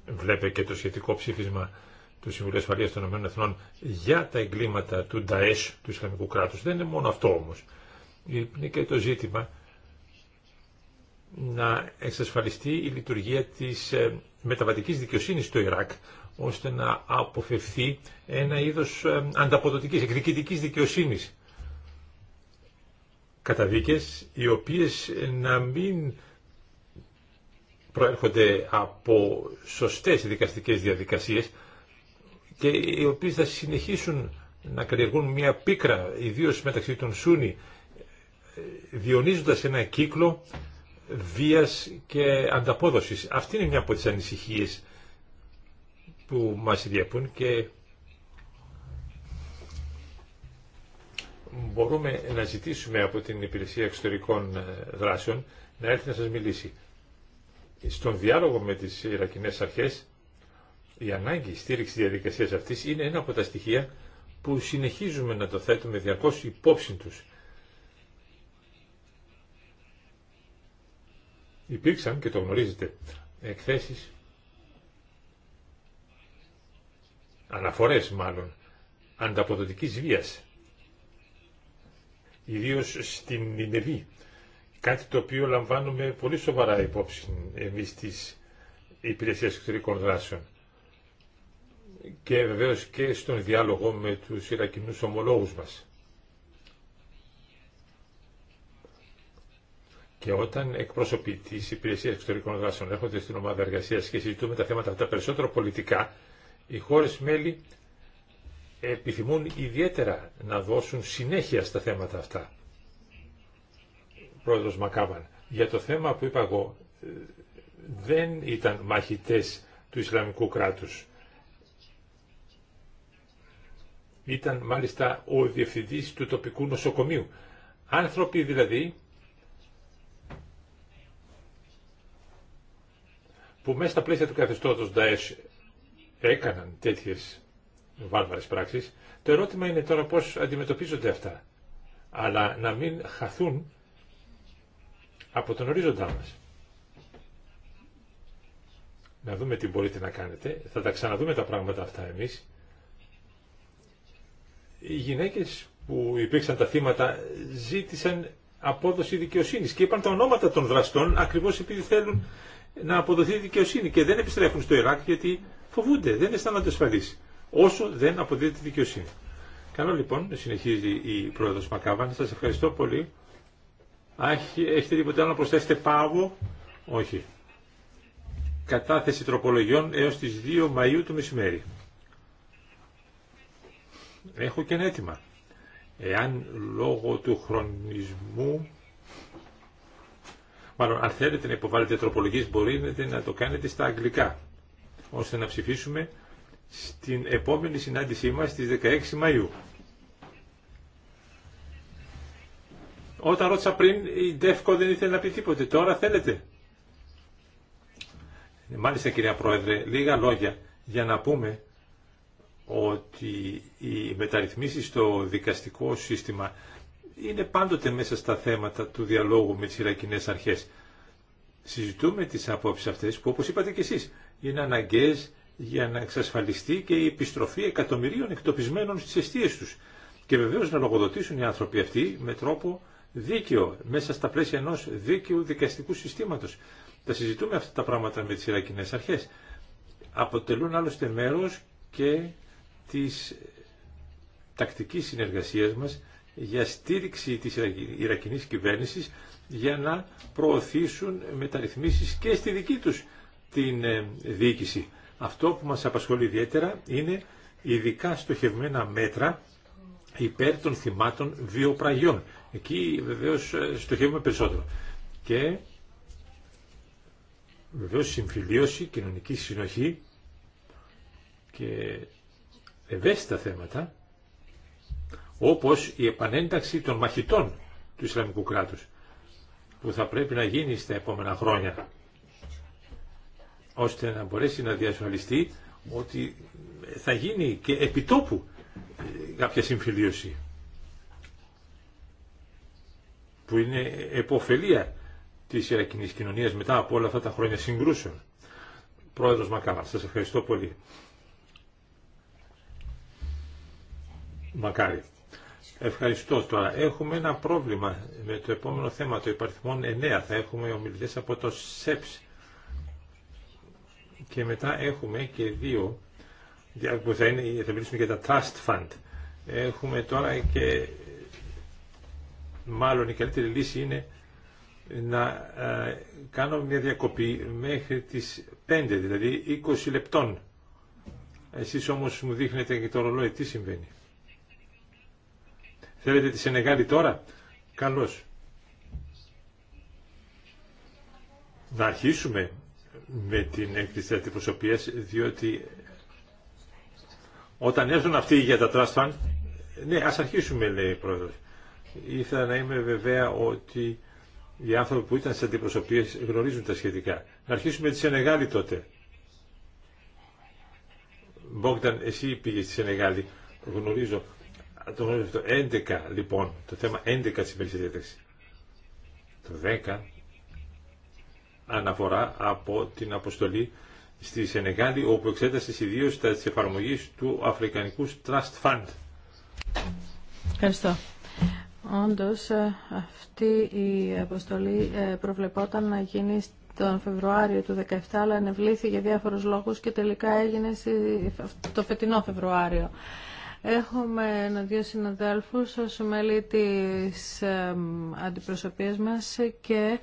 βλέπε και το σχετικό ψήφισμα του Συμβουλίου Ασφαλείας των ΗΠΑ για τα εγκλήματα του Νταέσ, του Ισλαμικού κράτου. Δεν είναι μόνο αυτό όμως. Είναι και το ζήτημα να εξασφαλιστεί η λειτουργία της ε, μεταβατικής δικαιοσύνης στο Ιράκ, ώστε να αποφευθεί ένα είδος ε, ανταποδοτικής, εκδικητική δικαιοσύνης. Καταδίκες οι οποίες να μην προέρχονται από σωστές δικαστικές διαδικασίες, και οι οποίοι θα συνεχίσουν να καλλιεργούν μια πίκρα, ιδίως μεταξύ των Σούνι, ε, διονύζοντας ένα κύκλο βίας και ανταπόδοσης. Αυτή είναι μια από τις ανησυχίες που μας διαπούν και μπορούμε να ζητήσουμε από την Υπηρεσία Εξωτερικών ε, Δράσεων να έρθει να σας μιλήσει. Στον διάλογο με τις Ιρακινές Αρχές η ανάγκη στήριξη διαδικασία αυτής είναι ένα από τα στοιχεία που συνεχίζουμε να το θέτουμε διαρκώ υπόψη του. Υπήρξαν και το γνωρίζετε εκθέσεις, αναφορές μάλλον, ανταποδοτικής βίας, ιδίως στην Ινεβή, κάτι το οποίο λαμβάνουμε πολύ σοβαρά υπόψη εμείς της Υπηρεσίας Εξωτερικών Δράσεων και βεβαίως και στον διάλογο με τους Ιρακινούς ομολόγους μας. Και όταν εκπρόσωποι τη Υπηρεσία Εξωτερικών Δράσεων έρχονται στην ομάδα εργασία και συζητούμε τα θέματα αυτά περισσότερο πολιτικά, οι χώρε μέλη επιθυμούν ιδιαίτερα να δώσουν συνέχεια στα θέματα αυτά. Πρόεδρος Μακάβαν, για το θέμα που είπα εγώ, ε, δεν ήταν μαχητές του Ισλαμικού κράτους. ήταν μάλιστα ο διευθυντής του τοπικού νοσοκομείου. Άνθρωποι δηλαδή που μέσα στα πλαίσια του καθεστώτος ΝΤΑΕΣ έκαναν τέτοιες βάρβαρες πράξεις. Το ερώτημα είναι τώρα πώς αντιμετωπίζονται αυτά, αλλά να μην χαθούν από τον ορίζοντά μας. Να δούμε τι μπορείτε να κάνετε. Θα τα ξαναδούμε τα πράγματα αυτά εμείς οι γυναίκες που υπήρξαν τα θύματα ζήτησαν απόδοση δικαιοσύνης και είπαν τα ονόματα των δραστών ακριβώς επειδή θέλουν να αποδοθεί δικαιοσύνη και δεν επιστρέφουν στο Ιράκ γιατί φοβούνται, δεν αισθάνονται ασφαλείς όσο δεν αποδίδεται δικαιοσύνη. Καλό λοιπόν, συνεχίζει η πρόεδρος Μακάβαν, σας ευχαριστώ πολύ. Έχετε τίποτα άλλο να προσθέσετε πάγο, όχι. Κατάθεση τροπολογιών έως τις 2 Μαΐου του μεσημέρι έχω και ένα αίτημα. Εάν λόγω του χρονισμού, μάλλον αν θέλετε να υποβάλλετε τροπολογίες, μπορείτε να το κάνετε στα αγγλικά, ώστε να ψηφίσουμε στην επόμενη συνάντησή μας στις 16 Μαΐου. Όταν ρώτησα πριν, η Ντεύκο δεν ήθελε να πει τίποτε. Τώρα θέλετε. Μάλιστα κυρία Πρόεδρε, λίγα λόγια για να πούμε ότι οι μεταρρυθμίσεις στο δικαστικό σύστημα είναι πάντοτε μέσα στα θέματα του διαλόγου με τις Ιρακινές αρχές. Συζητούμε τις απόψεις αυτές που όπως είπατε και εσείς είναι αναγκαίες για να εξασφαλιστεί και η επιστροφή εκατομμυρίων εκτοπισμένων στις αιστείες τους. Και βεβαίως να λογοδοτήσουν οι άνθρωποι αυτοί με τρόπο δίκαιο, μέσα στα πλαίσια ενός δίκαιου δικαστικού συστήματος. Θα συζητούμε αυτά τα πράγματα με τις Ιρακινές αρχές. Αποτελούν άλλωστε μέρος και της τακτικής συνεργασίας μας για στήριξη της Ιρακινής κυβέρνησης για να προωθήσουν μεταρρυθμίσεις και στη δική τους την ε, διοίκηση. Αυτό που μας απασχολεί ιδιαίτερα είναι ειδικά στοχευμένα μέτρα υπέρ των θυμάτων βιοπραγιών. Εκεί βεβαίως ε, στοχεύουμε περισσότερο. Και βεβαίως συμφιλίωση, κοινωνική συνοχή και ευαίσθητα θέματα όπως η επανένταξη των μαχητών του Ισλαμικού κράτους που θα πρέπει να γίνει στα επόμενα χρόνια ώστε να μπορέσει να διασφαλιστεί ότι θα γίνει και επιτόπου ε, κάποια συμφιλίωση που είναι εποφελία της Ιρακινής κοινωνίας μετά από όλα αυτά τα χρόνια συγκρούσεων. Πρόεδρος Μακάμα, σας ευχαριστώ πολύ. Μακάρι. Ευχαριστώ τώρα. Έχουμε ένα πρόβλημα με το επόμενο θέμα, το υπαριθμό 9. Θα έχουμε ομιλητέ από το ΣΕΠΣ. Και μετά έχουμε και δύο που θα, είναι, θα μιλήσουμε για τα Trust Fund. Έχουμε τώρα και μάλλον η καλύτερη λύση είναι να ε, κάνω μια διακοπή μέχρι τις 5, δηλαδή 20 λεπτών. Εσείς όμως μου δείχνετε και το ρολόι τι συμβαίνει. Θέλετε τη Σενεγάλη τώρα. Καλώς. Να αρχίσουμε με την έκθεση αντιπροσωπείας, διότι όταν έρθουν αυτοί για τα trust fund, ναι, ας αρχίσουμε, λέει η πρόεδρος. Ήθελα να είμαι βεβαία ότι οι άνθρωποι που ήταν στις αντιπροσωπείες γνωρίζουν τα σχετικά. Να αρχίσουμε τη Σενεγάλη τότε. Μπόγκταν, εσύ πήγες στη Σενεγάλη, γνωρίζω το, 11 λοιπόν, το θέμα 11 της Το 10 αναφορά από την αποστολή στη Σενεγάλη όπου εξέτασε ιδίω τα τη εφαρμογή του Αφρικανικού Trust Fund. Ευχαριστώ. Όντως ε, αυτή η αποστολή ε, προβλεπόταν να γίνει τον Φεβρουάριο του 2017, αλλά ανεβλήθη για διάφορους λόγους και τελικά έγινε το φετινό Φεβρουάριο. Έχουμε ένα-δύο συναδέλφους ως μέλη της αντιπροσωπείας μας και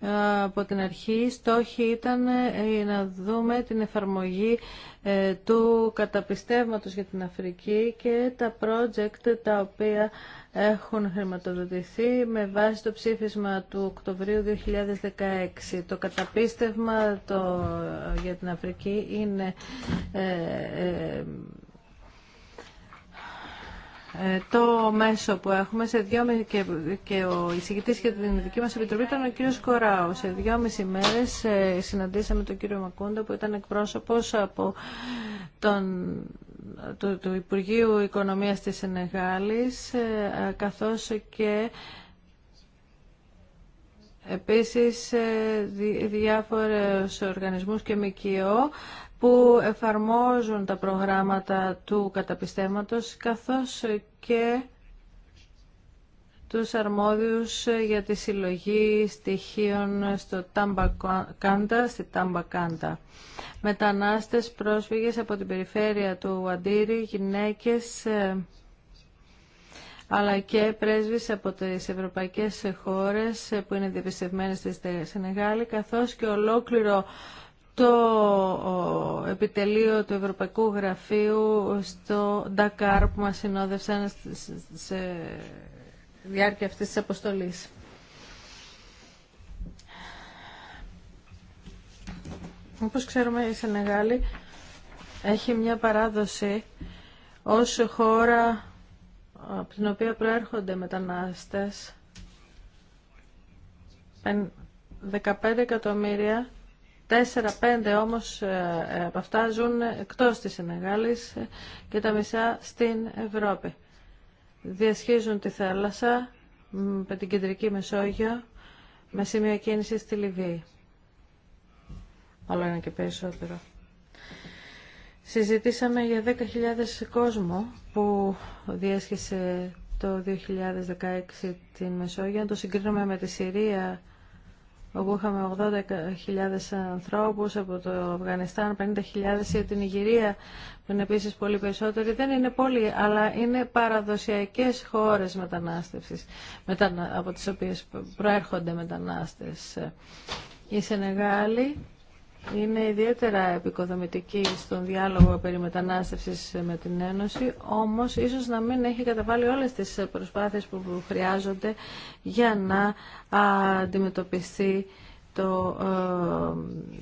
ε, από την αρχή στόχοι στόχη ήταν ε, να δούμε την εφαρμογή ε, του καταπιστεύματος για την Αφρική και τα project τα οποία έχουν χρηματοδοτηθεί με βάση το ψήφισμα του Οκτωβρίου 2016. Το καταπίστευμα το, για την Αφρική είναι ε, το μέσο που έχουμε σε και, και ο εισηγητής για την δική μας επιτροπή ήταν ο κύριος Κοράου. Σε δυόμιση μέρες ε, συναντήσαμε τον κύριο Μακούντα που ήταν εκπρόσωπος από τον του, του Υπουργείου Οικονομίας της Σενεγάλης ε, καθώς και επίσης διάφορους οργανισμούς και ΜΚΟ που εφαρμόζουν τα προγράμματα του καταπιστέματος καθώς και τους αρμόδιους για τη συλλογή στοιχείων στο Ταμπακάντα, στη Ταμπακάντα. Μετανάστες, πρόσφυγες από την περιφέρεια του Αντίρη, γυναίκες, ε, αλλά και πρέσβεις από τις ευρωπαϊκές χώρες ε, που είναι διαπιστευμένες στη Σενεγάλη, καθώς και ολόκληρο το επιτελείο του Ευρωπαϊκού Γραφείου στο Ντακάρ που μας συνόδευσαν σε διάρκεια αυτής της αποστολής. Όπως ξέρουμε η Σενεγάλη έχει μια παράδοση ως χώρα ε, από την οποία προέρχονται μετανάστες 15 εκατομμύρια Τέσσερα-πέντε όμως ε, ε, από αυτά ζουν εκτός της Σενεγάλης και τα μισά στην Ευρώπη. Διασχίζουν τη θάλασσα με την κεντρική Μεσόγειο με σημείο κίνηση στη Λιβύη. Όλο ένα και περισσότερο. Συζητήσαμε για 10.000 κόσμο που διέσχισε το 2016 την Μεσόγειο. Το συγκρίνουμε με τη Συρία όπου είχαμε 80.000 ανθρώπους από το Αφγανιστάν, 50.000 για την Ιγυρία, που είναι επίσης πολύ περισσότεροι, δεν είναι πολύ, αλλά είναι παραδοσιακές χώρες μετανάστευσης, από τις οποίες προέρχονται μετανάστες. Οι Σενεγάλη, είναι ιδιαίτερα επικοδομητική στον διάλογο περί μετανάστευσης με την Ένωση, όμως ίσως να μην έχει καταβάλει όλες τις προσπάθειες που χρειάζονται για να αντιμετωπιστεί το,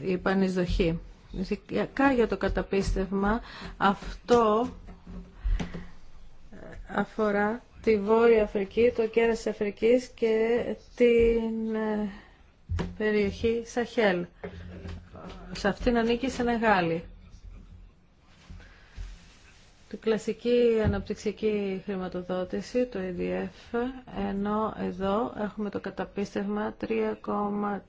ε, η πανεισδοχή. Ειδικά για το καταπίστευμα, αυτό ε, αφορά τη Βόρεια Αφρική, το κέρας της Αφρικής και την ε, περιοχή Σαχέλ σε αυτήν ανήκει σε μεγάλη Την κλασική αναπτυξιακή χρηματοδότηση, το EDF, ενώ εδώ έχουμε το καταπίστευμα 3,3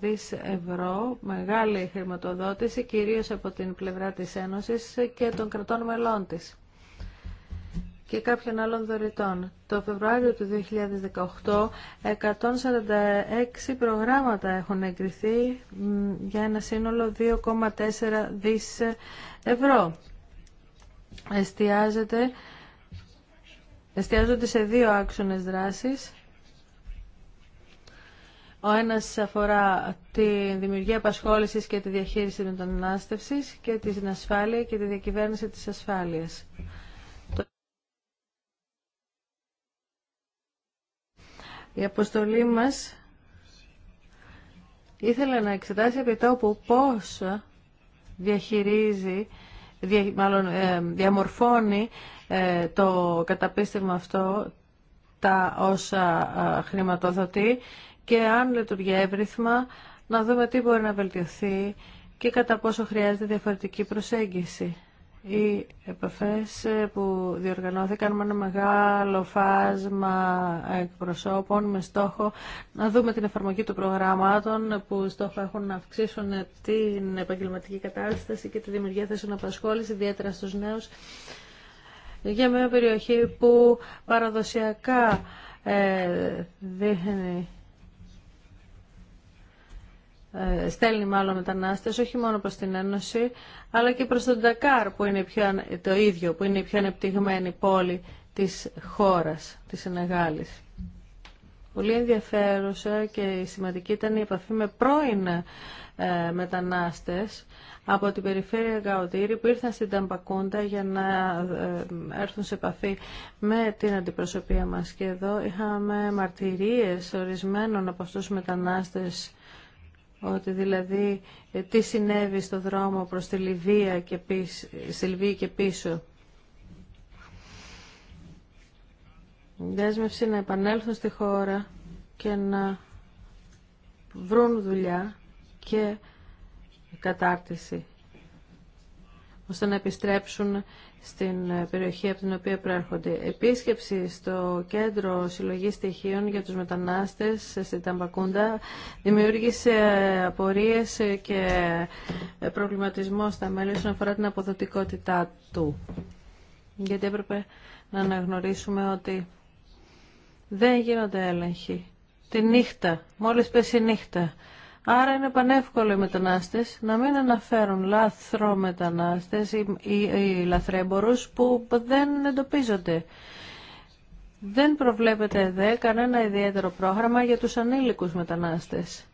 δις ευρώ, μεγάλη χρηματοδότηση κυρίως από την πλευρά της Ένωσης και των κρατών μελών της και κάποιων άλλων δωρητών. Το Φεβρουάριο του 2018, 146 προγράμματα έχουν εγκριθεί για ένα σύνολο 2,4 δις ευρώ. Εστιάζεται, εστιάζονται σε δύο άξονες δράσης. Ο ένας αφορά τη δημιουργία απασχόλησης και τη διαχείριση μετανάστευσης και την ασφάλεια και τη διακυβέρνηση της ασφάλειας. Η αποστολή μας ήθελε να εξετάσει επί τόπου πώς διαχειρίζει, ε, διαμορφώνει ε, το καταπίστευμα αυτό τα όσα ε, χρηματοδοτεί και αν λειτουργεί εύρυθμα να δούμε τι μπορεί να βελτιωθεί και κατά πόσο χρειάζεται διαφορετική προσέγγιση οι επαφές ε, που διοργανώθηκαν με ένα μεγάλο φάσμα εκπροσώπων με στόχο να δούμε την εφαρμογή των προγραμμάτων που στόχο έχουν να αυξήσουν την επαγγελματική κατάσταση και τη δημιουργία θέσεων απασχόληση ιδιαίτερα στους νέους για μια περιοχή που παραδοσιακά ε, δείχνει ε, στέλνει μάλλον μετανάστες όχι μόνο προς την Ένωση αλλά και προς τον Τακάρ που είναι πιο, το ίδιο που είναι η πιο ανεπτυγμένη πόλη της χώρας, της Σενεγάλης. Πολύ ενδιαφέρουσα και σημαντική ήταν η επαφή με πρώην ε, μετανάστες από την περιφέρεια Γκαοντήρη που ήρθαν στην Ταμπακούντα για να ε, έρθουν σε επαφή με την αντιπροσωπεία μας. Και εδώ είχαμε μαρτυρίες ορισμένων από αυτούς μετανάστες ότι δηλαδή ε, τι συνέβη στο δρόμο προς τη Λιβύη και πίσω, στη Λιβύη και πίσω. Δέσμευση να επανέλθουν στη χώρα και να βρουν δουλειά και κατάρτιση ώστε να επιστρέψουν στην ε, περιοχή από την οποία προέρχονται. Επίσκεψη στο κέντρο συλλογής στοιχείων για τους μετανάστες ε, στην Ταμπακούντα δημιούργησε ε, απορίες και προβληματισμό στα μέλη όσον αφορά την αποδοτικότητά του. Γιατί έπρεπε να αναγνωρίσουμε ότι δεν γίνονται έλεγχοι. Τη νύχτα, μόλις πέσει η νύχτα, Άρα είναι πανεύκολο οι μετανάστες να μην αναφέρουν λάθρο μετανάστες ή, ή, ή λαθρέμπορους που δεν εντοπίζονται. Δεν προβλέπεται δε κανένα ιδιαίτερο πρόγραμμα για τους ανήλικους μετανάστες.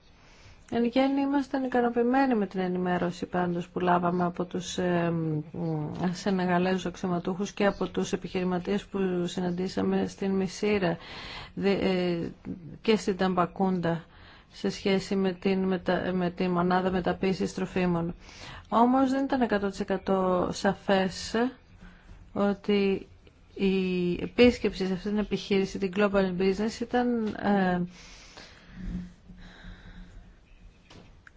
Εν γέννη ήμασταν ικανοποιημένοι με την ενημέρωση πάντως που λάβαμε από τους ε, ε, και από τους επιχειρηματίες που συναντήσαμε στην Μισήρα ε, και στην Ταμπακούντα σε σχέση με την, με τη μονάδα μεταποίησης τροφίμων. Όμως δεν ήταν 100% σαφές ότι η επίσκεψη σε αυτή την επιχείρηση, την Global Business, ήταν... Ε,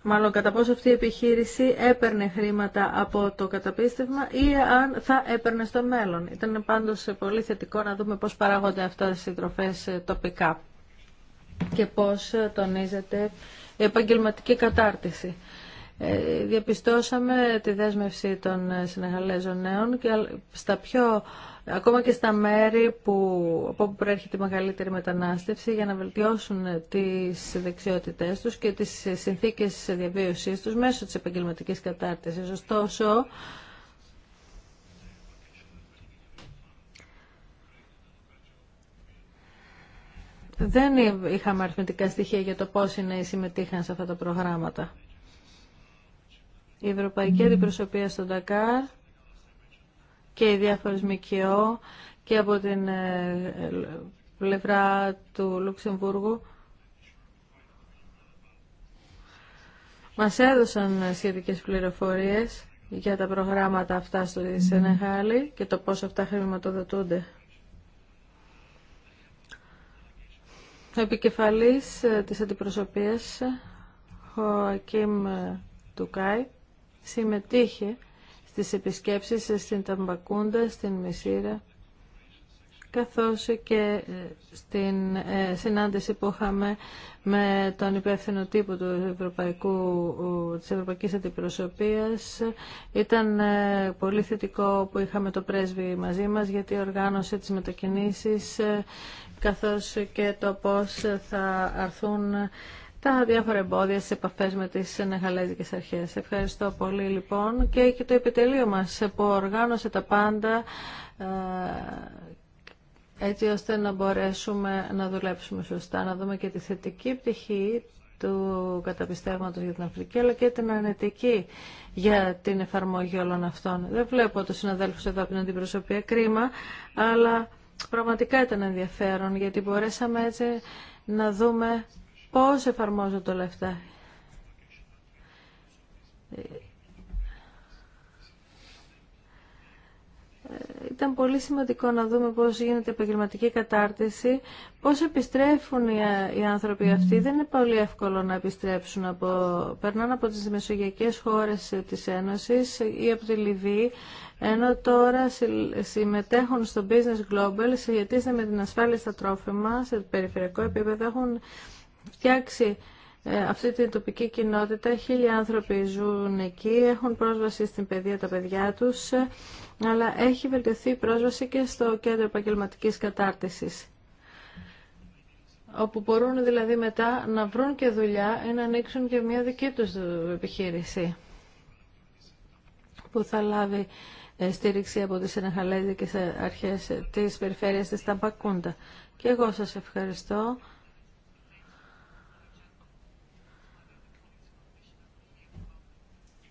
μάλλον κατά πόσο αυτή η επιχείρηση έπαιρνε χρήματα από το καταπίστευμα ή αν θα έπαιρνε στο μέλλον. Ήταν πάντως πολύ θετικό να δούμε πώς παράγονται αυτά οι τροφές ε, τοπικά και πώς ε, τονίζεται η επαγγελματική κατάρτιση. Ε, διαπιστώσαμε τη δέσμευση των ε, Συνεγαλέζων νέων και στα πιο, ακόμα και στα μέρη που, από όπου προέρχεται η μεγαλύτερη μετανάστευση για να βελτιώσουν τις δεξιότητές τους και τις συνθήκες διαβίωσής τους μέσω της επαγγελματικής κατάρτισης. Ωστόσο, δεν είχαμε αριθμητικά στοιχεία για το πώς οι νέοι συμμετείχαν σε αυτά τα προγράμματα. Η Ευρωπαϊκή Αντιπροσωπεία στον Τακάρ και οι διάφορες ΜΚΟ και από την ε, πλευρά του Λουξεμβούργου μας έδωσαν σχετικές πληροφορίες για τα προγράμματα αυτά στο Σενεγάλη και το πώς αυτά χρηματοδοτούνται. Ο επικεφαλής ε, της αντιπροσωπείας, ο Ακίμ ε, Τουκάι συμμετείχε στις επισκέψεις ε, στην Ταμπακούντα, στην Μισήρα καθώς και στην συνάντηση που είχαμε με τον υπεύθυνο τύπο του Ευρωπαϊκού, της Ευρωπαϊκής Αντιπροσωπείας. Ήταν πολύ θετικό που είχαμε το πρέσβη μαζί μας γιατί οργάνωσε τις μετακινήσεις καθώς και το πώς θα αρθούν τα διάφορα εμπόδια στις επαφές με τις νεγαλέζικες αρχές. Ευχαριστώ πολύ λοιπόν και, και το επιτελείο μας που οργάνωσε τα πάντα ε, έτσι ώστε να μπορέσουμε να δουλέψουμε σωστά, να δούμε και τη θετική πτυχή του καταπιστεύματος για την Αφρική, αλλά και την αρνητική για την εφαρμογή όλων αυτών. Δεν βλέπω τους συναδέλφους εδώ από την αντιπροσωπεία, κρίμα, αλλά πραγματικά ήταν ενδιαφέρον γιατί μπορέσαμε έτσι να δούμε πώς εφαρμόζονται όλα αυτά. ήταν πολύ σημαντικό να δούμε πώς γίνεται η επαγγελματική κατάρτιση, πώς επιστρέφουν οι, άνθρωποι αυτοί. Δεν είναι πολύ εύκολο να επιστρέψουν. Από, περνάνε από τις μεσογειακές χώρες της Ένωσης ή από τη Λιβύη, ενώ τώρα συμμετέχουν στο Business Global, συγχετίζονται με την ασφάλεια στα τρόφιμα, σε περιφερειακό επίπεδο, έχουν φτιάξει ε, αυτή την τοπική κοινότητα, χίλια άνθρωποι ζουν εκεί, έχουν πρόσβαση στην παιδεία τα παιδιά τους αλλά έχει βελτιωθεί η πρόσβαση και στο κέντρο επαγγελματική κατάρτιση. όπου μπορούν δηλαδή μετά να βρουν και δουλειά ή να ανοίξουν και μια δική τους επιχείρηση που θα λάβει ε, στήριξη από τις Ενεχαλέζικες αρχές της περιφέρειας της Ταμπακούντα. Και εγώ σας ευχαριστώ.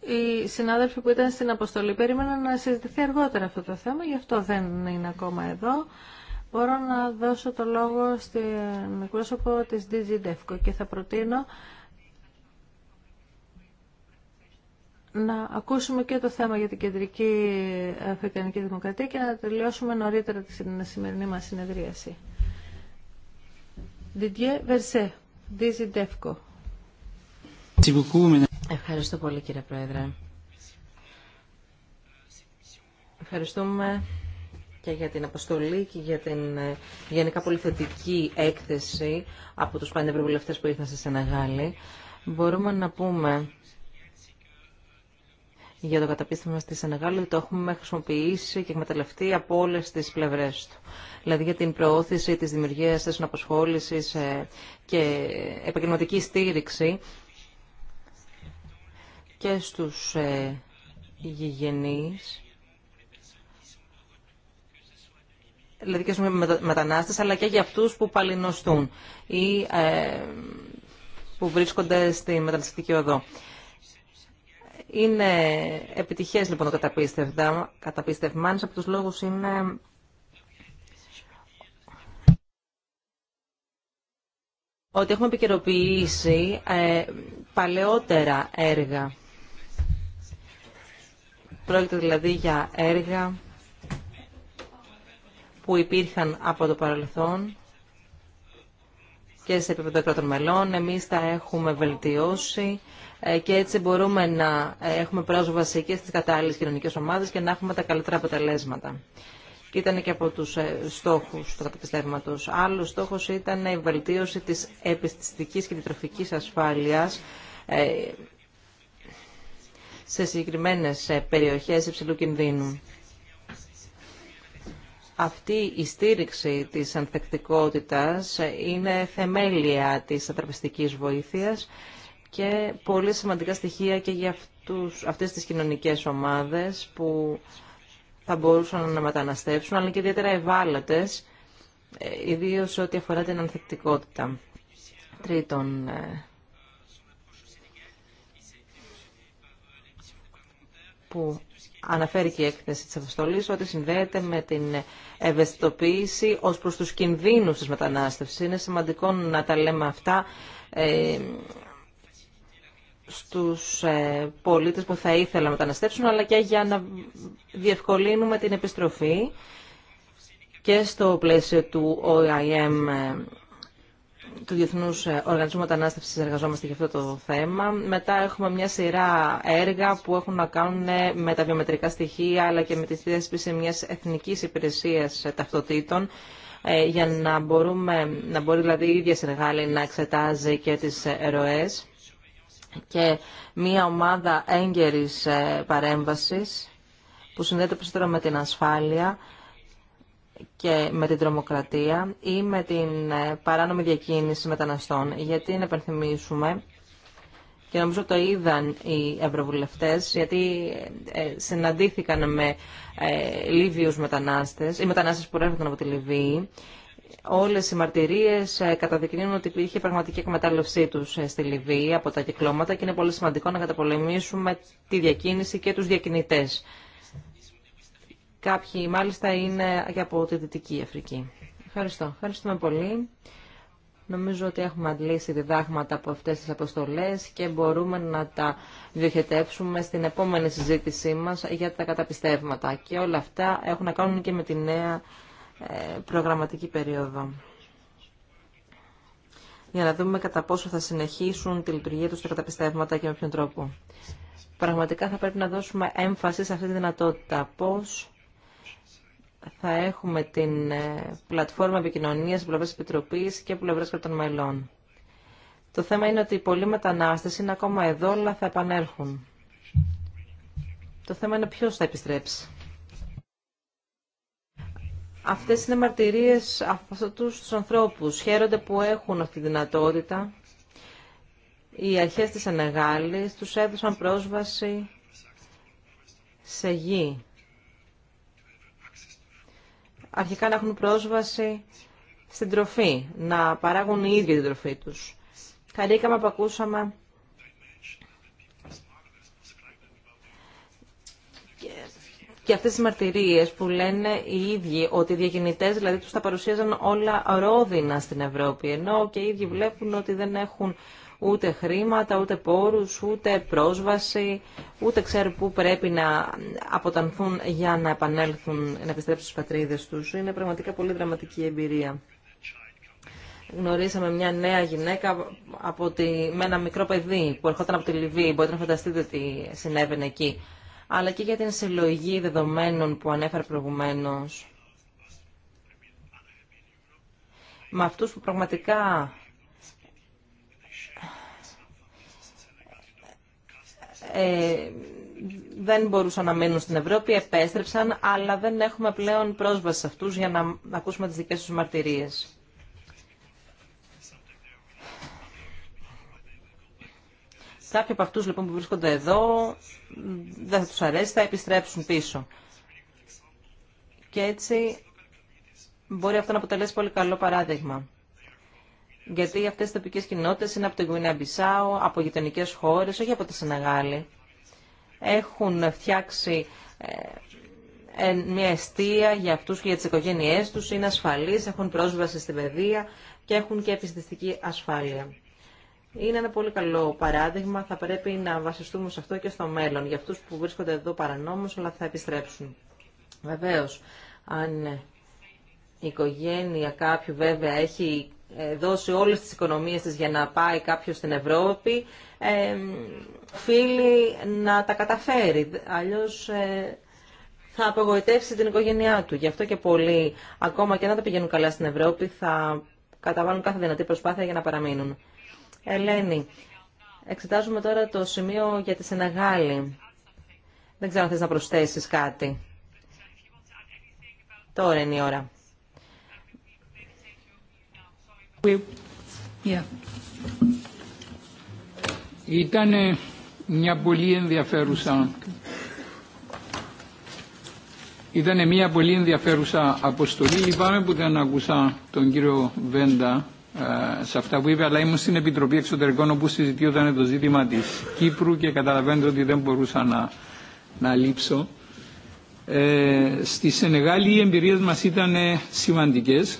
οι συνάδελφοι που ήταν στην αποστολή περίμεναν να συζητηθεί αργότερα αυτό το θέμα, γι' αυτό δεν είναι ακόμα εδώ. Μπορώ να δώσω το λόγο στην εκπρόσωπο της DEFCO και θα προτείνω να ακούσουμε και το θέμα για την Κεντρική Αφρικανική Δημοκρατία και να τελειώσουμε νωρίτερα τη σημερινή μας συνεδρίαση. Didier Ευχαριστώ πολύ κύριε Πρόεδρε. Ευχαριστούμε και για την αποστολή και για την ε, γενικά θετική έκθεση από τους πανευρωβουλευτές που ήρθαν σε Σενεγάλη. Μπορούμε να πούμε για το καταπίστευμα στη Σενεγάλη το έχουμε χρησιμοποιήσει και εκμεταλλευτεί από όλε τι πλευρέ του. Δηλαδή για την προώθηση της δημιουργίας θέσεων απασχόλησης ε, και επαγγελματική στήριξη και στους ε, γηγενείς, δηλαδή και στους μετανάστες, αλλά και για αυτούς που παλινοστούν ή ε, που βρίσκονται στη μεταναστευτική οδό. Είναι επιτυχές λοιπόν το καταπίστευμα. καταπίστευμα. από τους λόγους είναι ότι έχουμε επικαιροποιήσει ε, παλαιότερα έργα Πρόκειται δηλαδή για έργα που υπήρχαν από το παρελθόν και σε επίπεδο κρατών μελών. Εμείς τα έχουμε βελτιώσει ε, και έτσι μπορούμε να ε, έχουμε πρόσβαση και στις κατάλληλες κοινωνικές ομάδες και να έχουμε τα καλύτερα αποτελέσματα. Ήταν και από τους ε, στόχους του καταπιστεύματος. Άλλος στόχος ήταν η βελτίωση της επιστηστικής και τροφικής ασφάλειας σε συγκεκριμένες ε, περιοχές υψηλού κινδύνου. Αυτή η στήριξη της ανθεκτικότητας ε, είναι θεμέλια της ανθρωπιστικής βοήθειας και πολύ σημαντικά στοιχεία και για αυτούς, αυτές τις κοινωνικές ομάδες που θα μπορούσαν να μεταναστεύσουν, αλλά και ιδιαίτερα ευάλωτες, ε, ιδίως ό,τι αφορά την ανθεκτικότητα. Τρίτον, που αναφέρει και η έκθεση της αποστολής ότι συνδέεται με την ευαισθητοποίηση ως προς τους κινδύνους της μετανάστευσης. Είναι σημαντικό να τα λέμε αυτά ε, στους ε, πολίτες που θα ήθελα να μεταναστεύσουν, αλλά και για να διευκολύνουμε την επιστροφή και στο πλαίσιο του OIM ε, του Διεθνού Οργανισμού Μετανάστευση εργαζόμαστε για αυτό το θέμα. Μετά έχουμε μια σειρά έργα που έχουν να κάνουν με τα βιομετρικά στοιχεία αλλά και με τη θέση μια εθνική υπηρεσία ταυτοτήτων ε, για να, μπορούμε, να μπορεί δηλαδή η ίδια συνεργάλη να εξετάζει και τις ροές και μια ομάδα έγκαιρης ε, παρέμβαση που συνδέεται περισσότερο με την ασφάλεια και με την τρομοκρατία ή με την ε, παράνομη διακίνηση μεταναστών. Γιατί να επενθυμίσουμε, και νομίζω το είδαν οι ευρωβουλευτές, γιατί ε, συναντήθηκαν με ε, Λίβιους μετανάστες, οι μετανάστες που έρχονταν από τη Λιβύη, όλες οι μαρτυρίες καταδεικνύουν ότι υπήρχε πραγματική εκμετάλλευσή τους στη Λιβύη από τα κυκλώματα και είναι πολύ σημαντικό να καταπολεμήσουμε τη διακίνηση και τους διακινητές. Κάποιοι μάλιστα είναι και από τη Δυτική Αφρική. Ευχαριστώ. Ευχαριστούμε πολύ. Νομίζω ότι έχουμε αντλήσει διδάγματα από αυτές τις αποστολές και μπορούμε να τα διοχετεύσουμε στην επόμενη συζήτησή μας για τα καταπιστεύματα. Και όλα αυτά έχουν να κάνουν και με τη νέα ε, προγραμματική περίοδο. Για να δούμε κατά πόσο θα συνεχίσουν τη λειτουργία τους τα καταπιστεύματα και με ποιον τρόπο. Πραγματικά θα πρέπει να δώσουμε έμφαση σε αυτή τη δυνατότητα. Πώς θα έχουμε την ε, πλατφόρμα επικοινωνίας πλευρές Επιτροπής και πλευρές των μελών. Το θέμα είναι ότι πολλοί μετανάστες είναι ακόμα εδώ, αλλά θα επανέρχουν. Το θέμα είναι ποιος θα επιστρέψει. Αυτές είναι μαρτυρίες αυτούς τους ανθρώπους. Χαίρονται που έχουν αυτή τη δυνατότητα. Οι αρχές της Ενεγάλης τους έδωσαν πρόσβαση σε γη αρχικά να έχουν πρόσβαση στην τροφή, να παράγουν οι ίδιοι την τροφή τους. Χαρήκαμε που ακούσαμε και αυτές τις μαρτυρίες που λένε οι ίδιοι ότι οι διακινητές δηλαδή τους τα παρουσίαζαν όλα ρόδινα στην Ευρώπη ενώ και οι ίδιοι βλέπουν ότι δεν έχουν ούτε χρήματα, ούτε πόρους, ούτε πρόσβαση, ούτε ξέρουν πού πρέπει να αποτανθούν για να επανέλθουν, να επιστρέψουν στις πατρίδες τους. Είναι πραγματικά πολύ δραματική εμπειρία. Γνωρίσαμε μια νέα γυναίκα από τη, με ένα μικρό παιδί που ερχόταν από τη Λιβύη. Μπορείτε να φανταστείτε τι συνέβαινε εκεί. Αλλά και για την συλλογή δεδομένων που ανέφερε προηγουμένω, Με αυτούς που πραγματικά Ε, δεν μπορούσαν να μείνουν στην Ευρώπη, επέστρεψαν, αλλά δεν έχουμε πλέον πρόσβαση σε αυτούς για να ακούσουμε τις δικές τους μαρτυρίες. Κάποιοι από αυτούς λοιπόν που βρίσκονται εδώ δεν θα τους αρέσει, θα επιστρέψουν πίσω. Και έτσι μπορεί αυτό να αποτελέσει πολύ καλό παράδειγμα. Γιατί αυτέ οι τοπικέ κοινότητε είναι από την Γουινέα Μπισάου, από γειτονικέ χώρε, όχι από τη Σενεγάλη. Έχουν φτιάξει ε, μια αιστεία για αυτού και για τι οικογένειέ του, είναι ασφαλεί, έχουν πρόσβαση στην παιδεία και έχουν και επιστηστική ασφάλεια. Είναι ένα πολύ καλό παράδειγμα. Θα πρέπει να βασιστούμε σε αυτό και στο μέλλον. Για αυτού που βρίσκονται εδώ παρανόμω, αλλά θα επιστρέψουν. Βεβαίω, αν η οικογένεια κάποιου βέβαια έχει δώσει όλες τις οικονομίες της για να πάει κάποιος στην Ευρώπη, ε, φίλοι να τα καταφέρει. Αλλιώς ε, θα απογοητεύσει την οικογένειά του. Γι' αυτό και πολλοί, ακόμα και να τα πηγαίνουν καλά στην Ευρώπη, θα καταβάλουν κάθε δυνατή προσπάθεια για να παραμείνουν. Ελένη, εξετάζουμε τώρα το σημείο για τη Σενεγάλη. Δεν ξέρω αν θες να προσθέσεις κάτι. Τώρα είναι η ώρα. Ήταν μια πολύ ενδιαφέρουσα ήταν μια πολύ ενδιαφέρουσα αποστολή. Λυπάμαι που δεν ακούσα τον κύριο Βέντα ε, σε αυτά που είπε, αλλά ήμουν στην Επιτροπή Εξωτερικών όπου συζητιόταν το ζήτημα της Κύπρου και καταλαβαίνετε ότι δεν μπορούσα να, να λείψω. Ε, στη Σενεγάλη οι εμπειρίες μας ήταν σημαντικές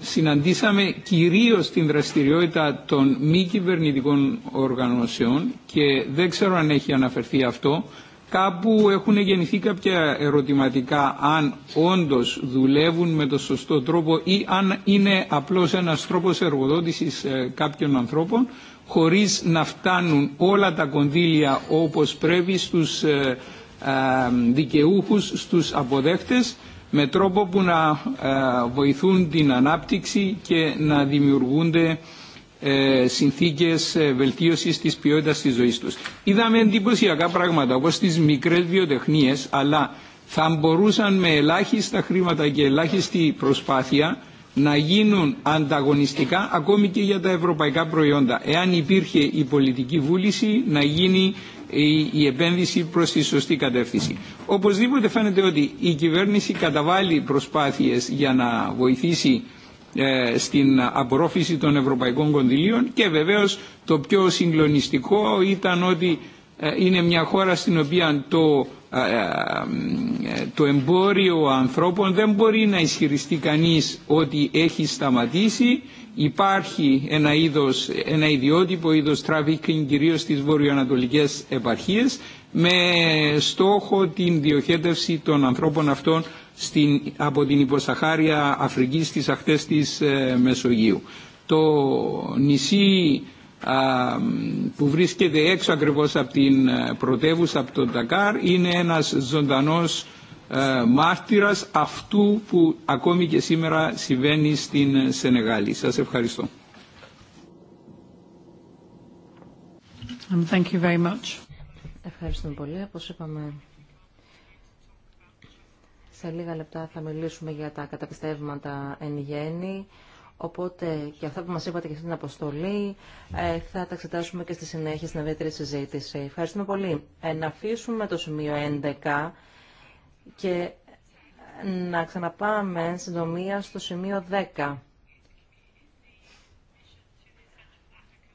συναντήσαμε κυρίως την δραστηριότητα των μη κυβερνητικών οργανώσεων και δεν ξέρω αν έχει αναφερθεί αυτό κάπου έχουν γεννηθεί κάποια ερωτηματικά αν όντως δουλεύουν με το σωστό τρόπο ή αν είναι απλώς ένας τρόπος εργοδότησης ε, κάποιων ανθρώπων χωρίς να φτάνουν όλα τα κονδύλια όπως πρέπει στους ε, ε, δικαιούχους, στους αποδέχτες με τρόπο που να ε, βοηθούν την ανάπτυξη και να δημιουργούνται ε, συνθήκες ε, βελτίωσης της ποιότητας της ζωής τους. Είδαμε εντυπωσιακά πράγματα όπως τις μικρές βιοτεχνίες αλλά θα μπορούσαν με ελάχιστα χρήματα και ελάχιστη προσπάθεια να γίνουν ανταγωνιστικά ακόμη και για τα ευρωπαϊκά προϊόντα εάν υπήρχε η πολιτική βούληση να γίνει η επένδυση προς τη σωστή κατεύθυνση. Οπωσδήποτε φαίνεται ότι η κυβέρνηση καταβάλει προσπάθειες για να βοηθήσει ε, στην απορρόφηση των ευρωπαϊκών κονδυλίων και βεβαίως το πιο συγκλονιστικό ήταν ότι ε, είναι μια χώρα στην οποία το, ε, το εμπόριο ανθρώπων δεν μπορεί να ισχυριστεί κανείς ότι έχει σταματήσει υπάρχει ένα, είδος, ένα ιδιότυπο είδος τράφικινγκ κυρίως στις βορειοανατολικές επαρχίες με στόχο την διοχέτευση των ανθρώπων αυτών στην, από την υποσαχάρια Αφρική στις αχτές της ε, Μεσογείου. Το νησί που βρίσκεται έξω ακριβώς από την ε, πρωτεύουσα από τον Τακάρ είναι ένας ζωντανός ε, μάρτυρας αυτού που ακόμη και σήμερα συμβαίνει στην ε, Σενεγάλη. Σας ευχαριστώ. Thank you very much. Ευχαριστούμε πολύ. Όπως είπαμε, σε λίγα λεπτά θα μιλήσουμε για τα καταπιστεύματα εν γέννη. Οπότε και αυτά που μας είπατε και στην αποστολή ε, θα τα εξετάσουμε και στη συνέχεια στην ευαίτερη συζήτηση. Ευχαριστούμε πολύ. Ε, να αφήσουμε το σημείο 11 και να ξαναπάμε συντομία στο σημείο 10.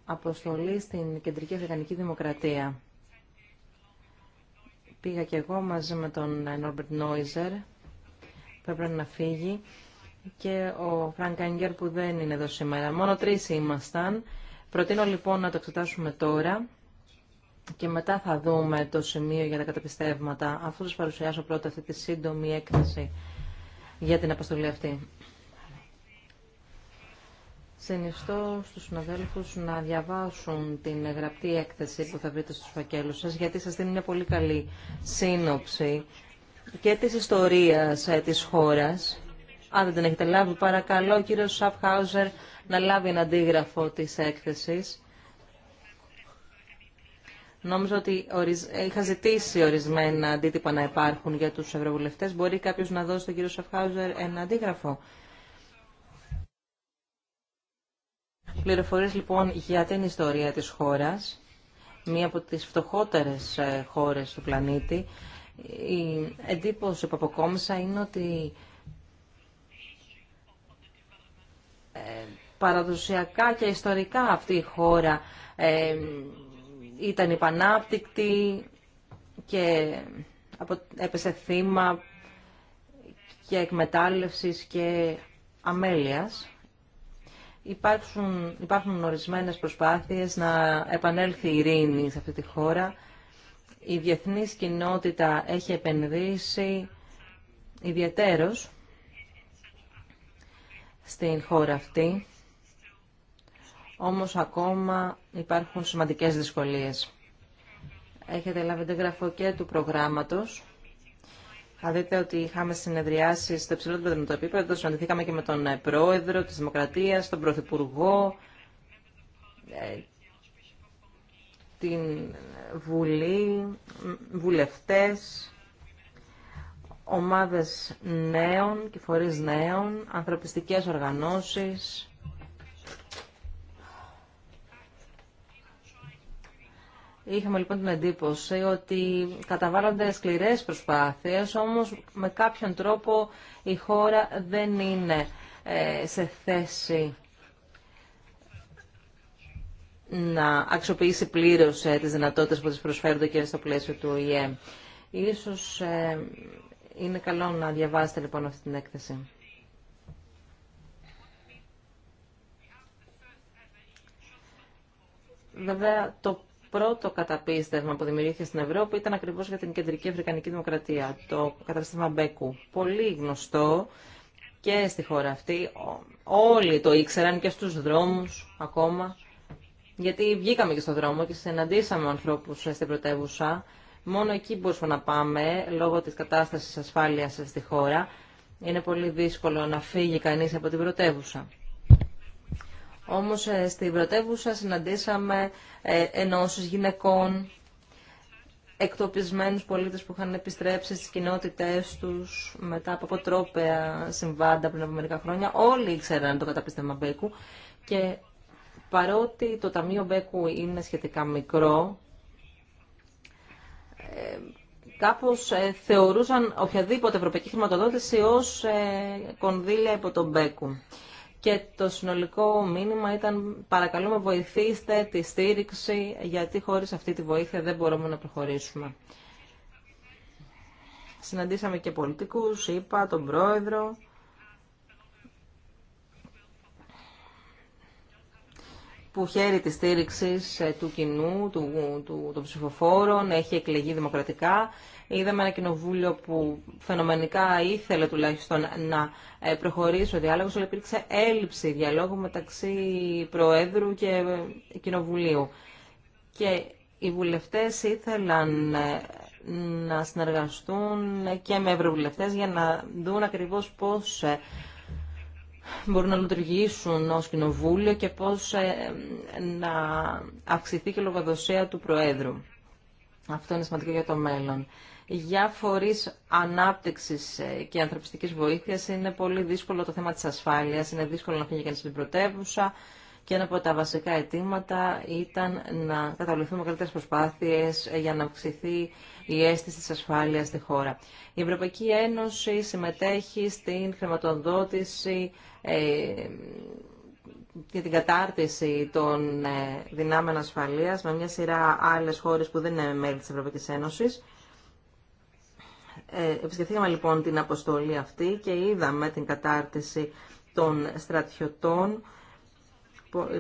Αποστολή στην Κεντρική Αφρικανική Δημοκρατία. Πήγα και εγώ μαζί με τον Νόρμπερτ Νόιζερ, που να φύγει, και ο Φρανκ Αγγέρ που δεν είναι εδώ σήμερα. Μόνο τρεις ήμασταν. Προτείνω λοιπόν να το εξετάσουμε τώρα και μετά θα δούμε το σημείο για τα καταπιστεύματα. Αφού σας παρουσιάσω πρώτα αυτή τη σύντομη έκθεση για την αποστολή αυτή. Συνιστώ στους συναδέλφους να διαβάσουν την γραπτή έκθεση που θα βρείτε στους φακέλους σας, γιατί σας δίνει μια πολύ καλή σύνοψη και της ιστορίας ε, της χώρας. Αν δεν την έχετε λάβει, παρακαλώ κύριο Σαφχάουζερ να λάβει ένα αντίγραφο της έκθεσης Νόμιζα ότι είχα ζητήσει ορισμένα αντίτυπα να υπάρχουν για τους ευρωβουλευτές. Μπορεί κάποιος να δώσει τον κύριο Σαφχάουζερ ένα αντίγραφο. Πληροφορίες λοιπόν για την ιστορία της χώρας, μία από τις φτωχότερες ε, χώρες του πλανήτη. Η εντύπωση που αποκόμισα είναι ότι ε, παραδοσιακά και ιστορικά αυτή η χώρα ε, ήταν υπανάπτυκτη και έπεσε θύμα και εκμετάλλευσης και αμέλειας. Υπάρχουν, υπάρχουν ορισμένες προσπάθειες να επανέλθει η ειρήνη σε αυτή τη χώρα. Η διεθνής κοινότητα έχει επενδύσει ιδιαίτερος στην χώρα αυτή όμως ακόμα υπάρχουν σημαντικές δυσκολίες. Έχετε λάβει εγγραφό και του προγράμματος. Θα δείτε ότι είχαμε συνεδριάσει στο υψηλότερο το επίπεδο. Συναντηθήκαμε και με τον ε, Πρόεδρο της Δημοκρατίας, τον Πρωθυπουργό, ε, την Βουλή, βουλευτές, ομάδες νέων και φορείς νέων, ανθρωπιστικές οργανώσεις, Είχαμε λοιπόν την εντύπωση ότι καταβάλλονται σκληρές προσπάθειες, όμως με κάποιον τρόπο η χώρα δεν είναι ε, σε θέση να αξιοποιήσει πλήρως ε, τις δυνατότητες που της προσφέρονται και στο πλαίσιο του ΟΗΕ. Ίσως ε, είναι καλό να διαβάσετε λοιπόν αυτή την έκθεση. Βέβαια, το πρώτο καταπίστευμα που δημιουργήθηκε στην Ευρώπη ήταν ακριβώς για την Κεντρική Αφρικανική Δημοκρατία, το καταστήμα Μπέκου. Πολύ γνωστό και στη χώρα αυτή. Όλοι το ήξεραν και στους δρόμους ακόμα. Γιατί βγήκαμε και στον δρόμο και συναντήσαμε ανθρώπους στην πρωτεύουσα. Μόνο εκεί μπορούσαμε να πάμε λόγω της κατάστασης ασφάλεια στη χώρα. Είναι πολύ δύσκολο να φύγει κανεί από την πρωτεύουσα. Όμως ε, στη πρωτεύουσα συναντήσαμε ε, ενώσεις γυναικών, εκτοπισμένους πολίτες που είχαν επιστρέψει στις κοινότητές τους μετά από αποτρόπαια συμβάντα πριν από μερικά χρόνια. Όλοι ήξεραν το καταπίστευμα Μπέκου και παρότι το Ταμείο Μπέκου είναι σχετικά μικρό, ε, κάπως θεωρούσαν οποιαδήποτε ευρωπαϊκή χρηματοδότηση ως κονδύλια υπό τον Μπέκου και το συνολικό μήνυμα ήταν παρακαλούμε βοηθήστε τη στήριξη γιατί χωρίς αυτή τη βοήθεια δεν μπορούμε να προχωρήσουμε. Συναντήσαμε και πολιτικούς, είπα, τον πρόεδρο. που χαίρει τη στήριξη ε, του κοινού, του, του, των ψηφοφόρων, έχει εκλεγεί δημοκρατικά Είδαμε ένα κοινοβούλιο που φαινομενικά ήθελε τουλάχιστον να ε, προχωρήσει ο διάλογο, αλλά υπήρξε έλλειψη διαλόγου μεταξύ Προέδρου και ε, Κοινοβουλίου. Και οι βουλευτές ήθελαν ε, να συνεργαστούν και με ευρωβουλευτέ για να δουν ακριβώς πώς μπορούν να λειτουργήσουν ως κοινοβούλιο και πώς να αυξηθεί και η λογοδοσία του Προέδρου. Αυτό είναι σημαντικό για το μέλλον για φορείς ανάπτυξης ε, και ανθρωπιστικής βοήθειας είναι πολύ δύσκολο το θέμα της ασφάλειας, είναι δύσκολο να φύγει κανείς στην πρωτεύουσα και ένα από τα βασικά αιτήματα ήταν να καταβληθούν μεγαλύτερε προσπάθειες ε, για να αυξηθεί η αίσθηση της ασφάλειας στη χώρα. Η Ευρωπαϊκή Ένωση συμμετέχει στην χρηματοδότηση ε, και την κατάρτιση των δυνάμεων ασφαλείας με μια σειρά άλλες χώρες που δεν είναι μέλη της Ευρωπαϊκής Ένωσης. Ε, επισκεφθήκαμε λοιπόν την αποστολή αυτή και είδαμε την κατάρτιση των στρατιωτών,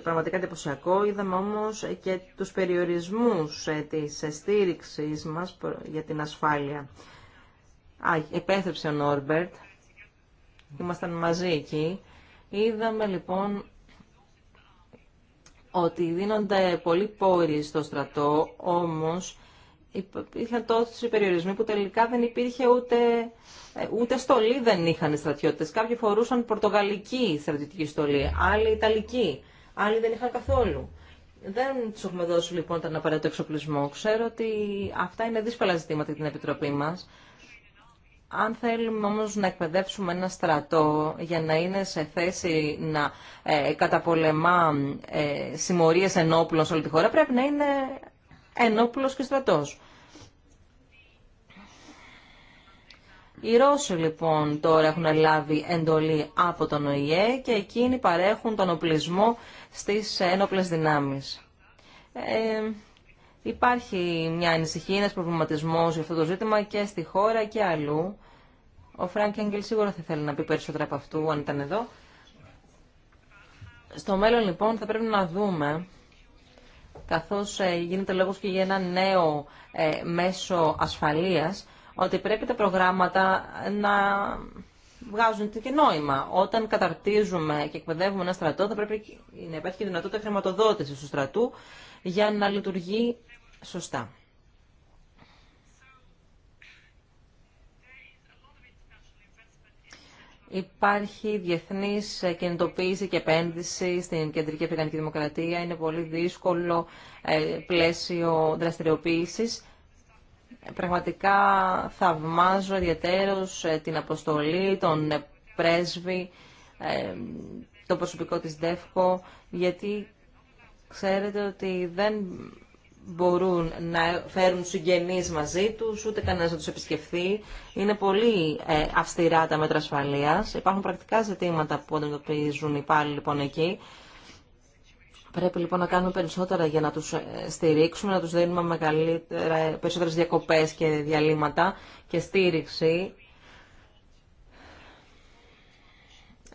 πραγματικά εντυπωσιακό. Είδαμε όμως και τους περιορισμούς ε, της στήριξης μας για την ασφάλεια. Α, επέθεψε ο Νόρμπερτ, ήμασταν μαζί εκεί. Είδαμε λοιπόν ότι δίνονται πολλοί πόροι στο στρατό, όμως υπήρχαν τόσοι περιορισμοί που τελικά δεν υπήρχε ούτε, ε, ούτε στολή δεν είχαν οι στρατιώτες. Κάποιοι φορούσαν πορτογαλική στρατιωτική στολή, άλλοι ιταλική, άλλοι δεν είχαν καθόλου. Δεν του έχουμε δώσει λοιπόν τον απαραίτητο εξοπλισμό. Ξέρω ότι αυτά είναι δύσκολα ζητήματα για την Επιτροπή μα. Αν θέλουμε όμω να εκπαιδεύσουμε ένα στρατό για να είναι σε θέση να ε, καταπολεμά ε, συμμορίε ενόπλων σε όλη τη χώρα, πρέπει να είναι ενόπλος και στρατός. Οι Ρώσοι λοιπόν τώρα έχουν λάβει εντολή από τον ΟΗΕ και εκείνοι παρέχουν τον οπλισμό στις ένοπλες δυνάμεις. Ε, υπάρχει μια ανησυχία, ένας προβληματισμός για αυτό το ζήτημα και στη χώρα και αλλού. Ο Φρανκ Έγγελ σίγουρα θα θέλει να πει περισσότερα από αυτού αν ήταν εδώ. Στο μέλλον λοιπόν θα πρέπει να δούμε καθώς ε, γίνεται λόγος και για ένα νέο ε, μέσο ασφαλείας, ότι πρέπει τα προγράμματα να βγάζουν και νόημα. Όταν καταρτίζουμε και εκπαιδεύουμε ένα στρατό, θα πρέπει να υπάρχει και δυνατότητα χρηματοδότηση του στρατού για να λειτουργεί σωστά. Υπάρχει διεθνή κινητοποίηση και επένδυση στην Κεντρική Αφρικανική Δημοκρατία. Είναι πολύ δύσκολο ε, πλαίσιο δραστηριοποίηση. Πραγματικά θαυμάζω ιδιαίτερως ε, την αποστολή, τον ε, πρέσβη, το προσωπικό της ΔΕΦΚΟ, γιατί ξέρετε ότι δεν μπορούν να φέρουν συγγενείς μαζί τους, ούτε κανένας να τους επισκεφθεί. Είναι πολύ ε, αυστηρά τα μέτρα ασφαλείας. Υπάρχουν πρακτικά ζητήματα που αντιμετωπίζουν οι πάλι λοιπόν εκεί. Πρέπει λοιπόν να κάνουμε περισσότερα για να τους ε, στηρίξουμε, να τους δίνουμε μεγαλύτερα, περισσότερες διακοπές και διαλύματα και στήριξη.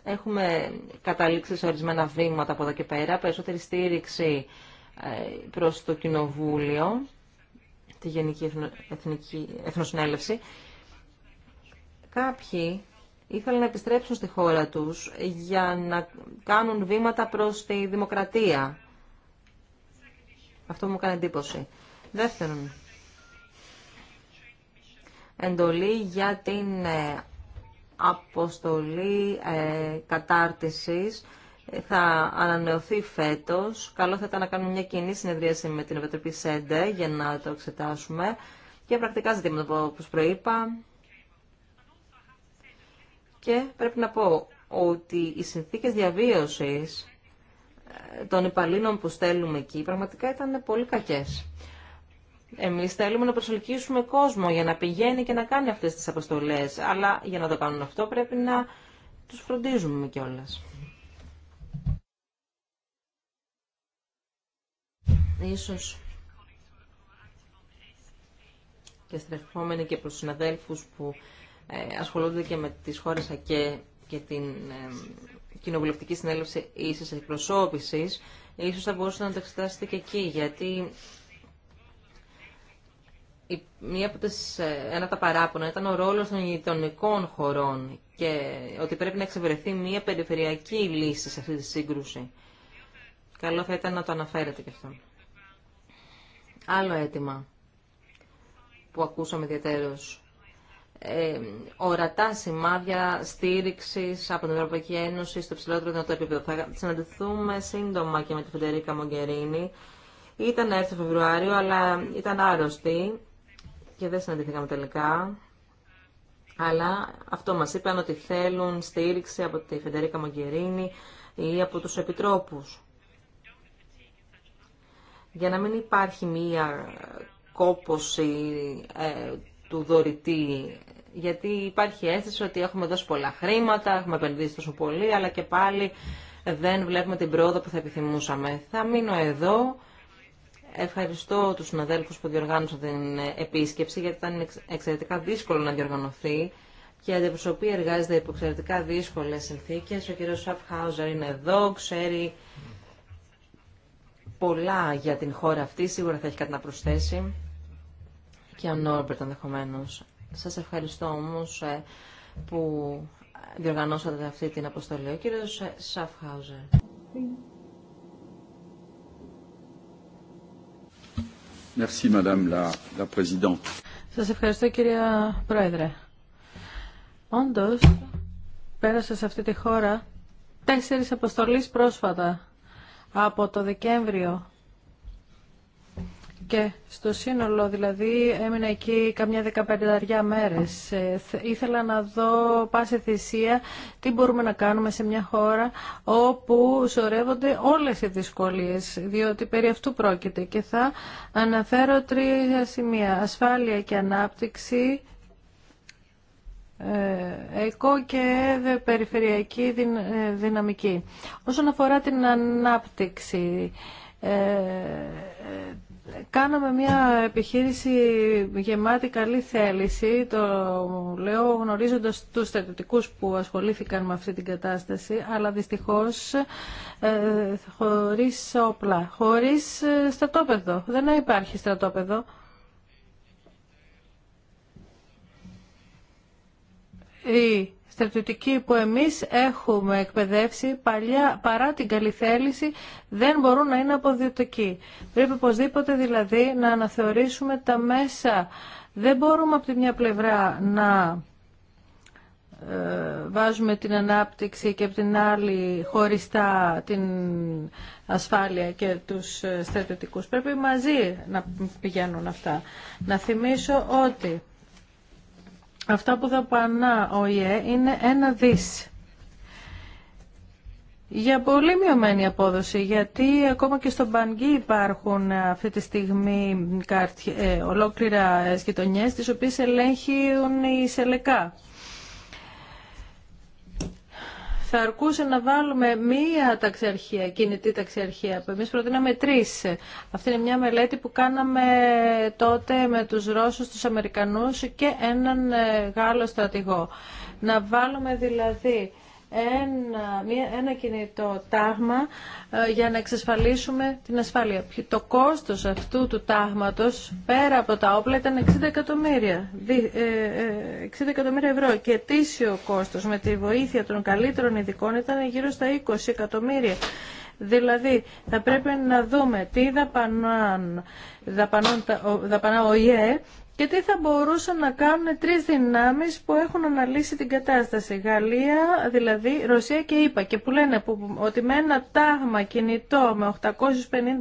Έχουμε καταλήξει σε ορισμένα βήματα από εδώ και πέρα, περισσότερη στήριξη προς το Κοινοβούλιο, τη Γενική Εθνική Εθνοσυνέλευση, κάποιοι ήθελαν να επιστρέψουν στη χώρα τους για να κάνουν βήματα προς τη δημοκρατία. Αυτό μου κάνει εντύπωση. Δεύτερον, εντολή για την ε, αποστολή ε, κατάρτισης θα ανανεωθεί φέτος. Καλό θα ήταν να κάνουμε μια κοινή συνεδρίαση με την Ευρωπαϊκή ΣΕΝΤΕ για να το εξετάσουμε και πρακτικά ζητήματα όπως προείπα. Και πρέπει να πω ότι οι συνθήκες διαβίωσης ε, των υπαλλήλων που στέλνουμε εκεί πραγματικά ήταν πολύ κακές. Εμείς θέλουμε να προσελκύσουμε κόσμο για να πηγαίνει και να κάνει αυτές τις αποστολές, αλλά για να το κάνουν αυτό πρέπει να τους φροντίζουμε κιόλας. Ίσως και στρεφόμενοι και προς συναδέλφους που ε, ασχολούνται και με τις χώρες ΑΚΕ και την ε, Κοινοβουλευτική Συνέλευση Ίσης Εκπροσώπησης, ίσως θα μπορούσατε να τα εξετάσετε και εκεί, γιατί μία από τις, ε, ένα από τα παράπονα ήταν ο ρόλος των γειτονικών χωρών και ότι πρέπει να εξευρεθεί μία περιφερειακή λύση σε αυτή τη σύγκρουση. Καλό θα ήταν να το αναφέρετε και αυτό. Άλλο αίτημα που ακούσαμε ιδιαίτερως. Ε, ορατά σημάδια στήριξη από την Ευρωπαϊκή Ένωση στο ψηλότερο δυνατό επίπεδο. Θα συναντηθούμε σύντομα και με τη Φεντερίκα Μογκερίνη. Ήταν έρθει Φεβρουάριο, αλλά ήταν άρρωστη και δεν συναντηθήκαμε τελικά. Αλλά αυτό μας είπαν ότι θέλουν στήριξη από τη Φεντερίκα Μογκερίνη ή από τους επιτρόπους για να μην υπάρχει μία κόποση ε, του δωρητή. Γιατί υπάρχει αίσθηση ότι έχουμε δώσει πολλά χρήματα, έχουμε επενδύσει τόσο πολύ, αλλά και πάλι δεν βλέπουμε την πρόοδο που θα επιθυμούσαμε. Θα μείνω εδώ. Ευχαριστώ τους συναδέλφους που διοργάνωσαν την επίσκεψη, γιατί ήταν εξαιρετικά δύσκολο να διοργανωθεί και η αντιπροσωπεία εργάζεται υπό εξαιρετικά δύσκολες συνθήκες. Ο κ. Σαφχάουζερ είναι εδώ, ξέρει πολλά για την χώρα αυτή. Σίγουρα θα έχει κάτι να προσθέσει. Και ο Νόρμπερτ ενδεχομένω. σα ευχαριστώ όμως ε, που διοργανώσατε αυτή την αποστολή. Ο κύριο ε, Σαφχάουζερ. Merci, Madame la, Σας ευχαριστώ κυρία Πρόεδρε. Όντως, πέρασα σε αυτή τη χώρα τέσσερις αποστολής πρόσφατα από το Δεκέμβριο και στο σύνολο δηλαδή έμεινα εκεί καμιά δεκαπενταριά μέρες. Ε, ήθελα να δω πάση θυσία τι μπορούμε να κάνουμε σε μια χώρα όπου σωρεύονται όλες οι δυσκολίες, διότι περί αυτού πρόκειται. Και θα αναφέρω τρία σημεία. Ασφάλεια και ανάπτυξη, ΕΚΟ και περιφερειακή ε, δυναμική. Όσον αφορά την ανάπτυξη, ε, Κάναμε μια επιχείρηση γεμάτη καλή θέληση, το λέω γνωρίζοντας τους στρατιωτικούς που ασχολήθηκαν με αυτή την κατάσταση, αλλά δυστυχώς ε, χωρίς όπλα, χωρίς στρατόπεδο. Δεν υπάρχει στρατόπεδο. οι στρατιωτικοί που εμείς έχουμε εκπαιδεύσει παλιά, παρά την καλή θέληση δεν μπορούν να είναι αποδιωτικοί. Πρέπει οπωσδήποτε δηλαδή να αναθεωρήσουμε τα μέσα. Δεν μπορούμε από τη μια πλευρά να ε, βάζουμε την ανάπτυξη και από την άλλη χωριστά την ασφάλεια και τους ε, στρατιωτικούς. Πρέπει μαζί να πηγαίνουν αυτά. Να θυμίσω ότι Αυτά που δαπανά ο ΙΕ είναι ένα δις. Για πολύ μειωμένη απόδοση, γιατί ακόμα και στον Πανγκή υπάρχουν αυτή τη στιγμή ε, ολόκληρα γειτονιές, τις οποίες ελέγχουν οι Σελεκά θα αρκούσε να βάλουμε μία ταξιαρχία, κινητή ταξιαρχία, που εμείς προτείναμε τρεις. Αυτή είναι μια μελέτη που κάναμε τότε με τους Ρώσους, τους Αμερικανούς και έναν ε, Γάλλο στρατηγό. Να βάλουμε δηλαδή ένα, ένα κινητό τάγμα ε, για να εξασφαλίσουμε την ασφάλεια. Το κόστος αυτού του τάγματος πέρα από τα όπλα ήταν 60 εκατομμύρια, ε, ε, εκατομμύρια ευρώ και ετήσιο κόστος με τη βοήθεια των καλύτερων ειδικών ήταν γύρω στα 20 εκατομμύρια. Δηλαδή, θα πρέπει να δούμε τι δαπανάν, δαπανά ο ΙΕ και τι θα μπορούσαν να κάνουν τρεις δυνάμεις που έχουν αναλύσει την κατάσταση. Γαλλία, δηλαδή Ρωσία και ΙΠΑ και που λένε ότι με ένα τάγμα κινητό με 850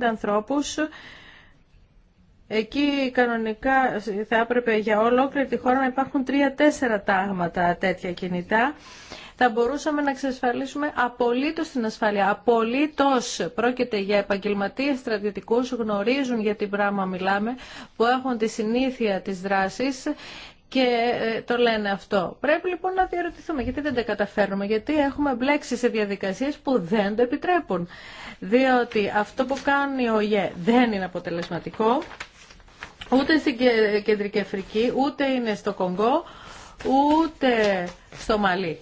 ανθρώπους Εκεί κανονικά θα έπρεπε για ολόκληρη τη χώρα να υπάρχουν τρία-τέσσερα τάγματα τέτοια κινητά θα μπορούσαμε να εξασφαλίσουμε απολύτω την ασφάλεια. Απολύτως πρόκειται για επαγγελματίες στρατιωτικού, γνωρίζουν για την πράγμα μιλάμε, που έχουν τη συνήθεια της δράσης και ε, το λένε αυτό. Πρέπει λοιπόν να διαρωτηθούμε γιατί δεν τα καταφέρνουμε, γιατί έχουμε μπλέξει σε διαδικασίες που δεν το επιτρέπουν. διότι αυτό που κάνει ο ΙΕ δεν είναι αποτελεσματικό, ούτε στην Κεντρική Αφρική, ούτε είναι στο Κονγκό, ούτε στο Μαλί.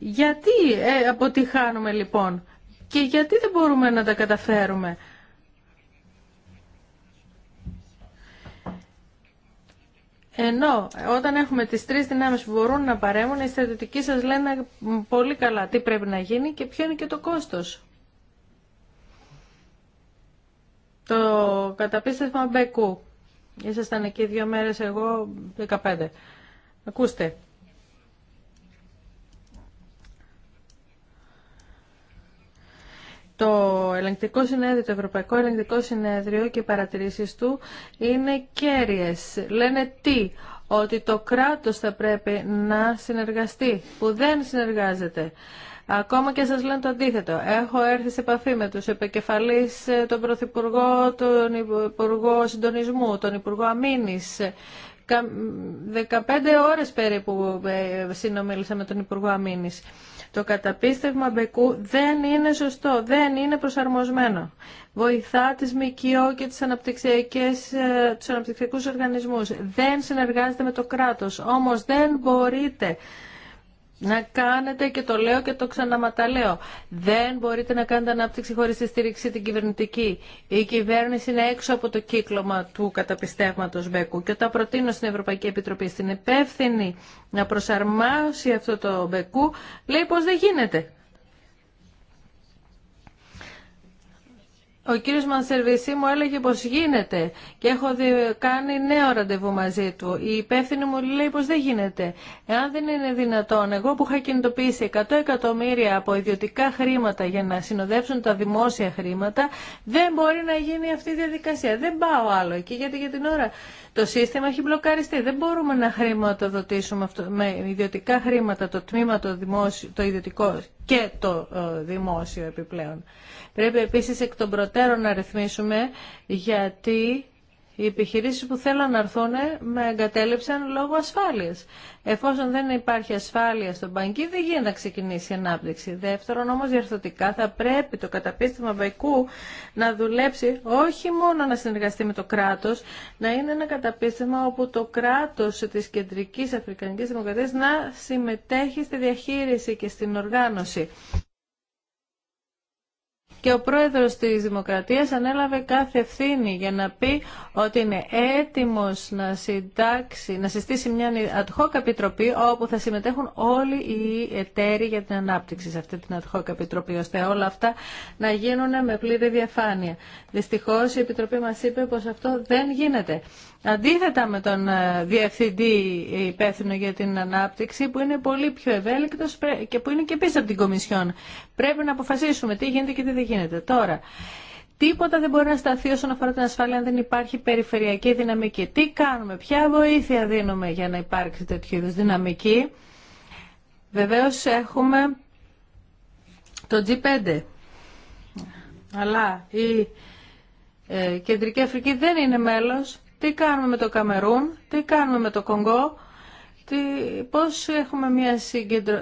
Γιατί ε, αποτυχάνουμε λοιπόν και γιατί δεν μπορούμε να τα καταφέρουμε. Ενώ όταν έχουμε τις τρεις δυνάμεις που μπορούν να παρέμουν, οι στρατιωτικοί σας λένε πολύ καλά τι πρέπει να γίνει και ποιο είναι και το κόστος. Το καταπίστευμα Μπέκου. Ήσασταν εκεί δύο μέρες εγώ 15. Ακούστε. το ελεγκτικό συνέδριο, το Ευρωπαϊκό Ελεγκτικό Συνέδριο και οι παρατηρήσεις του είναι κέρυες. Λένε τι, ότι το κράτος θα πρέπει να συνεργαστεί, που δεν συνεργάζεται. Ακόμα και σας λένε το αντίθετο. Έχω έρθει σε επαφή με τους επικεφαλείς, τον Πρωθυπουργό, τον Υπουργό Συντονισμού, τον Υπουργό Αμήνης. 15 ώρες περίπου ε, συνομίλησα με τον Υπουργό Αμήνης. Το καταπίστευμα Μπεκού δεν είναι σωστό, δεν είναι προσαρμοσμένο. Βοηθά τις ΜΚΟ και τις αναπτυξιακές, ε, τους οργανισμούς. Δεν συνεργάζεται με το κράτος. Όμως δεν μπορείτε να κάνετε και το λέω και το ξαναματαλέω. Δεν μπορείτε να κάνετε ανάπτυξη χωρί τη στήριξη την κυβερνητική. Η κυβέρνηση είναι έξω από το κύκλωμα του καταπιστεύματο Μπέκου και όταν προτείνω στην Ευρωπαϊκή Επιτροπή στην υπεύθυνη να προσαρμάσει αυτό το Μπέκου λέει πως δεν γίνεται. Ο κύριος Μανσερβισή μου έλεγε πως γίνεται και έχω κάνει νέο ραντεβού μαζί του. Η υπεύθυνη μου λέει πως δεν γίνεται. Εάν δεν είναι δυνατόν, εγώ που είχα κινητοποιήσει 100 εκατομμύρια από ιδιωτικά χρήματα για να συνοδεύσουν τα δημόσια χρήματα, δεν μπορεί να γίνει αυτή η διαδικασία. Δεν πάω άλλο εκεί γιατί για την ώρα το σύστημα έχει μπλοκαριστεί. Δεν μπορούμε να χρηματοδοτήσουμε αυτό, με ιδιωτικά χρήματα το τμήμα το, δημόσιο, το ιδιωτικό και το ε, δημόσιο επιπλέον. Πρέπει επίσης εκ των προτέρων να ρυθμίσουμε γιατί οι επιχειρήσεις που θέλαν να έρθουν με εγκατέλειψαν λόγω ασφάλειας. Εφόσον δεν υπάρχει ασφάλεια στον μπανκί, δεν γίνεται να ξεκινήσει η ανάπτυξη. Δεύτερον, όμως διαρθωτικά θα πρέπει το καταπίστημα βαϊκού να δουλέψει όχι μόνο να συνεργαστεί με το κράτος, να είναι ένα καταπίστημα όπου το κράτος της Κεντρικής Αφρικανικής Δημοκρατίας να συμμετέχει στη διαχείριση και στην οργάνωση και ο πρόεδρος της Δημοκρατίας ανέλαβε κάθε ευθύνη για να πει ότι είναι έτοιμος να, συντάξει, να συστήσει μια ad hoc επιτροπή όπου θα συμμετέχουν όλοι οι εταίροι για την ανάπτυξη σε αυτή την ad hoc επιτροπή ώστε όλα αυτά να γίνουν με πλήρη διαφάνεια. Δυστυχώς η επιτροπή μας είπε πως αυτό δεν γίνεται. Αντίθετα με τον ε, Διευθυντή Υπεύθυνο για την Ανάπτυξη που είναι πολύ πιο ευέλικτος και που είναι και πίσω από την Κομισιόν. Πρέπει να αποφασίσουμε τι γίνεται και τι δεν γίνεται. Τώρα, Τίποτα δεν μπορεί να σταθεί όσον αφορά την ασφάλεια αν δεν υπάρχει περιφερειακή δυναμική. Τι κάνουμε, ποια βοήθεια δίνουμε για να υπάρξει τέτοιου είδου δυναμική. Βεβαίως έχουμε το G5. Αλλά η ε, Κεντρική Αφρική δεν είναι μέλος τι κάνουμε με το Καμερούν, τι κάνουμε με το Κονγκό, τι, πώς έχουμε μια,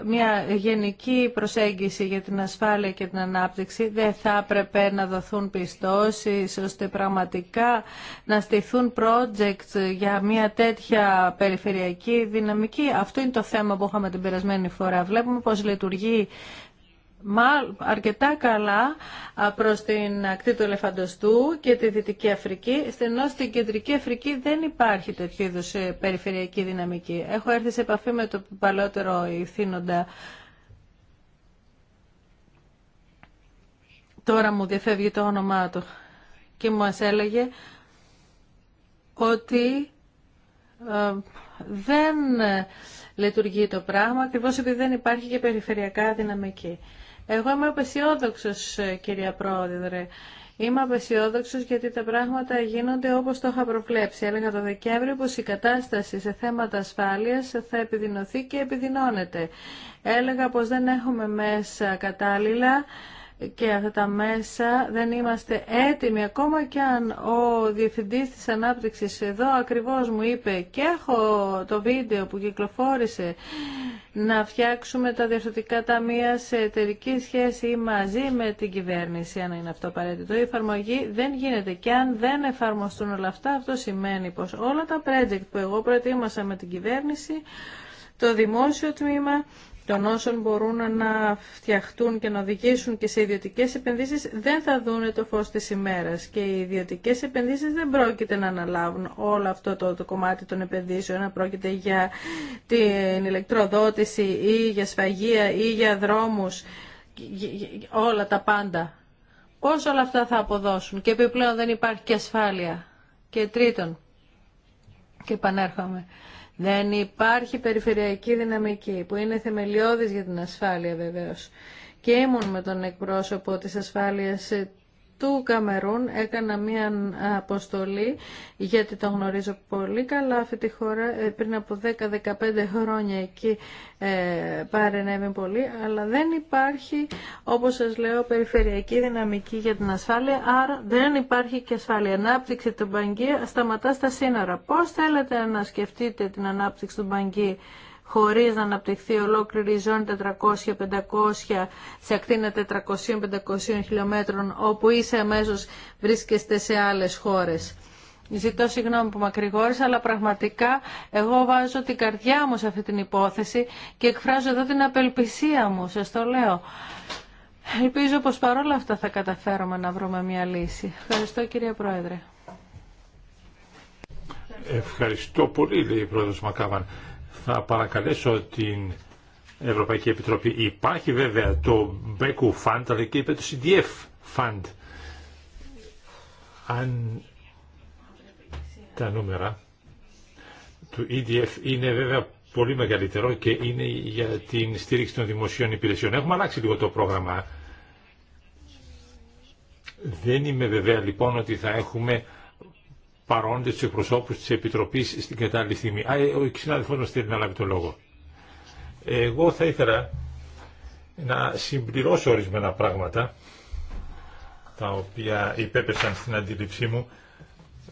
μια γενική προσέγγιση για την ασφάλεια και την ανάπτυξη. Δεν θα έπρεπε να δοθούν πιστώσεις ώστε πραγματικά να στηθούν projects για μια τέτοια περιφερειακή δυναμική. Αυτό είναι το θέμα που είχαμε την περασμένη φορά. Βλέπουμε πώς λειτουργεί αρκετά καλά προς την ακτή του Ελεφαντοστού και τη Δυτική Αφρική, ενώ στην Κεντρική Αφρική δεν υπάρχει τέτοιου είδου ε, περιφερειακή δυναμική. Έχω έρθει σε επαφή με το παλαιότερο ηθήνοντα τώρα μου διαφεύγει το όνομά του και μου έλεγε ότι ε, δεν λειτουργεί το πράγμα ακριβώ επειδή δεν υπάρχει και περιφερειακά δυναμική. Εγώ είμαι απεσιόδοξο, ε, κυρία Πρόεδρε. Είμαι απεσιόδοξο γιατί τα πράγματα γίνονται όπω το είχα προβλέψει. Έλεγα το Δεκέμβριο πω η κατάσταση σε θέματα ασφάλεια θα επιδεινωθεί και επιδεινώνεται. Έλεγα πω δεν έχουμε μέσα κατάλληλα και αυτά τα μέσα δεν είμαστε έτοιμοι ακόμα και αν ο Διευθυντής της Ανάπτυξης εδώ ακριβώς μου είπε και έχω το βίντεο που κυκλοφόρησε να φτιάξουμε τα διευθυντικά ταμεία σε εταιρική σχέση μαζί με την κυβέρνηση αν είναι αυτό απαραίτητο. Η εφαρμογή δεν γίνεται και αν δεν εφαρμοστούν όλα αυτά αυτό σημαίνει πως όλα τα project που εγώ προετοίμασα με την κυβέρνηση το δημόσιο τμήμα των όσων μπορούν να φτιαχτούν και να οδηγήσουν και σε ιδιωτικέ επενδύσεις δεν θα δούνε το φως της ημέρας και οι ιδιωτικέ επενδύσεις δεν πρόκειται να αναλάβουν όλο αυτό το, το κομμάτι των επενδύσεων, να πρόκειται για την ηλεκτροδότηση ή για σφαγεία ή για δρόμους, όλα τα πάντα. Πώς όλα αυτά θα αποδώσουν και επιπλέον δεν υπάρχει και ασφάλεια. Και τρίτον, και επανέρχομαι, δεν υπάρχει περιφερειακή δυναμική που είναι θεμελιώδης για την ασφάλεια βεβαίως. Και ήμουν με τον εκπρόσωπο της ασφάλειας του Καμερούν έκανα μία αποστολή γιατί τον γνωρίζω πολύ καλά αυτή τη χώρα ε, πριν από 10-15 χρόνια εκεί ε, παρενέβη πολύ αλλά δεν υπάρχει όπως σας λέω περιφερειακή δυναμική για την ασφάλεια άρα δεν υπάρχει και ασφάλεια. ανάπτυξη του Μπαγκή σταματά στα σύνορα. Πώς θέλετε να σκεφτείτε την ανάπτυξη του Μπαγκή χωρίς να αναπτυχθεί ολόκληρη η ζώνη 400-500 σε ακτίνα 400-500 χιλιόμετρων όπου είσαι αμέσω βρίσκεστε σε άλλες χώρες. Ζητώ συγγνώμη που μακρηγόρησα, αλλά πραγματικά εγώ βάζω την καρδιά μου σε αυτή την υπόθεση και εκφράζω εδώ την απελπισία μου, σας το λέω. Ελπίζω πως παρόλα αυτά θα καταφέρουμε να βρούμε μια λύση. Ευχαριστώ κύριε Πρόεδρε. Ευχαριστώ πολύ, λέει η πρόεδρος Μακάβαν θα παρακαλέσω την Ευρωπαϊκή Επιτροπή. Υπάρχει βέβαια το Μπέκου Φαντ, αλλά και είπε το CDF Fund. Αν τα νούμερα του EDF είναι βέβαια πολύ μεγαλύτερο και είναι για την στήριξη των δημοσίων υπηρεσιών. Έχουμε αλλάξει λίγο το πρόγραμμα. Δεν είμαι βέβαια λοιπόν ότι θα έχουμε παρόντες, του εκπροσώπου της Επιτροπής στην κατάλληλη στιγμή. Α, ε, ο συνάδελφό μα θέλει να λάβει το λόγο. Εγώ θα ήθελα να συμπληρώσω ορισμένα πράγματα τα οποία υπέπεσαν στην αντίληψή μου.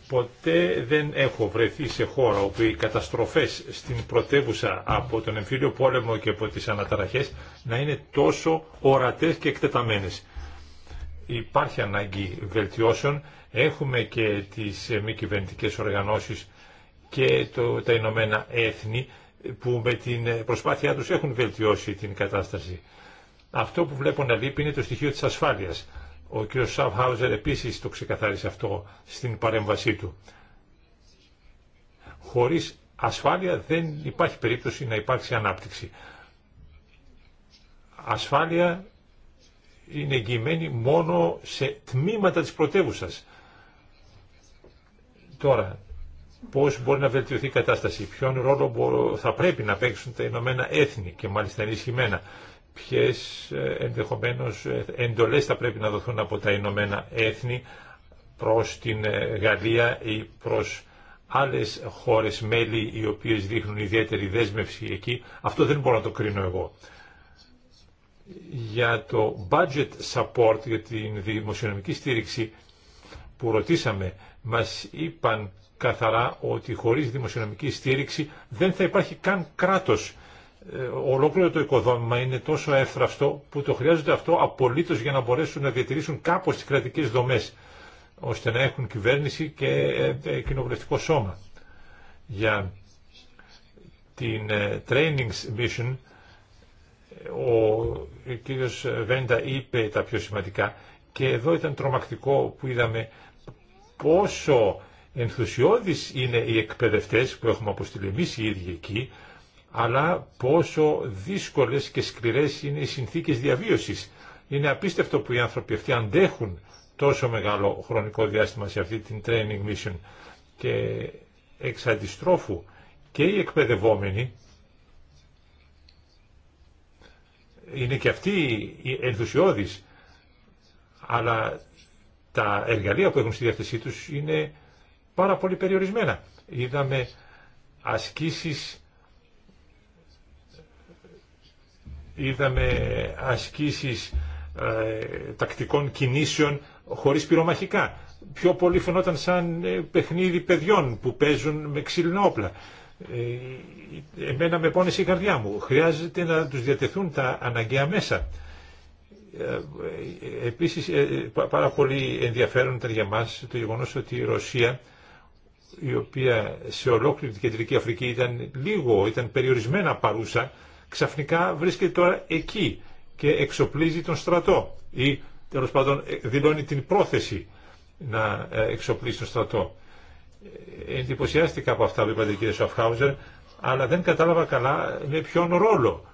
Ποτέ δεν έχω βρεθεί σε χώρα όπου οι καταστροφές στην πρωτεύουσα από τον εμφύλιο πόλεμο και από τις αναταραχές να είναι τόσο ορατές και εκτεταμένες. Υπάρχει ανάγκη βελτιώσεων Έχουμε και τις ε, μη κυβερνητικέ οργανώσεις και τα Ηνωμένα Έθνη που με την ε, προσπάθειά τους έχουν βελτιώσει την κατάσταση. Αυτό που βλέπω να λείπει είναι το στοιχείο της ασφάλειας. Ο κ. Σαφχάουζερ επίσης το ξεκαθάρισε αυτό στην παρέμβασή του. Χωρίς ασφάλεια δεν υπάρχει περίπτωση να υπάρξει ανάπτυξη. Ασφάλεια είναι εγγυημένη μόνο σε τμήματα της πρωτεύουσα. Τώρα, πώς μπορεί να βελτιωθεί η κατάσταση, ποιον ρόλο θα πρέπει να παίξουν τα Ηνωμένα Έθνη και μάλιστα ενισχυμένα, ποιες ε, ενδεχομένως ε, εντολές θα πρέπει να δοθούν από τα Ηνωμένα Έθνη προς την ε, Γαλλία ή προς άλλες χώρες μέλη οι οποίες δείχνουν ιδιαίτερη δέσμευση εκεί. Αυτό δεν μπορώ να το κρίνω εγώ. Για το budget support, για την δημοσιονομική στήριξη που ρωτήσαμε μας είπαν καθαρά ότι χωρίς δημοσιονομική στήριξη δεν θα υπάρχει καν κράτος. Ε, ολόκληρο το οικοδόμημα είναι τόσο εύθραυστο που το χρειάζεται αυτό απολύτως για να μπορέσουν να διατηρήσουν κάπως τις κρατικές δομές ώστε να έχουν κυβέρνηση και ε, ε, κοινοβουλευτικό σώμα. Για την training mission ο κύριος Βέντα είπε τα πιο σημαντικά και εδώ ήταν τρομακτικό που είδαμε πόσο ενθουσιώδεις είναι οι εκπαιδευτές που έχουμε αποστείλει εμείς οι ίδιοι εκεί, αλλά πόσο δύσκολες και σκληρές είναι οι συνθήκες διαβίωσης. Είναι απίστευτο που οι άνθρωποι αυτοί αντέχουν τόσο μεγάλο χρονικό διάστημα σε αυτή την training mission και εξ αντιστρόφου και οι εκπαιδευόμενοι είναι και αυτοί οι ενθουσιώδεις αλλά τα εργαλεία που έχουν στη διάθεσή τους είναι πάρα πολύ περιορισμένα. Είδαμε ασκήσεις είδαμε ασκήσεις ε, τακτικών κινήσεων χωρίς πυρομαχικά. Πιο πολύ φαινόταν σαν ε, παιχνίδι παιδιών που παίζουν με ξύλινα όπλα. Ε, εμένα με πόνεσε η καρδιά μου. Χρειάζεται να τους διατεθούν τα αναγκαία μέσα. Ε, ε, επίσης ε, πάρα πολύ ενδιαφέρον ήταν για μας το γεγονός ότι η Ρωσία η οποία σε ολόκληρη την Κεντρική Αφρική ήταν λίγο, ήταν περιορισμένα παρούσα, ξαφνικά βρίσκεται τώρα εκεί και εξοπλίζει τον στρατό ή τέλο πάντων δηλώνει την πρόθεση να εξοπλίσει τον στρατό. Εντυπωσιάστηκα από αυτά που είπατε κύριε Σαφχάουζερ, αλλά δεν κατάλαβα καλά με ποιον ρόλο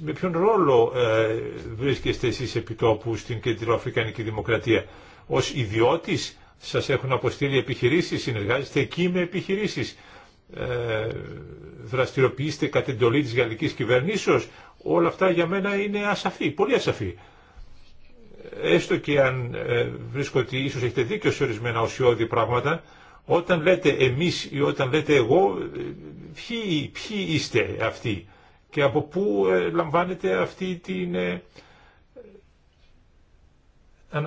με ποιον ρόλο ε, βρίσκεστε εσείς επιτόπου στην Κεντροαφρικανική Δημοκρατία. Ως ιδιώτης σας έχουν αποστείλει επιχειρήσεις, συνεργάζεστε εκεί με επιχειρήσεις. Ε, δραστηριοποιήστε κατ' εντολή της γαλλικής κυβερνήσεως. Όλα αυτά για μένα είναι ασαφή, πολύ ασαφή. Έστω και αν ε, βρίσκω ότι ίσως έχετε δίκιο σε ορισμένα οσιώδη πράγματα, όταν λέτε εμείς ή όταν λέτε εγώ, ε, ποιοι, ποιοι είστε αυτοί και από πού ε, λαμβάνεται αυτή την... Ε,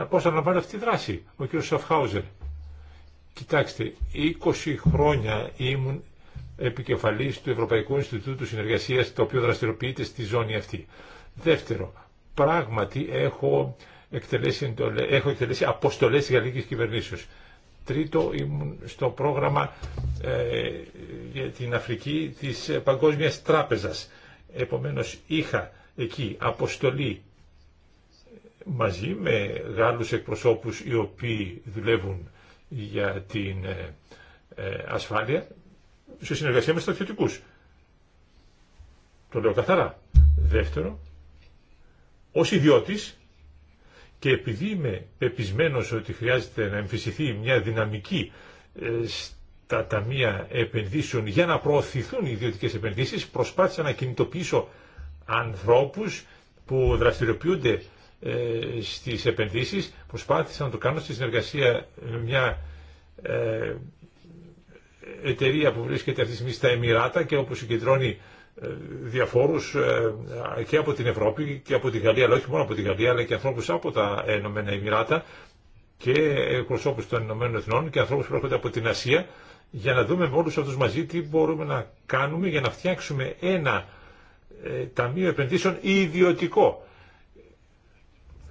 πώ αναλαμβάνει αυτή τη δράση ο κύριος Σαφχάουζερ. Κοιτάξτε, 20 χρόνια ήμουν επικεφαλής του Ευρωπαϊκού Ινστιτούτου Συνεργασίας, το οποίο δραστηριοποιείται στη ζώνη αυτή. Δεύτερο, πράγματι έχω εκτελέσει, έχω εκτελέσει αποστολές της γαλλικής κυβερνήσεως. Τρίτο, ήμουν στο πρόγραμμα ε, για την Αφρική της Παγκόσμιας Τράπεζας. Επομένως είχα εκεί αποστολή μαζί με Γάλλους εκπροσώπους οι οποίοι δουλεύουν για την ε, ε, ασφάλεια σε συνεργασία με στρατιωτικούς. Το λέω καθαρά. Δεύτερο, ως ιδιώτης και επειδή είμαι πεπισμένος ότι χρειάζεται να εμφυσιθεί μια δυναμική ε, τα ταμεία επενδύσεων για να προωθηθούν οι ιδιωτικές επενδύσει, προσπάθησα να κινητοποιήσω ανθρώπους που δραστηριοποιούνται ε, στις επενδύσει, προσπάθησα να το κάνω στη συνεργασία με μια ε, εταιρεία που βρίσκεται αυτή τη στιγμή στα Εμμυράτα και όπου συγκεντρώνει ε, διαφόρους και από την Ευρώπη και από τη Γαλλία, αλλά όχι μόνο από τη Γαλλία, αλλά και ανθρώπους από τα Ενωμένα Εμμυράτα και προσώπους των Ηνωμένων Εθνών και ανθρώπους που έρχονται από την Ασία για να δούμε με όλους αυτούς μαζί τι μπορούμε να κάνουμε για να φτιάξουμε ένα ε, ταμείο επενδύσεων ιδιωτικό.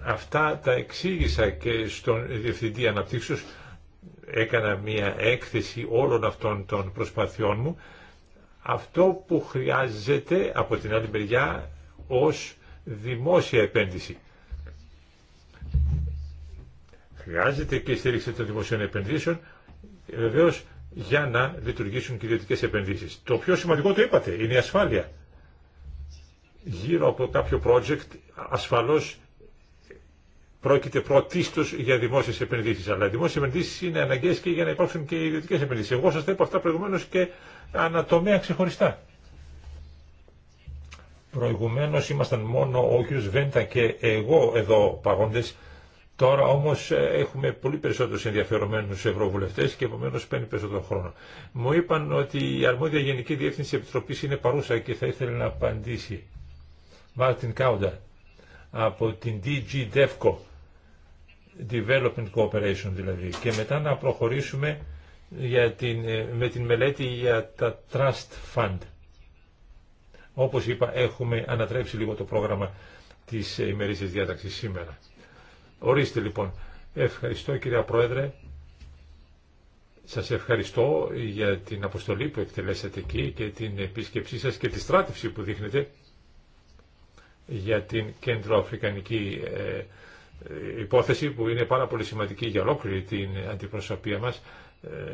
Αυτά τα εξήγησα και στον Διευθυντή Αναπτύξεως. Έκανα μία έκθεση όλων αυτών των προσπαθειών μου. Αυτό που χρειάζεται από την άλλη μεριά ως δημόσια επένδυση. Χρειάζεται και στήριξη των δημοσίων επενδύσεων. Βεβαίως για να λειτουργήσουν και ιδιωτικέ επενδύσει. Το πιο σημαντικό το είπατε, είναι η ασφάλεια. Γύρω από κάποιο project ασφαλώ πρόκειται πρωτίστω για δημόσιε επενδύσει. Αλλά οι δημόσιε επενδύσει είναι αναγκαίε και για να υπάρξουν και ιδιωτικέ επενδύσει. Εγώ σα τα είπα αυτά προηγουμένω και ανατομέα ξεχωριστά. Προηγουμένω ήμασταν μόνο ο κ. Βέντα και εγώ εδώ παγόντες Τώρα όμως ε, έχουμε πολύ περισσότερους ενδιαφερομένους ευρωβουλευτές και επομένω παίρνει περισσότερο χρόνο. Μου είπαν ότι η αρμόδια Γενική Διεύθυνση Επιτροπής είναι παρούσα και θα ήθελε να απαντήσει. Μάρτιν Κάουντα από την DG DEFCO, Development Cooperation δηλαδή, και μετά να προχωρήσουμε για την, ε, με την μελέτη για τα Trust Fund. Όπως είπα, έχουμε ανατρέψει λίγο το πρόγραμμα της ε, ημερήσιας διάταξης σήμερα. Ορίστε λοιπόν. Ευχαριστώ κυρία Πρόεδρε. Σας ευχαριστώ για την αποστολή που εκτελέσατε εκεί και την επίσκεψή σας και τη στράτευση που δείχνετε για την κεντροαφρικανική ε, υπόθεση που είναι πάρα πολύ σημαντική για ολόκληρη την αντιπροσωπεία μας.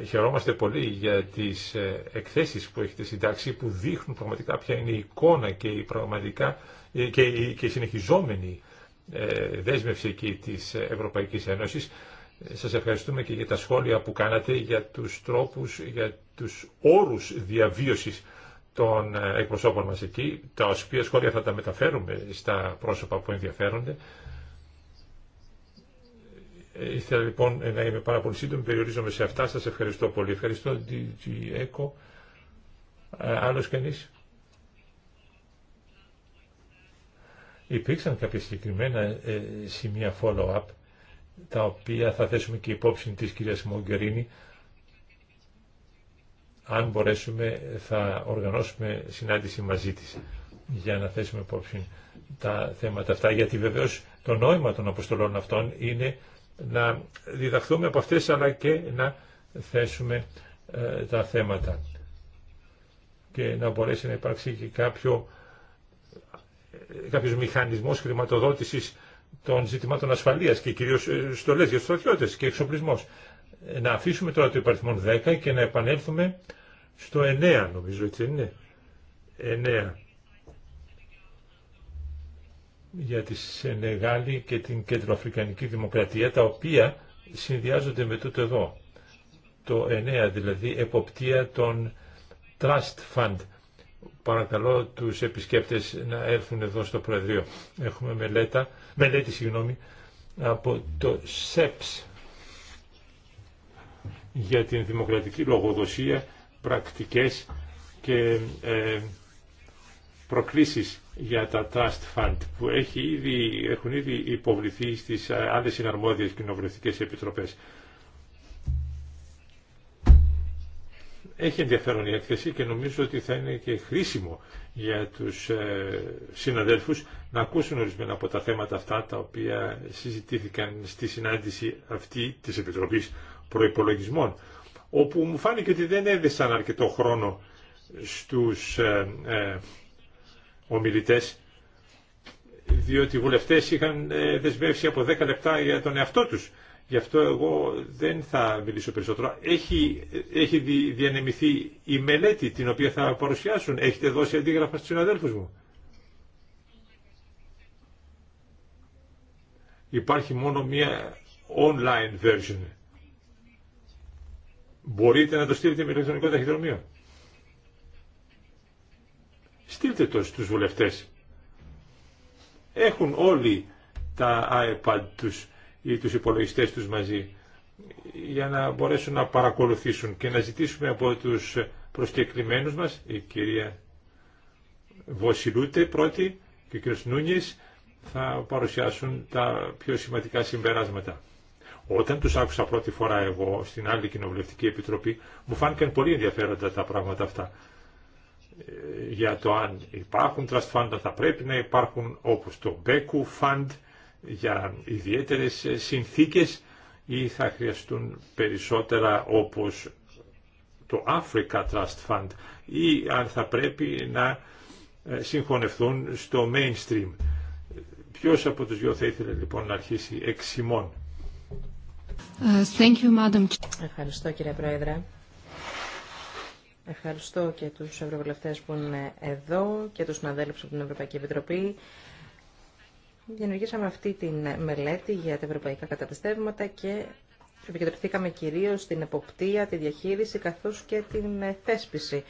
Ε, χαιρόμαστε πολύ για τις ε, εκθέσεις που έχετε συντάξει που δείχνουν πραγματικά ποια είναι η εικόνα και η, πραγματικά, και και συνεχιζόμενη ε, δέσμευση εκεί της Ευρωπαϊκής Ένωσης. Σας ευχαριστούμε και για τα σχόλια που κάνατε για τους τρόπους, για τους όρους διαβίωσης των ε, εκπροσώπων μας εκεί. Τα οποία σχόλια θα τα μεταφέρουμε στα πρόσωπα που ενδιαφέρονται. Ήθελα λοιπόν να είμαι πάρα πολύ σύντομη, περιορίζομαι σε αυτά. Σας ευχαριστώ πολύ. Ευχαριστώ, τη ΕΚΟ. Άλλος κανείς. Υπήρξαν κάποια συγκεκριμένα ε, σημεία follow-up, τα οποία θα θέσουμε και υπόψη της κυρίας Μογκερίνη. Αν μπορέσουμε θα οργανώσουμε συνάντηση μαζί της για να θέσουμε υπόψη τα θέματα αυτά, γιατί βεβαίως το νόημα των αποστολών αυτών είναι να διδαχθούμε από αυτές αλλά και να θέσουμε ε, τα θέματα και να μπορέσει να υπάρξει και κάποιο κάποιος μηχανισμός χρηματοδότησης των ζητημάτων ασφαλείας και κυρίως ε, στολές για στρατιώτες και εξοπλισμός. Ε, να αφήσουμε τώρα το υπαριθμό 10 και να επανέλθουμε στο 9 νομίζω έτσι είναι. 9 για τη Σενεγάλη και την Κεντροαφρικανική Δημοκρατία τα οποία συνδυάζονται με τούτο εδώ. Το 9 δηλαδή εποπτεία των Trust Fund Παρακαλώ τους επισκέπτες να έρθουν εδώ στο Προεδρείο. Έχουμε μελέτα, μελέτη συγγνώμη, από το ΣΕΠΣ για την δημοκρατική λογοδοσία, πρακτικές και ε, προκλήσεις για τα Trust Fund που έχει ήδη, έχουν ήδη υποβληθεί στις ε, άλλες συναρμόδιες κοινοβουλευτικές επιτροπές. Έχει ενδιαφέρον η έκθεση και νομίζω ότι θα είναι και χρήσιμο για τους ε, συναδέλφους να ακούσουν ορισμένα από τα θέματα αυτά τα οποία συζητήθηκαν στη συνάντηση αυτή της Επιτροπής Προϋπολογισμών όπου μου φάνηκε ότι δεν έδεσαν αρκετό χρόνο στους ε, ε, ομιλητές διότι οι βουλευτές είχαν δεσμεύσει από 10 λεπτά για τον εαυτό τους Γι' αυτό εγώ δεν θα μιλήσω περισσότερο. Έχει, έχει διανεμηθεί η μελέτη την οποία θα παρουσιάσουν. Έχετε δώσει αντίγραφα στους συναδέλφους μου. Υπάρχει μόνο μία online version. Μπορείτε να το στείλετε με ηλεκτρονικό ταχυδρομείο. Στείλτε το στους βουλευτές. Έχουν όλοι τα iPad τους ή τους υπολογιστές τους μαζί για να μπορέσουν να παρακολουθήσουν και να ζητήσουμε από τους προσκεκλημένους μας, η κυρία Βοσιλούτε πρώτη και ο κύριος Νούνιες, θα παρουσιάσουν τα πιο σημαντικά συμπεράσματα. Όταν τους άκουσα πρώτη φορά εγώ στην άλλη κοινοβουλευτική επιτροπή, μου φάνηκαν πολύ ενδιαφέροντα τα πράγματα αυτά. Ε, για το αν υπάρχουν trust fund, θα πρέπει να υπάρχουν όπως το Beku Fund, για ιδιαίτερες συνθήκες ή θα χρειαστούν περισσότερα όπως το Africa Trust Fund ή αν θα πρέπει να ε, συγχωνευτούν στο mainstream. Ποιος από τους δυο θα ήθελε λοιπόν να αρχίσει εξ ημών. Ε, thank you, Madam. Ευχαριστώ κύριε Πρόεδρε. Ευχαριστώ και τους ευρωβουλευτές που είναι εδώ και τους συναδέλφους από την Ευρωπαϊκή Επιτροπή. Δημιουργήσαμε αυτή τη μελέτη για τα ευρωπαϊκά καταπιστεύματα και επικεντρωθήκαμε κυρίως στην εποπτεία, τη διαχείριση καθώς και την θέσπιση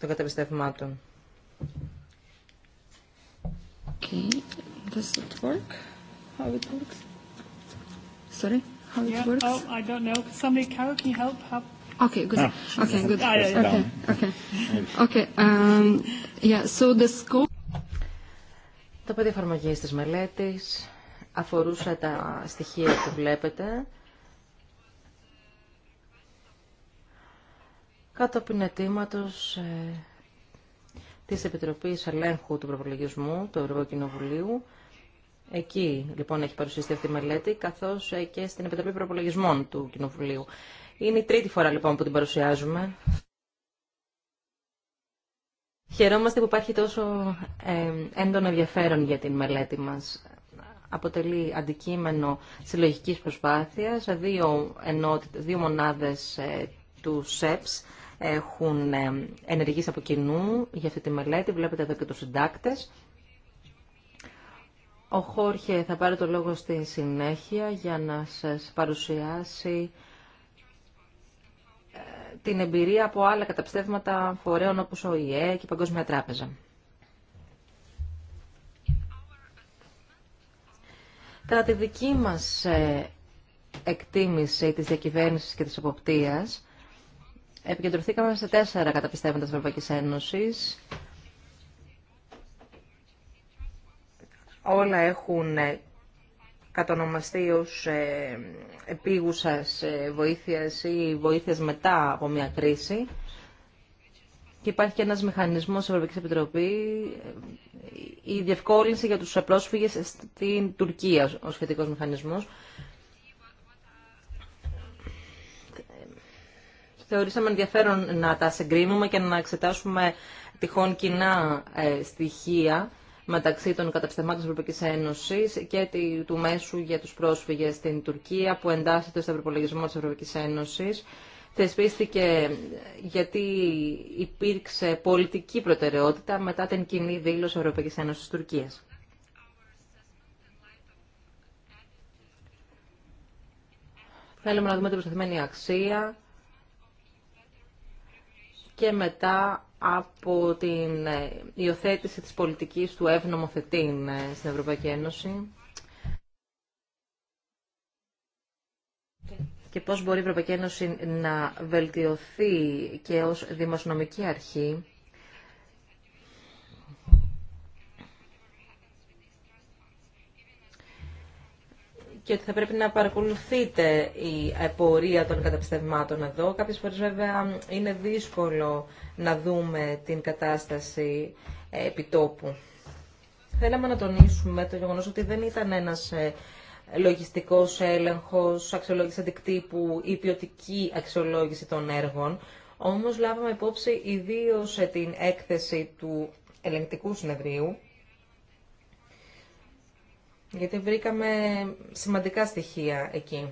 των καταπιστευμάτων. Okay. Does it work? How it works? Sorry? How it works? Oh, I don't know. Somebody, Carol, can help? help? Okay, good. Ah, okay, good. Ah, okay, okay. Okay. Um, yeah, so the scope... Το πέντε εφαρμογή της μελέτης αφορούσε τα στοιχεία που βλέπετε. από την ε, της Επιτροπής Ελέγχου του Προπολογισμού του Ευρωπαϊκού Εκεί λοιπόν έχει παρουσιαστεί αυτή η μελέτη, καθώς ε, και στην Επιτροπή Προπολογισμών του Κοινοβουλίου. Είναι η τρίτη φορά λοιπόν που την παρουσιάζουμε. Χαιρόμαστε που υπάρχει τόσο ε, έντονο ενδιαφέρον για την μελέτη μας. Αποτελεί αντικείμενο συλλογικής προσπάθειας. Δύο, δύο μονάδες ε, του ΣΕΠΣ έχουν ε, ενεργήσει από κοινού για αυτή τη μελέτη. Βλέπετε εδώ και τους συντάκτες. Ο Χόρχε θα πάρει το λόγο στη συνέχεια για να σας παρουσιάσει την εμπειρία από άλλα καταπιστέυματα φορέων όπως ο ΙΕ και η Παγκόσμια Τράπεζα. Κατά τη δική μας ε, εκτίμηση της διακυβέρνησης και της εποπτείας, επικεντρωθήκαμε σε τέσσερα καταπιστεύματα της Ευρωπαϊκής Ένωσης. Όλα έχουν ε, κατονομαστεί ως ε, επίγουσας ε, βοήθειας ή βοήθειας μετά από μια κρίση. Και υπάρχει και ένας μηχανισμός της Ευρωπαϊκής Επιτροπή, ε, η διευκόλυνση για τους πρόσφυγες στην Τουρκία, ο σχετικός μηχανισμός. Θεωρήσαμε ενδιαφέρον να τα συγκρίνουμε και να εξετάσουμε τυχόν κοινά ε, στοιχεία μεταξύ των καταπιστευμάτων της Ευρωπαϊκής Ένωσης και του μέσου για τους πρόσφυγες στην Τουρκία που εντάσσεται στο προπολογισμό της Ευρωπαϊκής Ένωσης. Θεσπίστηκε γιατί υπήρξε πολιτική προτεραιότητα μετά την κοινή δήλωση Ευρωπαϊκής Ένωσης Τουρκίας. Θέλουμε να δούμε την προσταθμένη αξία και μετά από την ε, υιοθέτηση της πολιτικής του ευνομοθετήν ε, στην Ευρωπαϊκή Ένωση και πώς μπορεί η Ευρωπαϊκή Ένωση να βελτιωθεί και ως δημοσιονομική αρχή και ότι θα πρέπει να παρακολουθείτε η πορεία των καταπιστευμάτων εδώ. Κάποιες φορές βέβαια είναι δύσκολο να δούμε την κατάσταση επιτόπου. Θέλαμε να τονίσουμε το γεγονός ότι δεν ήταν ένας ε, λογιστικός έλεγχος, αξιολόγηση αντικτύπου ή ποιοτική αξιολόγηση των έργων. Όμως λάβαμε υπόψη ιδίως ε, την έκθεση του ελεγκτικού συνεδρίου, γιατί βρήκαμε σημαντικά στοιχεία εκεί.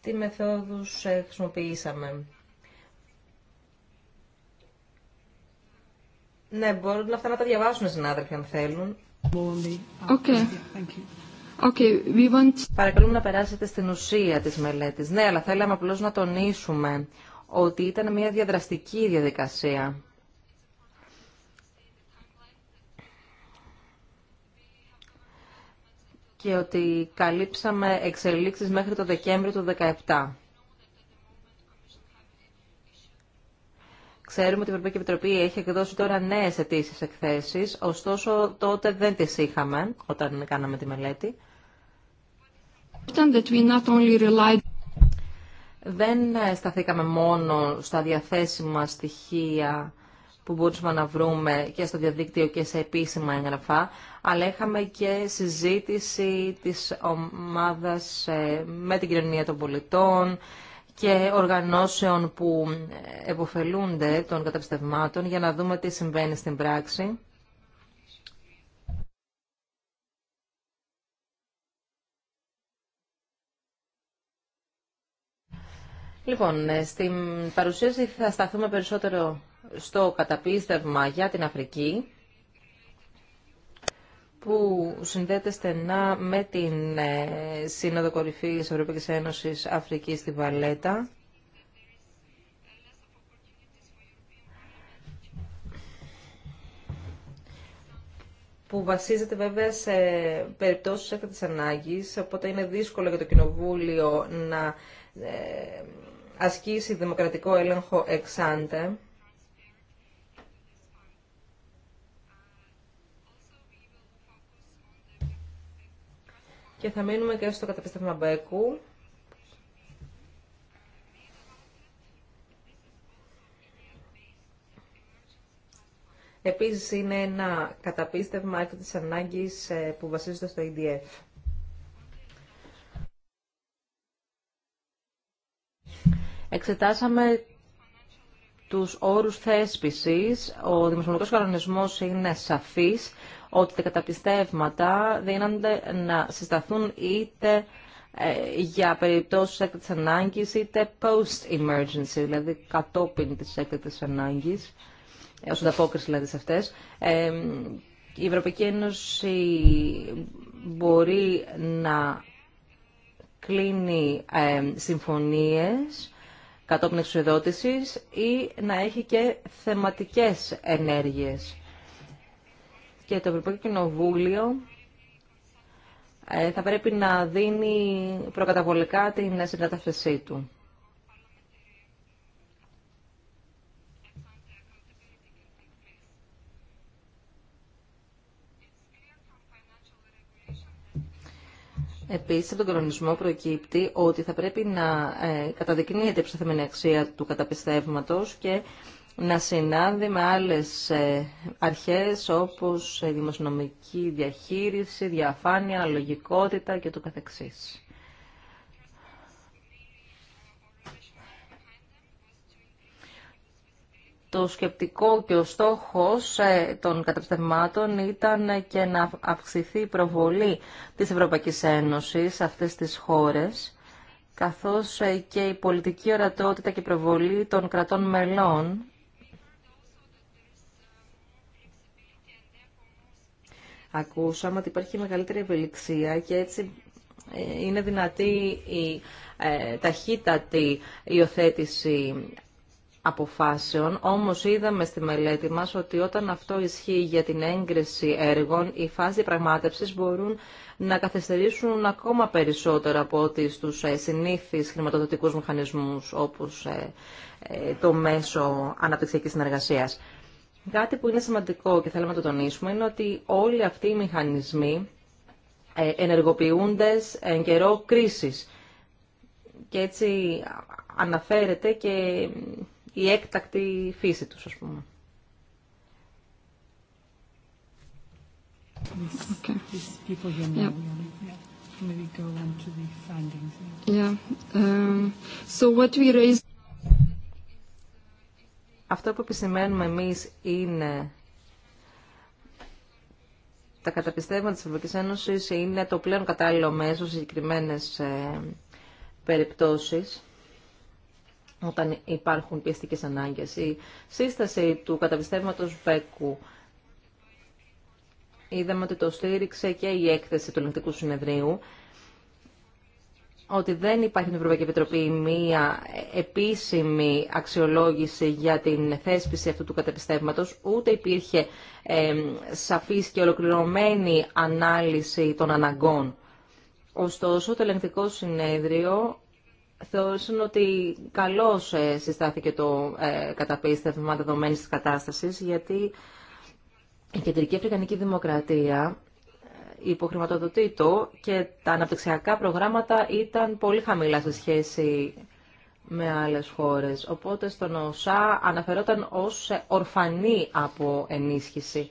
Τι μεθόδους ε, χρησιμοποιήσαμε. Ναι, μπορούν αυτά να τα διαβάσουν οι συνάδελφοι αν θέλουν. Okay. Okay, we want... Παρακαλούμε να περάσετε στην ουσία της μελέτης. Ναι, αλλά θέλαμε απλώς να τονίσουμε ότι ήταν μια διαδραστική διαδικασία. και ότι καλύψαμε εξελίξεις μέχρι το Δεκέμβριο του 2017. Ξέρουμε ότι η Ευρωπαϊκή Επιτροπή έχει εκδώσει τώρα νέες αιτήσει εκθέσεις, ωστόσο τότε δεν τις είχαμε όταν κάναμε τη μελέτη δεν σταθήκαμε μόνο στα διαθέσιμα στοιχεία που μπορούσαμε να βρούμε και στο διαδίκτυο και σε επίσημα έγγραφα, αλλά είχαμε και συζήτηση της ομάδας ε, με την κοινωνία των πολιτών και οργανώσεων που ε, εποφελούνται των καταπιστευμάτων για να δούμε τι συμβαίνει στην πράξη Λοιπόν, ε, στην παρουσίαση θα σταθούμε περισσότερο στο καταπίστευμα για την Αφρική που συνδέεται στενά με την ε, Σύνοδο Κορυφής Ευρωπαϊκής Ένωσης Αφρικής στη Βαλέτα. που βασίζεται βέβαια σε περιπτώσεις έκτατης ανάγκης, οπότε είναι δύσκολο για το Κοινοβούλιο να ε, ασκήσει δημοκρατικό έλεγχο εξάντε. Και θα μείνουμε και στο καταπίστευμα Μπέκου. Επίσης είναι ένα καταπίστευμα έκτη της ανάγκης ε, που βασίζεται στο EDF. Εξετάσαμε τους όρους θέσπισης. Ο δημοσιονομικός κανονισμός είναι σαφής ότι τα καταπιστεύματα δίνονται να συσταθούν είτε ε, για περιπτώσεις έκτακτης ανάγκης είτε post-emergency, δηλαδή κατόπιν της έκτακτης ανάγκης, ως ανταπόκριση δηλαδή σε αυτές. Ε, η Ευρωπαϊκή Ένωση μπορεί να κλείνει ε, συμφωνίες κατόπιν εξουσιοδότησης ή να έχει και θεματικές ενέργειες. Και το Ευρωπαϊκό Κοινοβούλιο ε, θα πρέπει να δίνει προκαταβολικά την συνέντευξή του. Επίσης, από τον κανονισμό προκύπτει ότι θα πρέπει να ε, καταδεικνύεται η προσθεμένη αξία του καταπιστεύματος και να συνάδει με άλλες ε, αρχές όπως δημοσιονομική διαχείριση, διαφάνεια, λογικότητα και το καθεξής. το σκεπτικό και ο στόχος ε, των καταπιστευμάτων ήταν και να αυξηθεί η προβολή της Ευρωπαϊκής Ένωσης σε αυτές τις χώρες, καθώς ε, και η πολιτική ορατότητα και προβολή των κρατών μελών Ακούσαμε ότι υπάρχει μεγαλύτερη ευελιξία και έτσι ε, είναι δυνατή η ταχύτατη υιοθέτηση αποφάσεων, όμως είδαμε στη μελέτη μας ότι όταν αυτό ισχύει για την έγκριση έργων, οι φάσεις διαπραγμάτευσης μπορούν να καθυστερήσουν ακόμα περισσότερο από ότι στους ε, συνήθεις χρηματοδοτικούς μηχανισμούς, όπως ε, ε, το μέσο αναπτυξιακής συνεργασίας. Κάτι που είναι σημαντικό και θέλουμε να το τονίσουμε είναι ότι όλοι αυτοί οι μηχανισμοί ενεργοποιούνται εν καιρό κρίσης. Και έτσι αναφέρεται και η έκτακτη φύση τους, ας πούμε. Αυτό που επισημαίνουμε εμείς είναι τα καταπιστεύματα της Ευρωπαϊκής Ένωσης είναι το πλέον κατάλληλο μέσο σε συγκεκριμένες ε, περιπτώσεις όταν υπάρχουν πιεστικές ανάγκες. Η σύσταση του καταπιστεύματος Βέκου είδαμε ότι το στήριξε και η έκθεση του Ελληνικού Συνεδρίου ότι δεν υπάρχει στην Ευρωπαϊκή Επιτροπή μία επίσημη αξιολόγηση για την θέσπιση αυτού του καταπιστέυματος... ούτε υπήρχε ε, σαφής και ολοκληρωμένη ανάλυση των αναγκών. Ωστόσο, το ελεγκτικό συνέδριο θεωρούσαν ότι καλώς ε, συστάθηκε το ε, καταπίστευμα δεδομένη τη κατάστασης, γιατί η Κεντρική Αφρικανική Δημοκρατία ε, υποχρηματοδοτεί το και τα αναπτυξιακά προγράμματα ήταν πολύ χαμηλά σε σχέση με άλλες χώρες. Οπότε στον ΟΣΑ αναφερόταν ως ορφανή από ενίσχυση.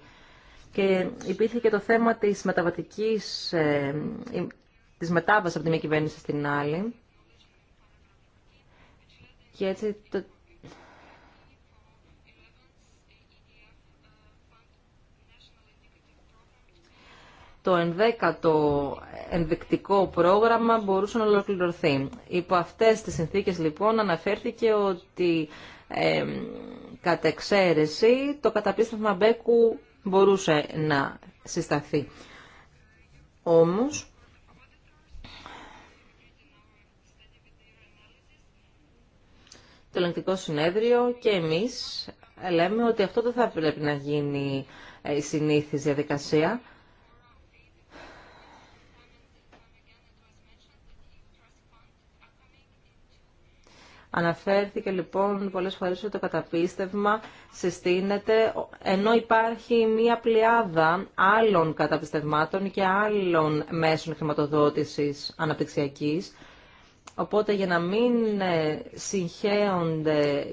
Και υπήρχε και το θέμα της μεταβατικής, της μετάβασης από τη μία κυβέρνηση στην άλλη. Και έτσι το... το ενδέκατο ενδεικτικό πρόγραμμα μπορούσε να ολοκληρωθεί. Υπό αυτές τις συνθήκες λοιπόν αναφέρθηκε ότι ε, κατ' εξαίρεση το καταπίστευμα Μπέκου μπορούσε να συσταθεί. Όμως, το ελεγκτικό συνέδριο και εμείς λέμε ότι αυτό δεν θα πρέπει να γίνει ε, η συνήθις διαδικασία. Αναφέρθηκε λοιπόν πολλές φορές ότι το καταπίστευμα συστήνεται ενώ υπάρχει μία πλειάδα άλλων καταπιστευμάτων και άλλων μέσων χρηματοδότησης αναπτυξιακής Οπότε για να μην ε, συγχέονται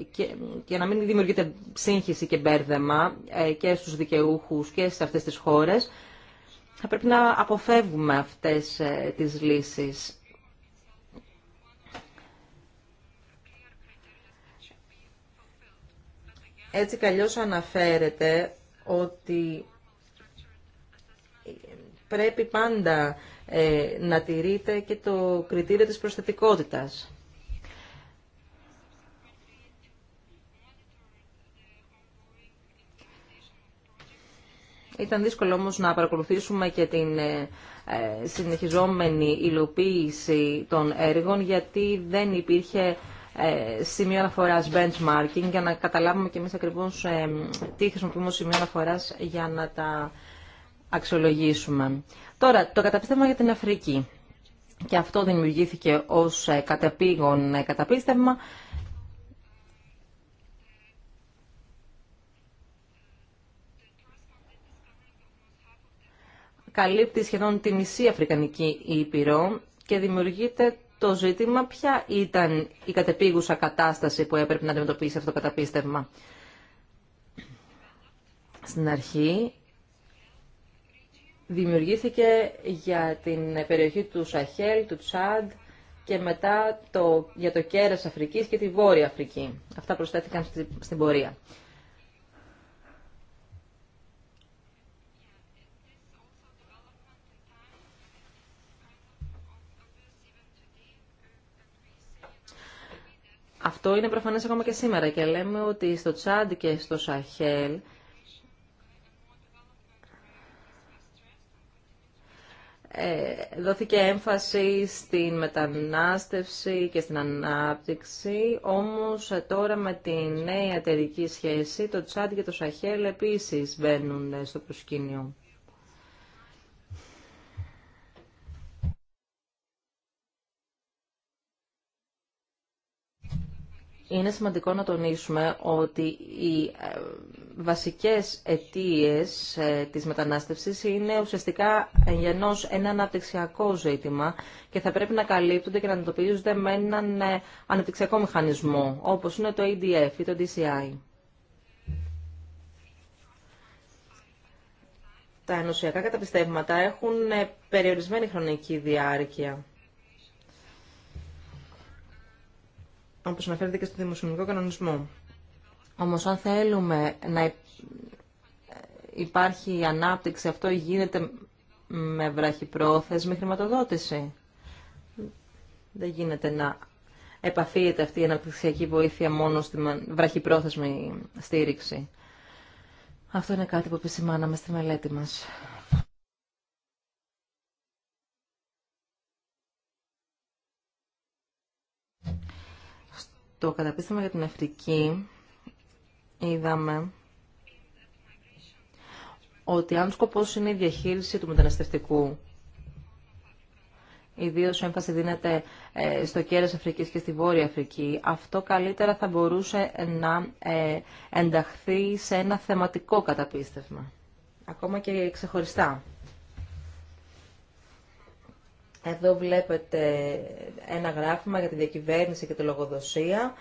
και να μην δημιουργείται σύγχυση και μπέρδεμα ε, και στους δικαιούχους και σε αυτές τις χώρες, θα πρέπει να αποφεύγουμε αυτές ε, τις λύσεις. Έτσι καλλιώς αναφέρεται ότι πρέπει πάντα ε, να τηρείται και το κριτήριο της προσθετικότητας. Ήταν δύσκολο όμως να παρακολουθήσουμε και την ε, ε, συνεχιζόμενη υλοποίηση των έργων γιατί δεν υπήρχε σημείο αναφορά benchmarking για να καταλάβουμε και εμείς ακριβώς τι χρησιμοποιούμε σημείο αναφορά για να τα αξιολογήσουμε. Τώρα, το καταπίστευμα για την Αφρική. Και αυτό δημιουργήθηκε ως ε, κατεπήγον ε, καταπίστευμα. Καλύπτει σχεδόν τη μισή Αφρικανική Ήπειρο και δημιουργείται το ζήτημα ποια ήταν η κατεπήγουσα κατάσταση που έπρεπε να αντιμετωπίσει αυτό το καταπίστευμα. Στην αρχή δημιουργήθηκε για την περιοχή του Σαχέλ, του Τσάντ και μετά το, για το κέρας Αφρικής και τη Βόρεια Αφρική. Αυτά προσθέθηκαν στη, στην πορεία. Αυτό είναι προφανές ακόμα και σήμερα και λέμε ότι στο Τσάντ και στο Σαχέλ Ε, δόθηκε έμφαση στην μετανάστευση και στην ανάπτυξη, όμως ε, τώρα με τη νέα εταιρική σχέση το Τσάντ και το Σαχέλ επίσης μπαίνουν ε, στο προσκήνιο. είναι σημαντικό να τονίσουμε ότι οι ε, βασικές αιτίες ε, της μετανάστευσης είναι ουσιαστικά γενός ένα αναπτυξιακό ζήτημα και θα πρέπει να καλύπτονται και να αντιμετωπίζονται με έναν ε, αναπτυξιακό μηχανισμό, όπως είναι το EDF ή το DCI. Τα ενωσιακά καταπιστεύματα έχουν περιορισμένη χρονική διάρκεια. όπως αναφέρεται και στο δημοσιονομικό κανονισμό. Όμως αν θέλουμε να υπάρχει η ανάπτυξη, αυτό γίνεται με βραχυπρόθεσμη χρηματοδότηση. Δεν γίνεται να επαφείται αυτή η αναπτυξιακή βοήθεια μόνο στη βραχυπρόθεσμη στήριξη. Αυτό είναι κάτι που επισημάναμε στη μελέτη μας. το καταπίστευμα για την Αφρική είδαμε ότι αν σκοπός είναι η διαχείριση του μεταναστευτικού, ιδίως έμφαση δίνεται ε, στο κέρας Αφρικής και στη Βόρεια Αφρική, αυτό καλύτερα θα μπορούσε να ε, ενταχθεί σε ένα θεματικό καταπίστευμα, ακόμα και ξεχωριστά. Εδώ βλέπετε ένα γράφημα για τη διακυβέρνηση και τη λογοδοσία.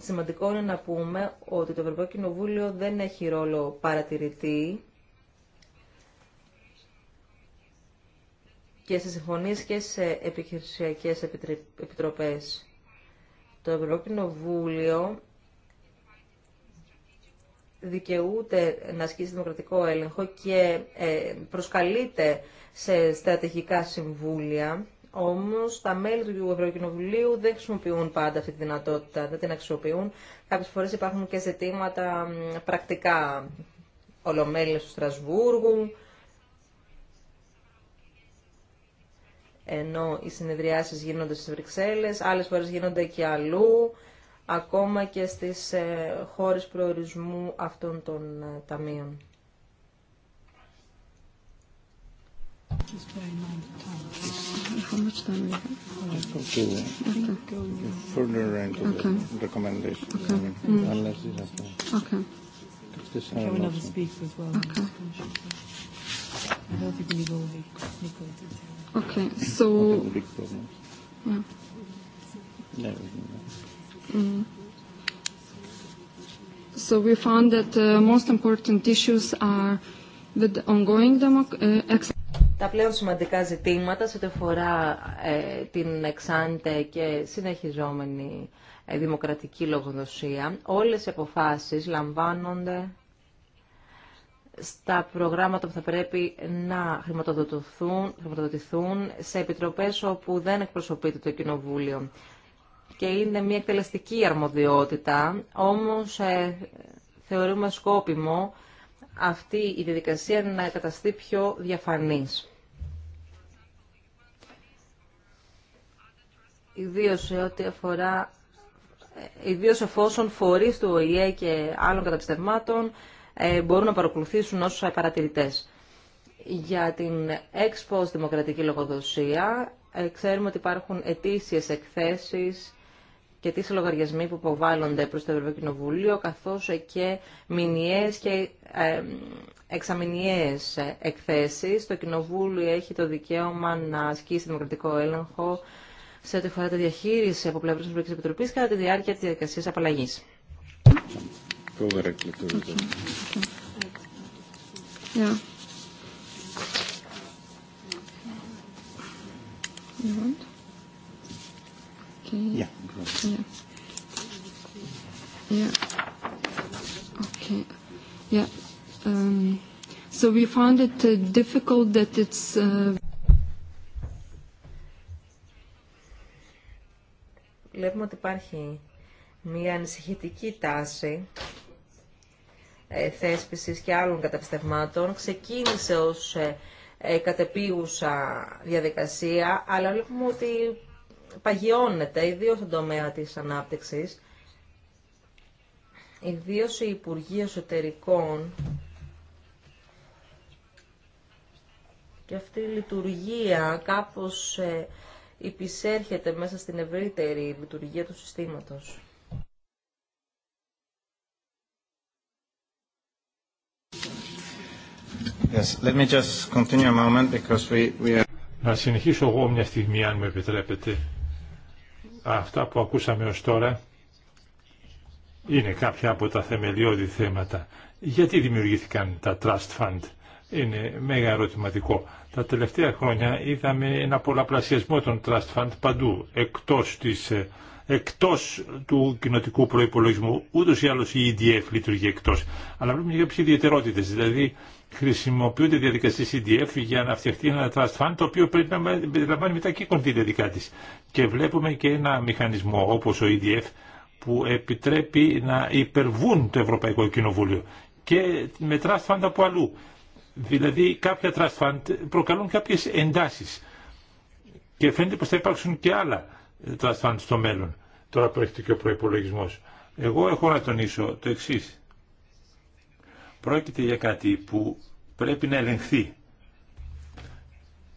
Σημαντικό είναι να πούμε ότι το Ευρωπαϊκό Κοινοβούλιο δεν έχει ρόλο παρατηρητή και σε συμφωνίες και σε επιχειρησιακές επιτροπές. Το Ευρωπαϊκό Κοινοβούλιο δικαιούται να ασκήσει δημοκρατικό έλεγχο και ε, προσκαλείται σε στρατηγικά συμβούλια, όμως τα μέλη του Ευρωκοινοβουλίου δεν χρησιμοποιούν πάντα αυτή τη δυνατότητα, δεν την αξιοποιούν. Κάποιες φορές υπάρχουν και ζητήματα πρακτικά ολομέλειας του Στρασβούργου, ενώ οι συνεδριάσεις γίνονται στις Βρυξέλλες, άλλες φορές γίνονται και αλλού ακόμα και στις ε, χώρες προορισμού αυτών των ε, ταμείων. Okay, Mm. So we found that uh, most important issues are the ongoing uh, τα πλέον σημαντικά ζητήματα σε ό,τι αφορά ε, την εξάντε και συνεχιζόμενη ε, δημοκρατική λογοδοσία. Όλες οι αποφάσεις λαμβάνονται στα προγράμματα που θα πρέπει να χρηματοδοτηθούν, χρηματοδοτηθούν σε επιτροπές όπου δεν εκπροσωπείται το Κοινοβούλιο και είναι μια εκτελεστική αρμοδιότητα, όμως ε, θεωρούμε σκόπιμο αυτή η διαδικασία να καταστεί πιο διαφανής. Ιδίω ό,τι αφορά, ε, ιδίω εφόσον φορείς του ΟΗΕ και άλλων καταπιστευμάτων ε, μπορούν να παρακολουθήσουν όσους παρατηρητές. Για την έξπος δημοκρατική λογοδοσία, ξέρουμε ότι υπάρχουν ετήσιες εκθέσεις και τι λογαριασμοί που υποβάλλονται προς το Ευρωκοινοβούλιο, καθώς και μηνιαίε και εξαμηνιαίε εκθέσεις. Το Κοινοβούλιο έχει το δικαίωμα να ασκήσει δημοκρατικό έλεγχο σε ό,τι αφορά τη διαχείριση από πλευρά τη Ευρωπαϊκή Επιτροπή κατά τη διάρκεια τη διαδικασία απαλλαγή. Mm-hmm. Um, so we found it uh, difficult that it's. Uh, βλέπουμε ότι υπάρχει μια ανησυχητική τάση ε, θέσπισης και άλλων καταπιστευμάτων. Ξεκίνησε ως ε, ε κατεπίουσα διαδικασία, αλλά βλέπουμε ότι παγιώνεται, ιδίω στον τομέα τη ανάπτυξη. Ιδίω η Υπουργοί Εσωτερικών και αυτή η λειτουργία κάπως ε, υπησέρχεται μέσα στην ευρύτερη λειτουργία του συστήματος. Yes, let me just continue a moment because we, we are... Να συνεχίσω εγώ μια στιγμή αν με επιτρέπετε. Αυτά που ακούσαμε ως τώρα είναι κάποια από τα θεμελιώδη θέματα. Γιατί δημιουργήθηκαν τα trust fund. Είναι μέγα ερωτηματικό. Τα τελευταία χρόνια είδαμε ένα πολλαπλασιασμό των trust fund παντού, εκτός, της, ε, εκτός του κοινοτικού προϋπολογισμού. Ούτως ή άλλως η EDF λειτουργεί εκτός. Αλλά βλέπουμε και κάποιες ιδιαιτερότητες. Δηλαδή χρησιμοποιούνται διαδικασίες CDF για να φτιαχτεί ένα trust fund το οποίο πρέπει να περιλαμβάνει μετά και κοντή δικά της. Και βλέπουμε και ένα μηχανισμό όπως ο EDF που επιτρέπει να υπερβούν το Ευρωπαϊκό Κοινοβούλιο και με trust fund από αλλού. Δηλαδή κάποια trust fund προκαλούν κάποιες εντάσεις και φαίνεται πως θα υπάρξουν και άλλα trust fund στο μέλλον. Τώρα προέρχεται και ο προπολογισμό. Εγώ έχω να τονίσω το εξή. Πρόκειται για κάτι που πρέπει να ελεγχθεί.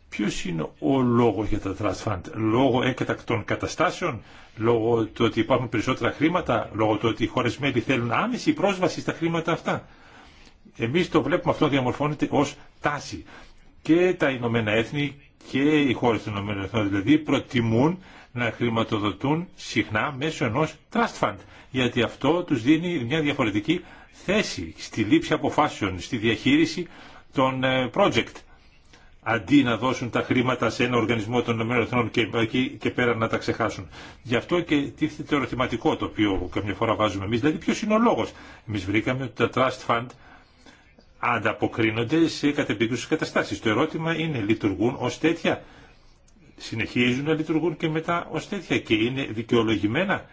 Ποιο είναι ο λόγος για τα trust fund, λόγω έκτακτων καταστάσεων, λόγω του ότι υπάρχουν περισσότερα χρήματα, λόγω του ότι οι χώρες μέλη θέλουν άμεση πρόσβαση στα χρήματα αυτά. Εμείς το βλέπουμε αυτό διαμορφώνεται ως τάση. Και τα Ηνωμένα Έθνη και οι χώρες των Ηνωμένων Εθνών δηλαδή προτιμούν να χρηματοδοτούν συχνά μέσω ενό trust fund, γιατί αυτό του δίνει μια διαφορετική θέση στη λήψη αποφάσεων, στη διαχείριση των ε, project αντί να δώσουν τα χρήματα σε ένα οργανισμό των ΗΠΑ και εκεί και πέρα να τα ξεχάσουν. Γι' αυτό και τίθεται το ερωτηματικό το οποίο καμιά φορά βάζουμε εμείς. Δηλαδή ποιος είναι ο λόγος. Εμείς βρήκαμε ότι τα trust fund ανταποκρίνονται σε κατεπιδούς καταστάσεις. Το ερώτημα είναι λειτουργούν ως τέτοια. Συνεχίζουν να λειτουργούν και μετά ως τέτοια και είναι δικαιολογημένα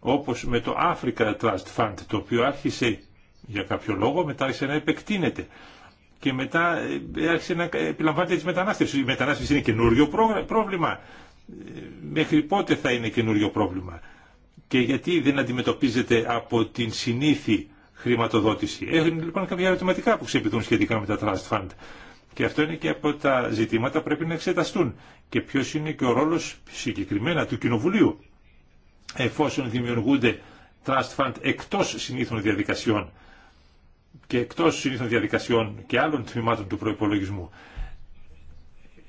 όπως με το Africa Trust Fund το οποίο άρχισε για κάποιο λόγο, μετά άρχισε να επεκτείνεται και μετά ε, άρχισε να επιλαμβάνεται τη μετανάστευση. Η μετανάστευση είναι καινούριο πρόβλημα. Ε, μέχρι πότε θα είναι καινούριο πρόβλημα. Και γιατί δεν αντιμετωπίζεται από την συνήθι χρηματοδότηση. Έχουν λοιπόν κάποια ερωτηματικά που ξεπηδούν σχετικά με τα Trust Fund. Και αυτό είναι και από τα ζητήματα που πρέπει να εξεταστούν. Και ποιο είναι και ο ρόλο συγκεκριμένα του Κοινοβουλίου. Εφόσον δημιουργούνται Trust Fund εκτό συνήθων διαδικασιών και εκτός συνήθων διαδικασιών και άλλων τμήματων του προϋπολογισμού.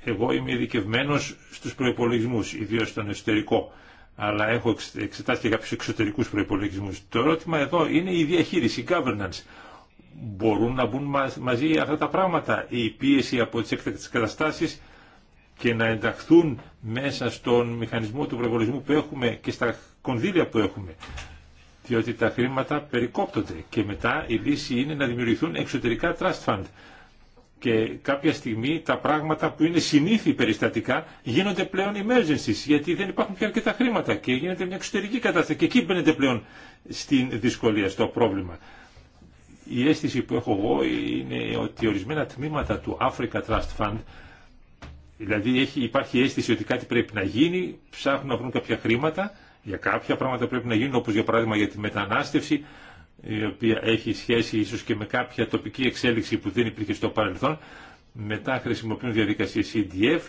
Εγώ είμαι ειδικευμένο στους προϋπολογισμούς, ιδίως στον εσωτερικό, αλλά έχω εξετάσει και κάποιους εξωτερικούς προϋπολογισμούς. Το ερώτημα εδώ είναι η διαχείριση, η governance. Μπορούν να μπουν μαζί αυτά τα πράγματα, η πίεση από τις έκτακτες καταστάσεις και να ενταχθούν μέσα στον μηχανισμό του προϋπολογισμού που έχουμε και στα κονδύλια που έχουμε διότι τα χρήματα περικόπτονται και μετά η λύση είναι να δημιουργηθούν εξωτερικά trust fund και κάποια στιγμή τα πράγματα που είναι συνήθι περιστατικά γίνονται πλέον emergencies γιατί δεν υπάρχουν πια αρκετά χρήματα και γίνεται μια εξωτερική κατάσταση και εκεί μπαίνεται πλέον στην δυσκολία, στο πρόβλημα. Η αίσθηση που έχω εγώ είναι ότι ορισμένα τμήματα του Africa Trust Fund δηλαδή υπάρχει αίσθηση ότι κάτι πρέπει να γίνει, ψάχνουν να βρουν κάποια χρήματα για κάποια πράγματα πρέπει να γίνουν, όπως για παράδειγμα για τη μετανάστευση, η οποία έχει σχέση ίσως και με κάποια τοπική εξέλιξη που δεν υπήρχε στο παρελθόν. Μετά χρησιμοποιούν διαδικασίε CDF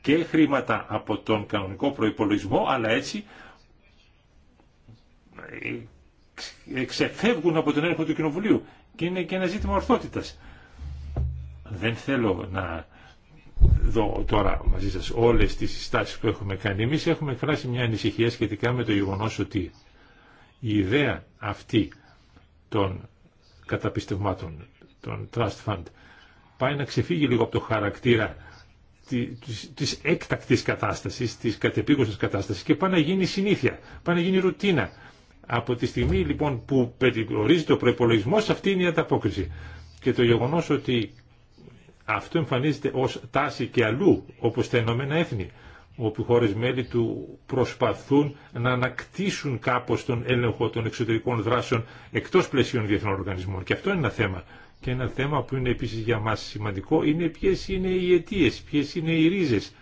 και χρήματα από τον κανονικό προϋπολογισμό, αλλά έτσι εξεφεύγουν από τον έλεγχο του Κοινοβουλίου. Και είναι και ένα ζήτημα ορθότητας. Δεν θέλω να δω τώρα μαζί σας όλες τις συστάσεις που έχουμε κάνει. Εμείς έχουμε εκφράσει μια ανησυχία σχετικά με το γεγονός ότι η ιδέα αυτή των καταπιστευμάτων, των Trust Fund, πάει να ξεφύγει λίγο από το χαρακτήρα της, της έκτακτης κατάστασης, της κατεπίγουσας κατάστασης και πάει να γίνει συνήθεια, πάει να γίνει ρουτίνα. Από τη στιγμή λοιπόν που περιορίζεται ο προπολογισμό, αυτή είναι η ανταπόκριση. Και το γεγονός ότι αυτό εμφανίζεται ως τάση και αλλού, όπως τα Ηνωμένα Έθνη, όπου χώρες μέλη του προσπαθούν να ανακτήσουν κάπως τον έλεγχο των εξωτερικών δράσεων εκτός πλαισίων διεθνών οργανισμών. Και αυτό είναι ένα θέμα. Και ένα θέμα που είναι επίσης για μας σημαντικό είναι ποιες είναι οι αιτίες, ποιες είναι οι ρίζες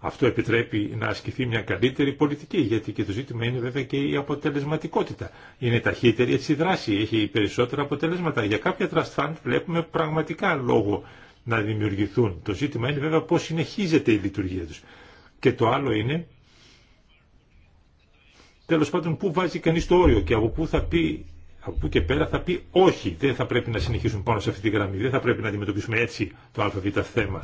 αυτό επιτρέπει να ασκηθεί μια καλύτερη πολιτική, γιατί και το ζήτημα είναι βέβαια και η αποτελεσματικότητα. Είναι ταχύτερη έτσι η δράση, έχει περισσότερα αποτελέσματα. Για κάποια trust βλέπουμε πραγματικά λόγο να δημιουργηθούν. Το ζήτημα είναι βέβαια πώς συνεχίζεται η λειτουργία τους. Και το άλλο είναι, τέλος πάντων, πού βάζει κανείς το όριο και από πού θα πει από πού και πέρα θα πει όχι, δεν θα πρέπει να συνεχίσουν πάνω σε αυτή τη γραμμή, δεν θα πρέπει να αντιμετωπίσουμε έτσι το ΑΒ θέμα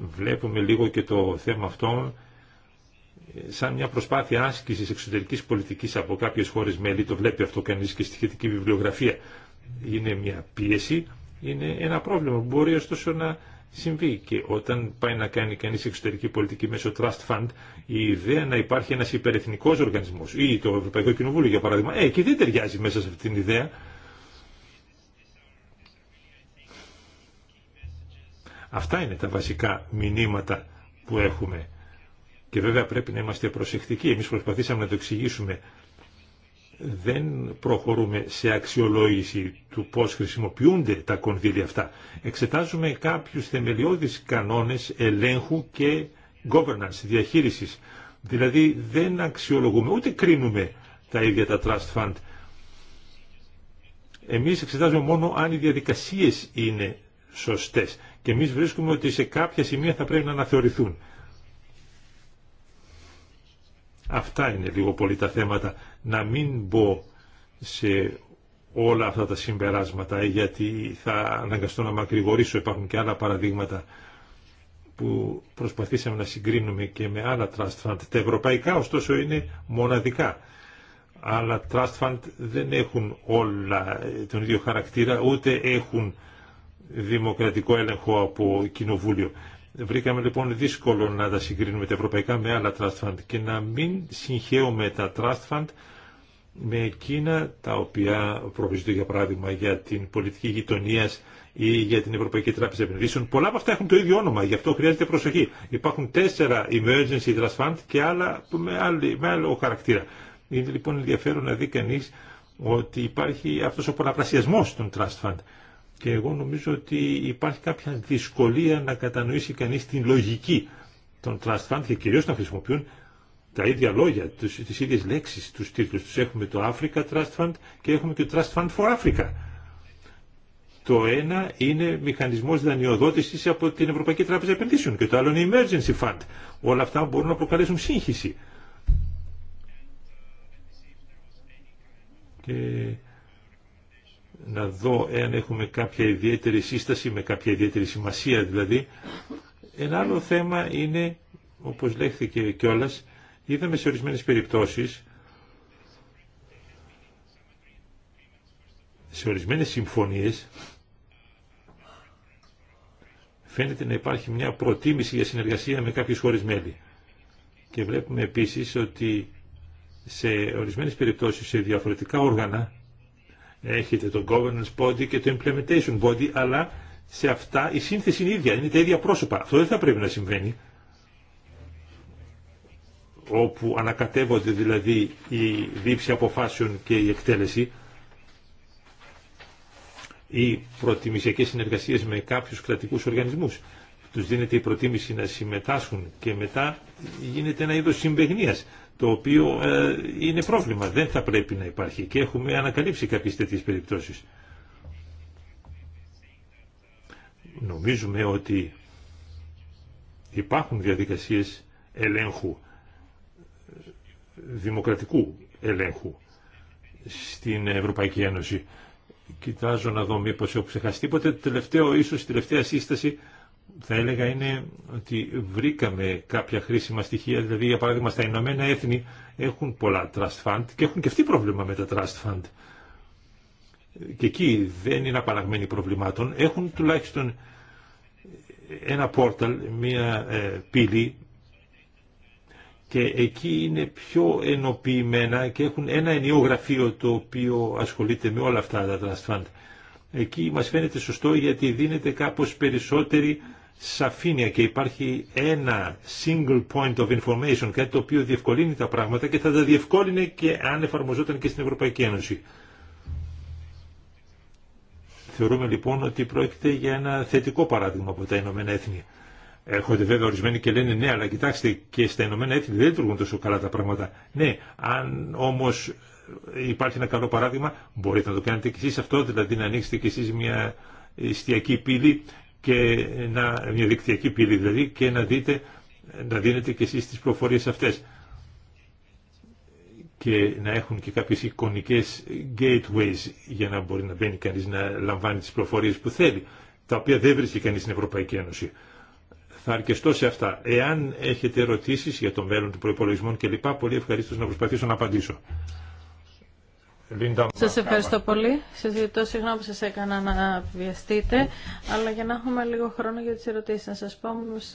βλέπουμε λίγο και το θέμα αυτό σαν μια προσπάθεια άσκησης εξωτερικής πολιτικής από κάποιες χώρες μέλη, το βλέπει αυτό κανείς και στη σχετική βιβλιογραφία, είναι μια πίεση, είναι ένα πρόβλημα που μπορεί ωστόσο να συμβεί και όταν πάει να κάνει κανείς εξωτερική πολιτική μέσω Trust Fund η ιδέα να υπάρχει ένας υπερεθνικός οργανισμός ή το Ευρωπαϊκό Κοινοβούλιο για παράδειγμα, ε, και δεν ταιριάζει μέσα σε αυτή την ιδέα Αυτά είναι τα βασικά μηνύματα που έχουμε. Και βέβαια πρέπει να είμαστε προσεκτικοί. Εμείς προσπαθήσαμε να το εξηγήσουμε. Δεν προχωρούμε σε αξιολόγηση του πώς χρησιμοποιούνται τα κονδύλια αυτά. Εξετάζουμε κάποιους θεμελιώδεις κανόνες ελέγχου και governance, διαχείρισης. Δηλαδή δεν αξιολογούμε, ούτε κρίνουμε τα ίδια τα trust fund. Εμείς εξετάζουμε μόνο αν οι διαδικασίες είναι σωστές και εμείς βρίσκουμε ότι σε κάποια σημεία θα πρέπει να αναθεωρηθούν. Αυτά είναι λίγο πολύ τα θέματα. Να μην μπω σε όλα αυτά τα συμπεράσματα γιατί θα αναγκαστώ να μακρηγορήσω. Υπάρχουν και άλλα παραδείγματα που προσπαθήσαμε να συγκρίνουμε και με άλλα trust fund. Τα ευρωπαϊκά ωστόσο είναι μοναδικά. Αλλά trust fund δεν έχουν όλα τον ίδιο χαρακτήρα ούτε έχουν δημοκρατικό έλεγχο από κοινοβούλιο. Βρήκαμε λοιπόν δύσκολο να τα συγκρίνουμε τα ευρωπαϊκά με άλλα trust fund και να μην συγχαίουμε τα trust fund με εκείνα τα οποία προβληθούν για παράδειγμα για την πολιτική γειτονία ή για την Ευρωπαϊκή Τράπεζα Επενδύσεων. Πολλά από αυτά έχουν το ίδιο όνομα, γι' αυτό χρειάζεται προσοχή. Υπάρχουν τέσσερα emergency trust fund και άλλα με, άλλη, με άλλο χαρακτήρα. Είναι λοιπόν ενδιαφέρον να δει κανεί ότι υπάρχει αυτό ο πολλαπλασιασμό των trust fund και εγώ νομίζω ότι υπάρχει κάποια δυσκολία να κατανοήσει κανείς την λογική των trust fund και κυρίως να χρησιμοποιούν τα ίδια λόγια, τους, τις ίδιες λέξεις, τους τίτλους. Τους έχουμε το Africa Trust Fund και έχουμε και το Trust Fund for Africa. Το ένα είναι μηχανισμός δανειοδότησης από την Ευρωπαϊκή Τράπεζα Επενδύσεων και το άλλο είναι Emergency Fund. Όλα αυτά μπορούν να προκαλέσουν σύγχυση να δω εάν έχουμε κάποια ιδιαίτερη σύσταση, με κάποια ιδιαίτερη σημασία δηλαδή. Ένα άλλο θέμα είναι, όπως λέχθηκε κιόλας, είδαμε σε ορισμένες περιπτώσεις, σε ορισμένες συμφωνίες, φαίνεται να υπάρχει μια προτίμηση για συνεργασία με κάποιες χώρες Και βλέπουμε επίσης ότι σε ορισμένες περιπτώσεις, σε διαφορετικά όργανα, Έχετε το governance body και το implementation body, αλλά σε αυτά η σύνθεση είναι ίδια, είναι τα ίδια πρόσωπα. Αυτό δεν θα πρέπει να συμβαίνει. Όπου ανακατεύονται δηλαδή η δίψη αποφάσεων και η εκτέλεση, ή προτιμησιακές συνεργασίες με κάποιους κρατικούς οργανισμούς. Τους δίνεται η προτίμηση να συμμετάσχουν και μετά γίνεται ένα είδος συμπεγνία το οποίο ε, είναι πρόβλημα, δεν θα πρέπει να υπάρχει και έχουμε ανακαλύψει κάποιες τέτοιες περιπτώσεις. Νομίζουμε ότι υπάρχουν διαδικασίες ελέγχου, δημοκρατικού ελέγχου στην Ευρωπαϊκή Ένωση. Κοιτάζω να δω μήπως έχω ξεχαστεί. Ποτέ τελευταίο, ίσως τελευταία σύσταση θα έλεγα είναι ότι βρήκαμε κάποια χρήσιμα στοιχεία, δηλαδή για παράδειγμα στα Ηνωμένα Έθνη έχουν πολλά trust fund και έχουν και αυτοί πρόβλημα με τα trust fund. Και εκεί δεν είναι απαραγμένοι προβλημάτων. Έχουν τουλάχιστον ένα πόρταλ, μία ε, πύλη και εκεί είναι πιο ενοποιημένα και έχουν ένα ενιαίο το οποίο ασχολείται με όλα αυτά τα trust fund εκεί μας φαίνεται σωστό γιατί δίνεται κάπως περισσότερη σαφήνεια και υπάρχει ένα single point of information, κάτι το οποίο διευκολύνει τα πράγματα και θα τα διευκόλυνε και αν εφαρμοζόταν και στην Ευρωπαϊκή Ένωση. Θεωρούμε λοιπόν ότι πρόκειται για ένα θετικό παράδειγμα από τα Ηνωμένα Έθνη. Έρχονται βέβαια ορισμένοι και λένε ναι, αλλά κοιτάξτε και στα Ηνωμένα Έθνη δεν λειτουργούν τόσο καλά τα πράγματα. Ναι, αν όμως υπάρχει ένα καλό παράδειγμα, μπορείτε να το κάνετε κι εσείς αυτό, δηλαδή να ανοίξετε κι εσείς μια ιστιακή πύλη και να, μια δικτυακή πύλη δηλαδή και να δείτε να δίνετε κι εσείς τις προφορίες αυτές και να έχουν και κάποιες εικονικές gateways για να μπορεί να μπαίνει κανείς να λαμβάνει τις προφορίες που θέλει τα οποία δεν βρίσκει κανείς στην Ευρωπαϊκή Ένωση. Θα αρκεστώ σε αυτά. Εάν έχετε ερωτήσεις για το μέλλον των προϋπολογισμών κλπ. πολύ ευχαριστώ να προσπαθήσω να απαντήσω. Σας ευχαριστώ πολύ. Σας ζητώ συγγνώμη που σας έκανα να βιαστείτε, αλλά για να έχουμε λίγο χρόνο για τις ερωτήσεις. Να σας πω,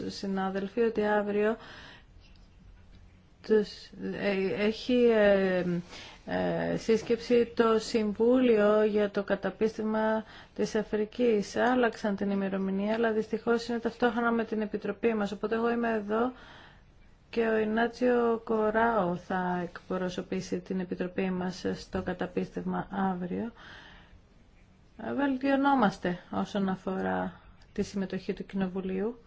συνάδελφοι, ότι αύριο ε, έχει ε, ε, σύσκεψη το Συμβούλιο για το καταπίστημα της Αφρικής. Άλλαξαν την ημερομηνία, αλλά δυστυχώς είναι ταυτόχρονα με την Επιτροπή μας. Οπότε εγώ είμαι εδώ και ο Ινάτσιο Κοράο θα εκπροσωπήσει την Επιτροπή μας στο καταπίστευμα αύριο. Βελτιωνόμαστε όσον αφορά τη συμμετοχή του Κοινοβουλίου.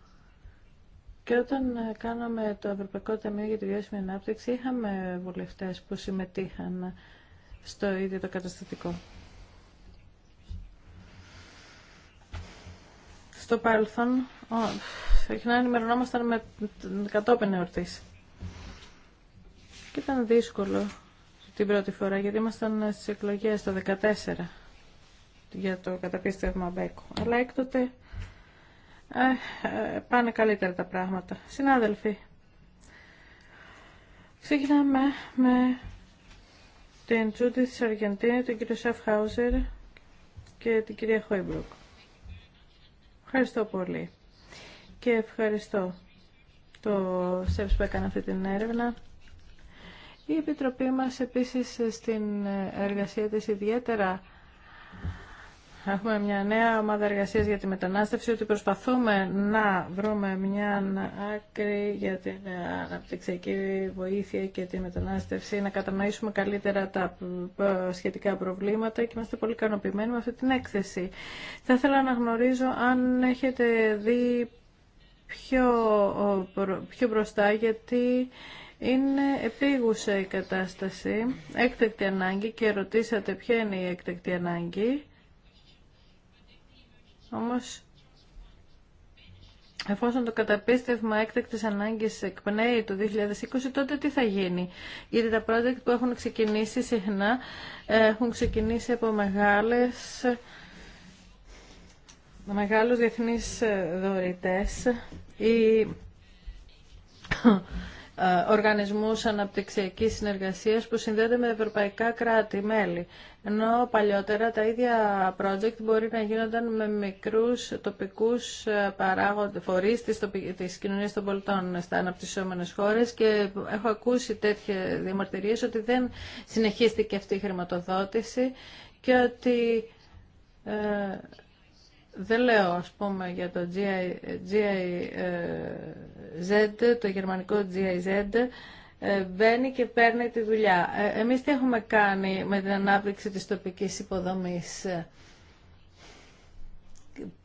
Και όταν κάναμε το Ευρωπαϊκό Ταμείο για τη Βιώσιμη Ανάπτυξη, είχαμε βουλευτές που συμμετείχαν στο ίδιο το καταστατικό. Στο παρελθόν, Συχνά ενημερωνόμασταν με κατόπιν εορτή. Και ήταν δύσκολο την πρώτη φορά, γιατί ήμασταν στις εκλογές το 2014 για το καταπίστευμα Μπέκου. Αλλά έκτοτε ε, ε, πάνε καλύτερα τα πράγματα. Συνάδελφοι, ξεκινάμε με την Τζούντι της Αργεντίνη, τον κύριο Σαφχάουζερ και την κυρία Χόιμπρουκ. Ευχαριστώ πολύ και ευχαριστώ το ΣΕΠΣ που έκανε αυτή την έρευνα. Η Επιτροπή μας επίσης στην εργασία της ιδιαίτερα Έχουμε μια νέα ομάδα εργασίας για τη μετανάστευση, ότι προσπαθούμε να βρούμε μια άκρη για την αναπτυξιακή βοήθεια και τη μετανάστευση, να κατανοήσουμε καλύτερα τα σχετικά προβλήματα και είμαστε πολύ ικανοποιημένοι με αυτή την έκθεση. Θα ήθελα να γνωρίζω αν έχετε δει πιο, πιο μπροστά γιατί είναι επίγουσα η κατάσταση, έκτακτη ανάγκη και ρωτήσατε ποια είναι η έκτακτη ανάγκη. Όμως, εφόσον το καταπίστευμα έκτακτης ανάγκης εκπνέει το 2020, τότε τι θα γίνει. Γιατί τα project που έχουν ξεκινήσει συχνά ε, έχουν ξεκινήσει από μεγάλες, μεγάλους διεθνείς δωρητές ή ε, οργανισμούς αναπτυξιακής συνεργασίας που συνδέονται με ευρωπαϊκά κράτη-μέλη. Ενώ παλιότερα τα ίδια project μπορεί να γίνονταν με μικρούς τοπικούς ε, παράγοντες, φορείς της, της κοινωνίας των πολιτών στα αναπτυσσόμενες χώρες και έχω ακούσει τέτοιες διαμαρτυρίες ότι δεν συνεχίστηκε αυτή η χρηματοδότηση και ότι ε, δεν λέω, ας πούμε, για το GIZ, ε, το γερμανικό GIZ, ε, μπαίνει και παίρνει τη δουλειά. Ε, εμείς τι έχουμε κάνει με την ανάπτυξη της τοπικής υποδομής.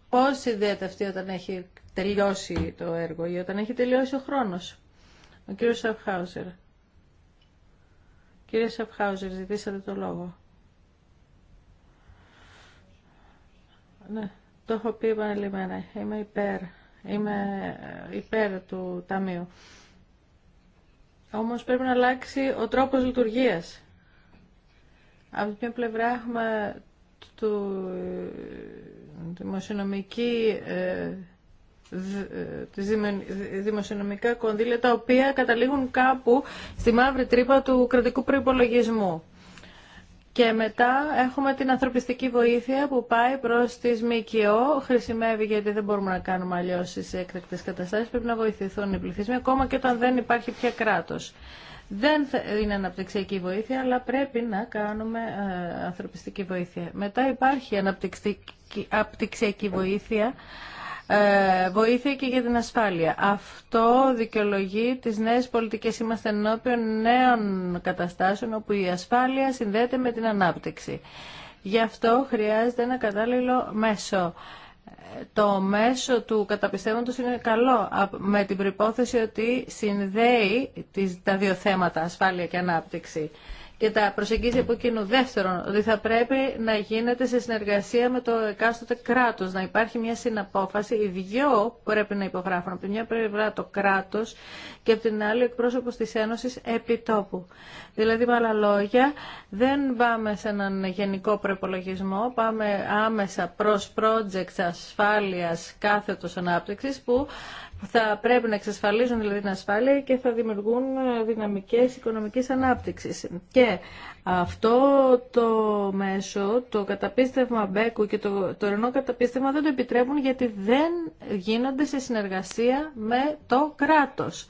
Πώς συνδέεται αυτή όταν έχει τελειώσει το έργο ή όταν έχει τελειώσει ο χρόνος. Ο κύριος Σαφχάουζερ. Κύριε Σαφχάουζερ, ζητήσατε το λόγο. Ναι. Το έχω πει επανελειμμένα. Είμαι υπέρ. Είμαι υπέρ του Ταμείου. Όμως πρέπει να αλλάξει ο τρόπος λειτουργίας. Από την μια πλευρά έχουμε του ε, δημοσιονομική ε, ε, δημοσιονομικά κονδύλια τα οποία καταλήγουν κάπου στη μαύρη τρύπα του κρατικού προϋπολογισμού. Και μετά έχουμε την ανθρωπιστική βοήθεια που πάει προς τις ΜΚΟ. Χρησιμεύει γιατί δεν μπορούμε να κάνουμε αλλιώ σε έκτακτε καταστάσεις. Πρέπει να βοηθηθούν οι πληθυσμοί ακόμα και όταν δεν υπάρχει πια κράτος. Δεν είναι αναπτυξιακή βοήθεια, αλλά πρέπει να κάνουμε ε, ανθρωπιστική βοήθεια. Μετά υπάρχει αναπτυξιακή βοήθεια ε, βοήθεια και για την ασφάλεια. Αυτό δικαιολογεί τις νέες πολιτικές. Είμαστε ενώπιον νέων καταστάσεων όπου η ασφάλεια συνδέεται με την ανάπτυξη. Γι' αυτό χρειάζεται ένα κατάλληλο μέσο. Το μέσο του καταπιστεύοντος είναι καλό με την προϋπόθεση ότι συνδέει τα δύο θέματα ασφάλεια και ανάπτυξη και τα προσεγγίζει από εκείνου Δεύτερον, ότι θα πρέπει να γίνεται σε συνεργασία με το εκάστοτε κράτο, να υπάρχει μια συναπόφαση. Οι δυο πρέπει να υπογράφουν. Από τη μια πλευρά το κράτο και από την άλλη εκπρόσωπο τη Ένωση επιτόπου. Δηλαδή, με άλλα λόγια, δεν πάμε σε έναν γενικό προπολογισμό, πάμε άμεσα προ projects ασφάλεια κάθετο ανάπτυξη που θα πρέπει να εξασφαλίζουν δηλαδή την ασφάλεια και θα δημιουργούν ε, δυναμικές οικονομικές ανάπτυξης. Και αυτό το μέσο, το καταπίστευμα Μπέκου και το τωρινό καταπίστευμα δεν το επιτρέπουν γιατί δεν γίνονται σε συνεργασία με το κράτος.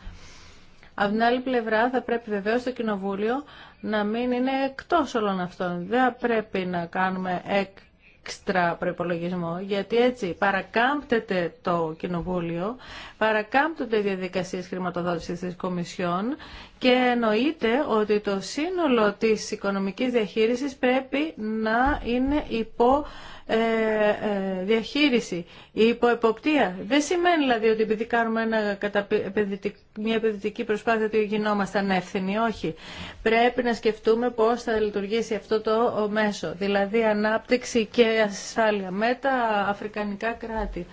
Από την άλλη πλευρά θα πρέπει βεβαίως το Κοινοβούλιο να μην είναι εκτός όλων αυτών. Δεν πρέπει να κάνουμε εκ έξτρα προπολογισμό, γιατί έτσι παρακάμπτεται το Κοινοβούλιο, παρακάμπτονται οι διαδικασίες χρηματοδότησης της Κομισιόν και εννοείται ότι το σύνολο της οικονομικής διαχείρισης πρέπει να είναι υπό ε, ε, διαχείριση ή υποεποπτεία. Δεν σημαίνει δηλαδή ότι επειδή κάνουμε μια επενδυτική προσπάθεια ότι γινόμαστε ανεύθυνοι. Όχι. Πρέπει να σκεφτούμε πώς θα λειτουργήσει αυτό το μέσο. Δηλαδή ανάπτυξη και ασφάλεια με τα αφρικανικά κράτη.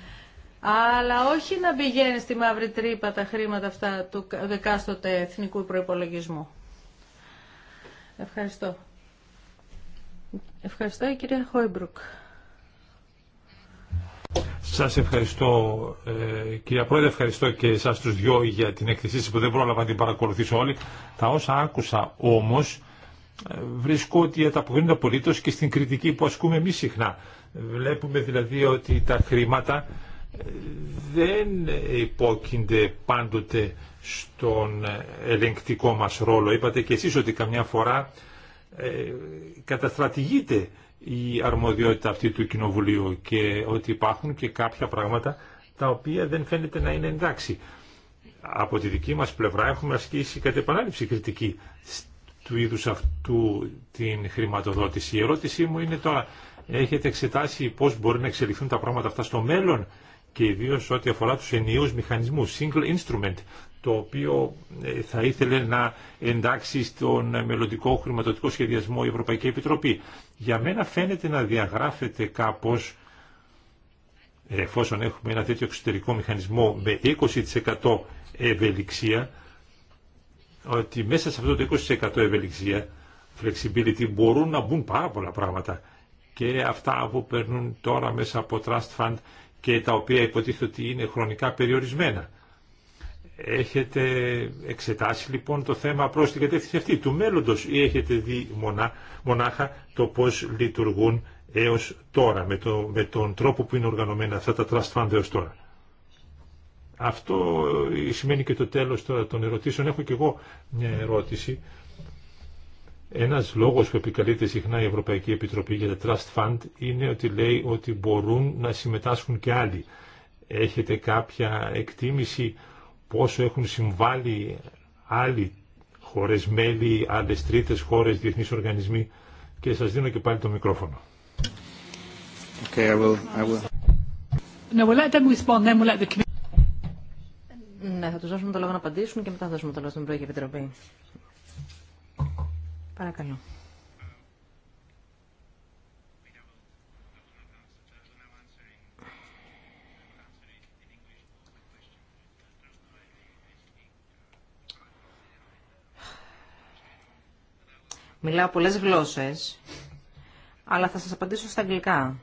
Αλλά όχι να πηγαίνει στη μαύρη τρύπα τα χρήματα αυτά του δεκάστοτε εθνικού προϋπολογισμού. Ευχαριστώ. Ευχαριστώ η κυρία Χόιμπρουκ. Σας ευχαριστώ ε, κυρία Πρόεδρε, ευχαριστώ και εσάς τους δυο για την εκθεσή που δεν πρόλαβα να την παρακολουθήσω όλοι. Τα όσα άκουσα όμως ε, βρίσκω ότι ανταποκρίνονται απολύτω και στην κριτική που ασκούμε εμείς συχνά. Βλέπουμε δηλαδή ότι τα χρήματα ε, δεν υπόκεινται πάντοτε στον ελεγκτικό μας ρόλο. Είπατε και εσείς ότι καμιά φορά καταστρατηγείται η αρμοδιότητα αυτή του Κοινοβουλίου και ότι υπάρχουν και κάποια πράγματα τα οποία δεν φαίνεται να είναι εντάξει. Από τη δική μας πλευρά έχουμε ασκήσει κατ' επανάληψη κριτική του είδους αυτού την χρηματοδότηση. Η ερώτησή μου είναι τώρα, έχετε εξετάσει πώς μπορεί να εξελιχθούν τα πράγματα αυτά στο μέλλον και ιδίως ό,τι αφορά τους ενιαίους μηχανισμούς, single instrument, το οποίο ε, θα ήθελε να εντάξει στον μελλοντικό χρηματοδοτικό σχεδιασμό η Ευρωπαϊκή Επιτροπή. Για μένα φαίνεται να διαγράφεται κάπως, ε, εφόσον έχουμε ένα τέτοιο εξωτερικό μηχανισμό με 20% ευελιξία, ότι μέσα σε αυτό το 20% ευελιξία, flexibility, μπορούν να μπουν πάρα πολλά πράγματα. Και αυτά που παίρνουν τώρα μέσα από trust fund και τα οποία υποτίθεται ότι είναι χρονικά περιορισμένα. Έχετε εξετάσει λοιπόν το θέμα προς την κατεύθυνση αυτή του μέλλοντος ή έχετε δει μονά, μονάχα το πώς λειτουργούν έως τώρα με, το, με τον τρόπο που είναι οργανωμένα αυτά τα trust fund έως τώρα. Αυτό σημαίνει και το τέλος τώρα των ερωτήσεων. Έχω και εγώ μια ερώτηση. Ένας λόγος που επικαλείται συχνά η Ευρωπαϊκή Επιτροπή για τα Trust Fund είναι ότι λέει ότι μπορούν να συμμετάσχουν και άλλοι. Έχετε κάποια εκτίμηση πόσο έχουν συμβάλει άλλοι χώρες μέλη, άλλες τρίτες χώρες, διεθνείς οργανισμοί και σας δίνω και πάλι το μικρόφωνο. Okay, I will, I will. No, we'll let them respond, then we'll let the ναι, θα τους δώσουμε το λόγο να απαντήσουν και μετά θα δώσουμε το λόγο στην Προϊκή Επιτροπή. Παρακαλώ. Μιλάω πολλές γλώσσες, αλλά θα σας απαντήσω στα αγγλικά.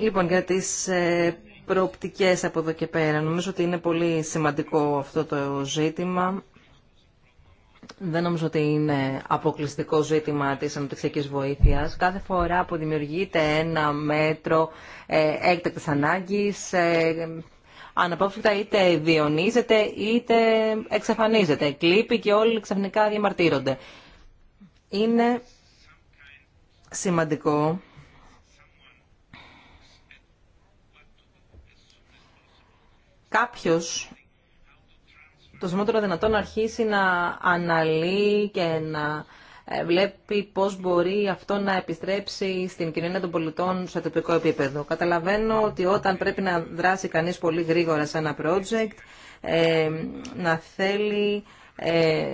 Λοιπόν, για τις ε, προοπτικές από εδώ και πέρα, νομίζω ότι είναι πολύ σημαντικό αυτό το ζήτημα. Δεν νομίζω ότι είναι αποκλειστικό ζήτημα της αναπτυξιακής βοήθειας. Κάθε φορά που δημιουργείται ένα μέτρο ε, έκτακτης ανάγκης, ε, αναπόφευκτα είτε διονύζεται είτε εξαφανίζεται. Κλείπει και όλοι ξαφνικά διαμαρτύρονται. Είναι σημαντικό κάποιος το σημαντικό δυνατόν να αρχίσει να αναλύει και να ε, βλέπει πώς μπορεί αυτό να επιστρέψει στην κοινωνία των πολιτών σε τοπικό επίπεδο. Καταλαβαίνω ότι όταν πρέπει να δράσει κανείς πολύ γρήγορα σε ένα project, ε, να θέλει ε,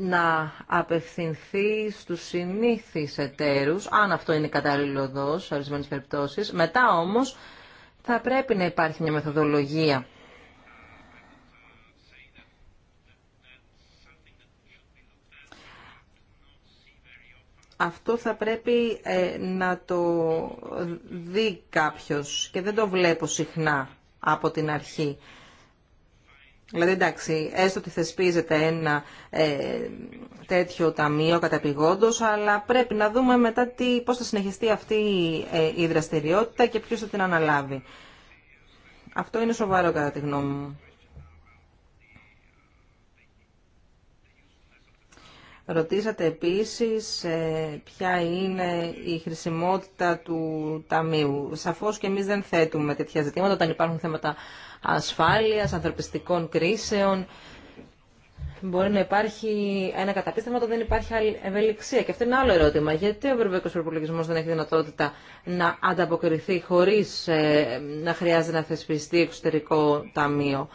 να απευθυνθεί στους συνήθεις εταίρους, αν αυτό είναι κατάλληλο δός, σε ορισμένες περιπτώσεις. Μετά όμως θα πρέπει να υπάρχει μια μεθοδολογία αυτό θα πρέπει ε, να το δει κάποιος και δεν το βλέπω συχνά από την αρχή. Δηλαδή εντάξει, έστω ότι θεσπίζεται ένα ε, τέτοιο ταμείο καταπηγόντως, αλλά πρέπει να δούμε μετά τι, πώς θα συνεχιστεί αυτή ε, η δραστηριότητα και ποιος θα την αναλάβει. Αυτό είναι σοβαρό κατά τη γνώμη μου. Ρωτήσατε επίσης ε, ποια είναι η χρησιμότητα του Ταμείου. Σαφώς και εμείς δεν θέτουμε τέτοια ζητήματα όταν υπάρχουν θέματα ασφάλειας, ανθρωπιστικών κρίσεων. Μπορεί να υπάρχει ένα καταπίστευμα όταν δεν υπάρχει άλλη ευελιξία. Και αυτό είναι άλλο ερώτημα. Γιατί ο Ευρωπαϊκό Προπολογισμό δεν έχει δυνατότητα να ανταποκριθεί χωρί ε, να χρειάζεται να θεσπιστεί εξωτερικό ταμείο.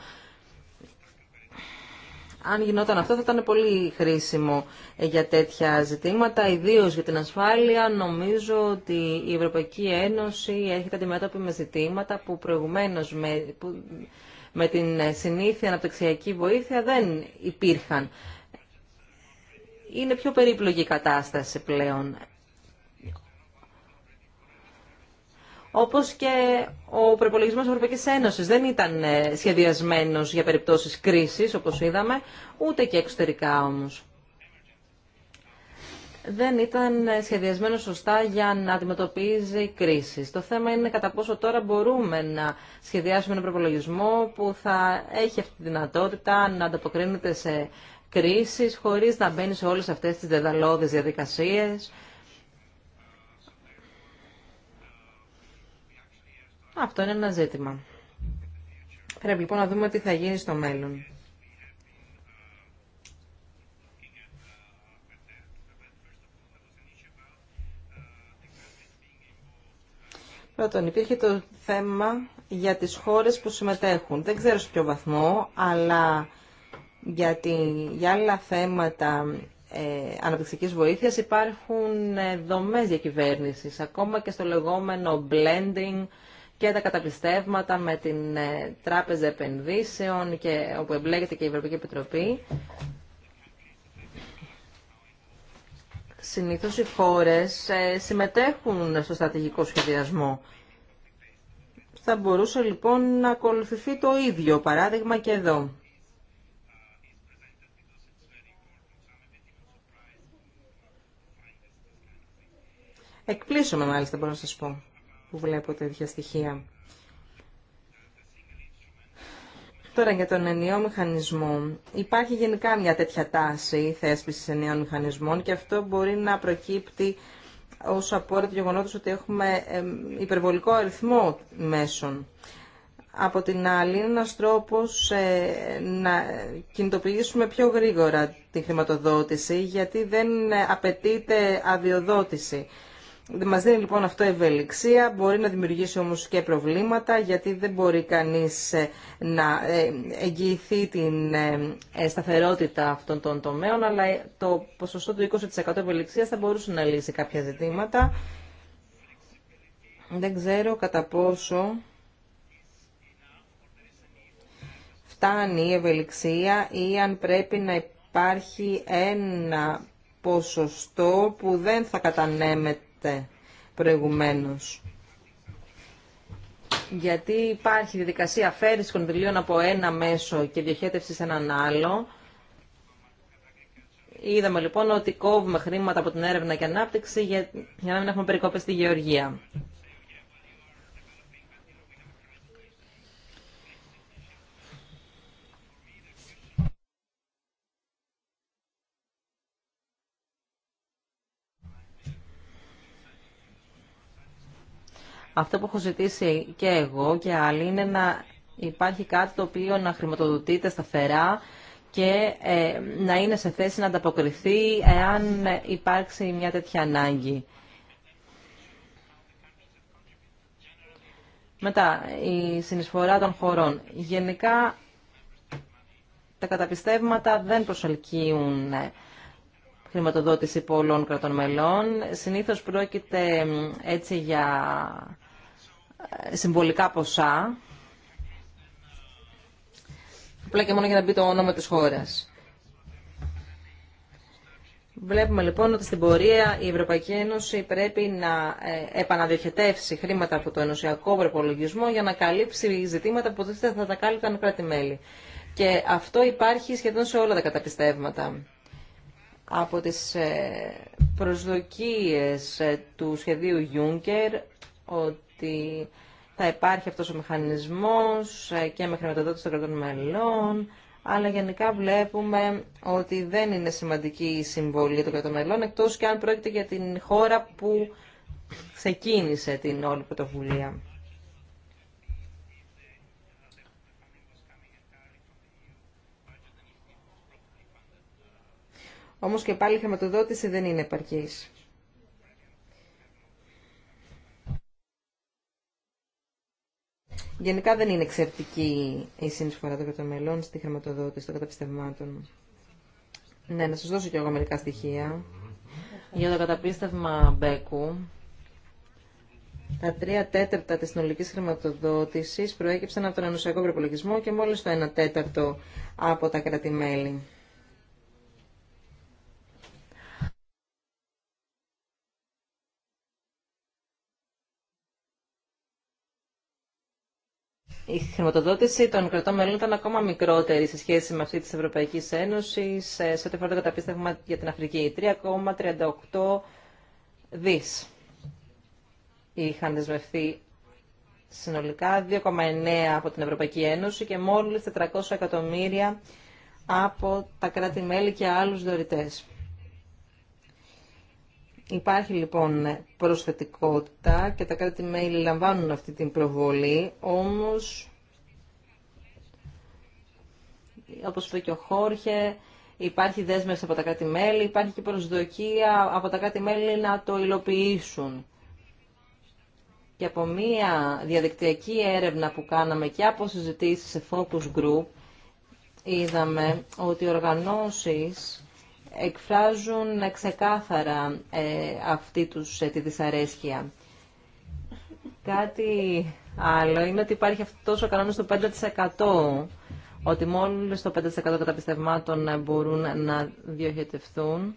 Αν γινόταν αυτό θα ήταν πολύ χρήσιμο ε, για τέτοια ζητήματα, ιδίω για την ασφάλεια. Νομίζω ότι η Ευρωπαϊκή Ένωση έρχεται αντιμέτωπη με ζητήματα που προηγουμένως με, που, με την συνήθεια αναπτυξιακή βοήθεια δεν υπήρχαν. Είναι πιο περίπλογη η κατάσταση πλέον. όπως και ο προπολογισμό της Ευρωπαϊκής Ένωσης δεν ήταν ε, σχεδιασμένος για περιπτώσεις κρίσης, όπως είδαμε, ούτε και εξωτερικά όμως. Δεν ήταν ε, σχεδιασμένο σωστά για να αντιμετωπίζει κρίσει. Το θέμα είναι κατά πόσο τώρα μπορούμε να σχεδιάσουμε έναν προπολογισμό που θα έχει αυτή τη δυνατότητα να ανταποκρίνεται σε κρίσει χωρί να μπαίνει σε όλε αυτές τι δεδαλώδες διαδικασίε. Αυτό είναι ένα ζήτημα. Πρέπει λοιπόν να δούμε τι θα γίνει στο μέλλον. Πρώτον, υπήρχε το θέμα για τις χώρες που συμμετέχουν. Δεν ξέρω σε ποιο βαθμό, αλλά για, για άλλα θέματα ε, αναπτυξικής βοήθειας υπάρχουν ε, δομές διακυβέρνησης, ακόμα και στο λεγόμενο blending, και τα καταπιστεύματα με την ε, Τράπεζα Επενδύσεων και όπου εμπλέκεται και η Ευρωπαϊκή Επιτροπή. Συνήθως οι χώρες ε, συμμετέχουν στο στρατηγικό σχεδιασμό. Θα μπορούσε λοιπόν να ακολουθηθεί το ίδιο παράδειγμα και εδώ. με μάλιστα μπορώ να σας πω που βλέπω τέτοια στοιχεία. Τώρα για τον ενιαίο μηχανισμό. Υπάρχει γενικά μια τέτοια τάση θέσπισης ενιαίων μηχανισμών και αυτό μπορεί να προκύπτει ως απόρριτο γεγονότος ότι έχουμε υπερβολικό αριθμό μέσων. Από την άλλη, είναι ένας τρόπος ε, να κινητοποιήσουμε πιο γρήγορα τη χρηματοδότηση, γιατί δεν ε, απαιτείται αδειοδότηση μας δίνει λοιπόν αυτό ευελιξία, μπορεί να δημιουργήσει όμως και προβλήματα γιατί δεν μπορεί κανείς ε, να ε, εγγυηθεί την ε, σταθερότητα αυτών των τομέων αλλά το ποσοστό του 20% ευελιξίας θα μπορούσε να λύσει κάποια ζητήματα. Δεν ξέρω κατά πόσο φτάνει η ευελιξία ή αν πρέπει να υπάρχει ένα ποσοστό που δεν θα κατανέμεται προηγουμένως. Γιατί υπάρχει διαδικασία αφαίρεση κονδυλίων από ένα μέσο και διοχέτευση σε έναν άλλο. Είδαμε λοιπόν ότι κόβουμε χρήματα από την έρευνα και ανάπτυξη για, για να μην έχουμε περικόπες στη γεωργία. Αυτό που έχω ζητήσει και εγώ και άλλοι είναι να υπάρχει κάτι το οποίο να χρηματοδοτείται σταθερά και ε, να είναι σε θέση να ανταποκριθεί εάν υπάρξει μια τέτοια ανάγκη. Μετά, η συνεισφορά των χωρών. Γενικά, τα καταπιστεύματα δεν προσελκύουν ε, χρηματοδότηση πολλών κρατών μελών. Συνήθως πρόκειται έτσι για συμβολικά ποσά, απλά και μόνο για να μπει το όνομα της χώρας. Βλέπουμε λοιπόν ότι στην πορεία η Ευρωπαϊκή Ένωση πρέπει να ε, επαναδιοχετεύσει χρήματα από το ενωσιακό προπολογισμό για να καλύψει ζητήματα που δεν θα τα κάλυπταν κράτη-μέλη. Και αυτό υπάρχει σχεδόν σε όλα τα καταπιστεύματα. Από τις ε, προσδοκίες ε, του σχεδίου Juncker, ότι ότι θα υπάρχει αυτός ο μηχανισμός ε, και με χρηματοδότηση των κρατών μελών, αλλά γενικά βλέπουμε ότι δεν είναι σημαντική η συμβολή των κρατών μελών, εκτός και αν πρόκειται για την χώρα που ξεκίνησε την όλη πρωτοβουλία. Όμως και πάλι η χρηματοδότηση δεν είναι επαρκής. Γενικά δεν είναι εξαιρετική η συνεισφορά των κρατομελών στη χρηματοδότηση των καταπιστευμάτων. Ναι, να σα δώσω κι εγώ μερικά στοιχεία. Για το καταπίστευμα Μπέκου, τα τρία τέταρτα τη συνολική χρηματοδότηση προέκυψαν από τον ενωσιακό προπολογισμό και μόλι το ένα τέταρτο από τα κρατημέλη. η χρηματοδότηση των κρατών μελών ήταν ακόμα μικρότερη σε σχέση με αυτή της Ευρωπαϊκής Ένωσης ε, σε, ό,τι αφορά το καταπίστευμα για την Αφρική. 3,38 δις είχαν δεσμευτεί συνολικά, 2,9 από την Ευρωπαϊκή Ένωση και μόλις 400 εκατομμύρια από τα κράτη-μέλη και άλλους δωρητές. Υπάρχει λοιπόν προσθετικότητα και τα κράτη-μέλη λαμβάνουν αυτή την προβολή, όμως, όπως είπε και ο Χόρχε, υπάρχει δέσμευση από τα κράτη-μέλη, υπάρχει και προσδοκία από τα κράτη-μέλη να το υλοποιήσουν. Και από μία διαδικτυακή έρευνα που κάναμε και από συζητήσεις σε focus group, είδαμε ότι οι οργανώσεις εκφράζουν ξεκάθαρα ε, αυτή τους ε, τη δυσαρέσκεια. Κάτι άλλο είναι ότι υπάρχει αυτό ο κανόνα του 5% ότι μόλις το 5% των καταπιστευμάτων μπορούν να διοχετευθούν.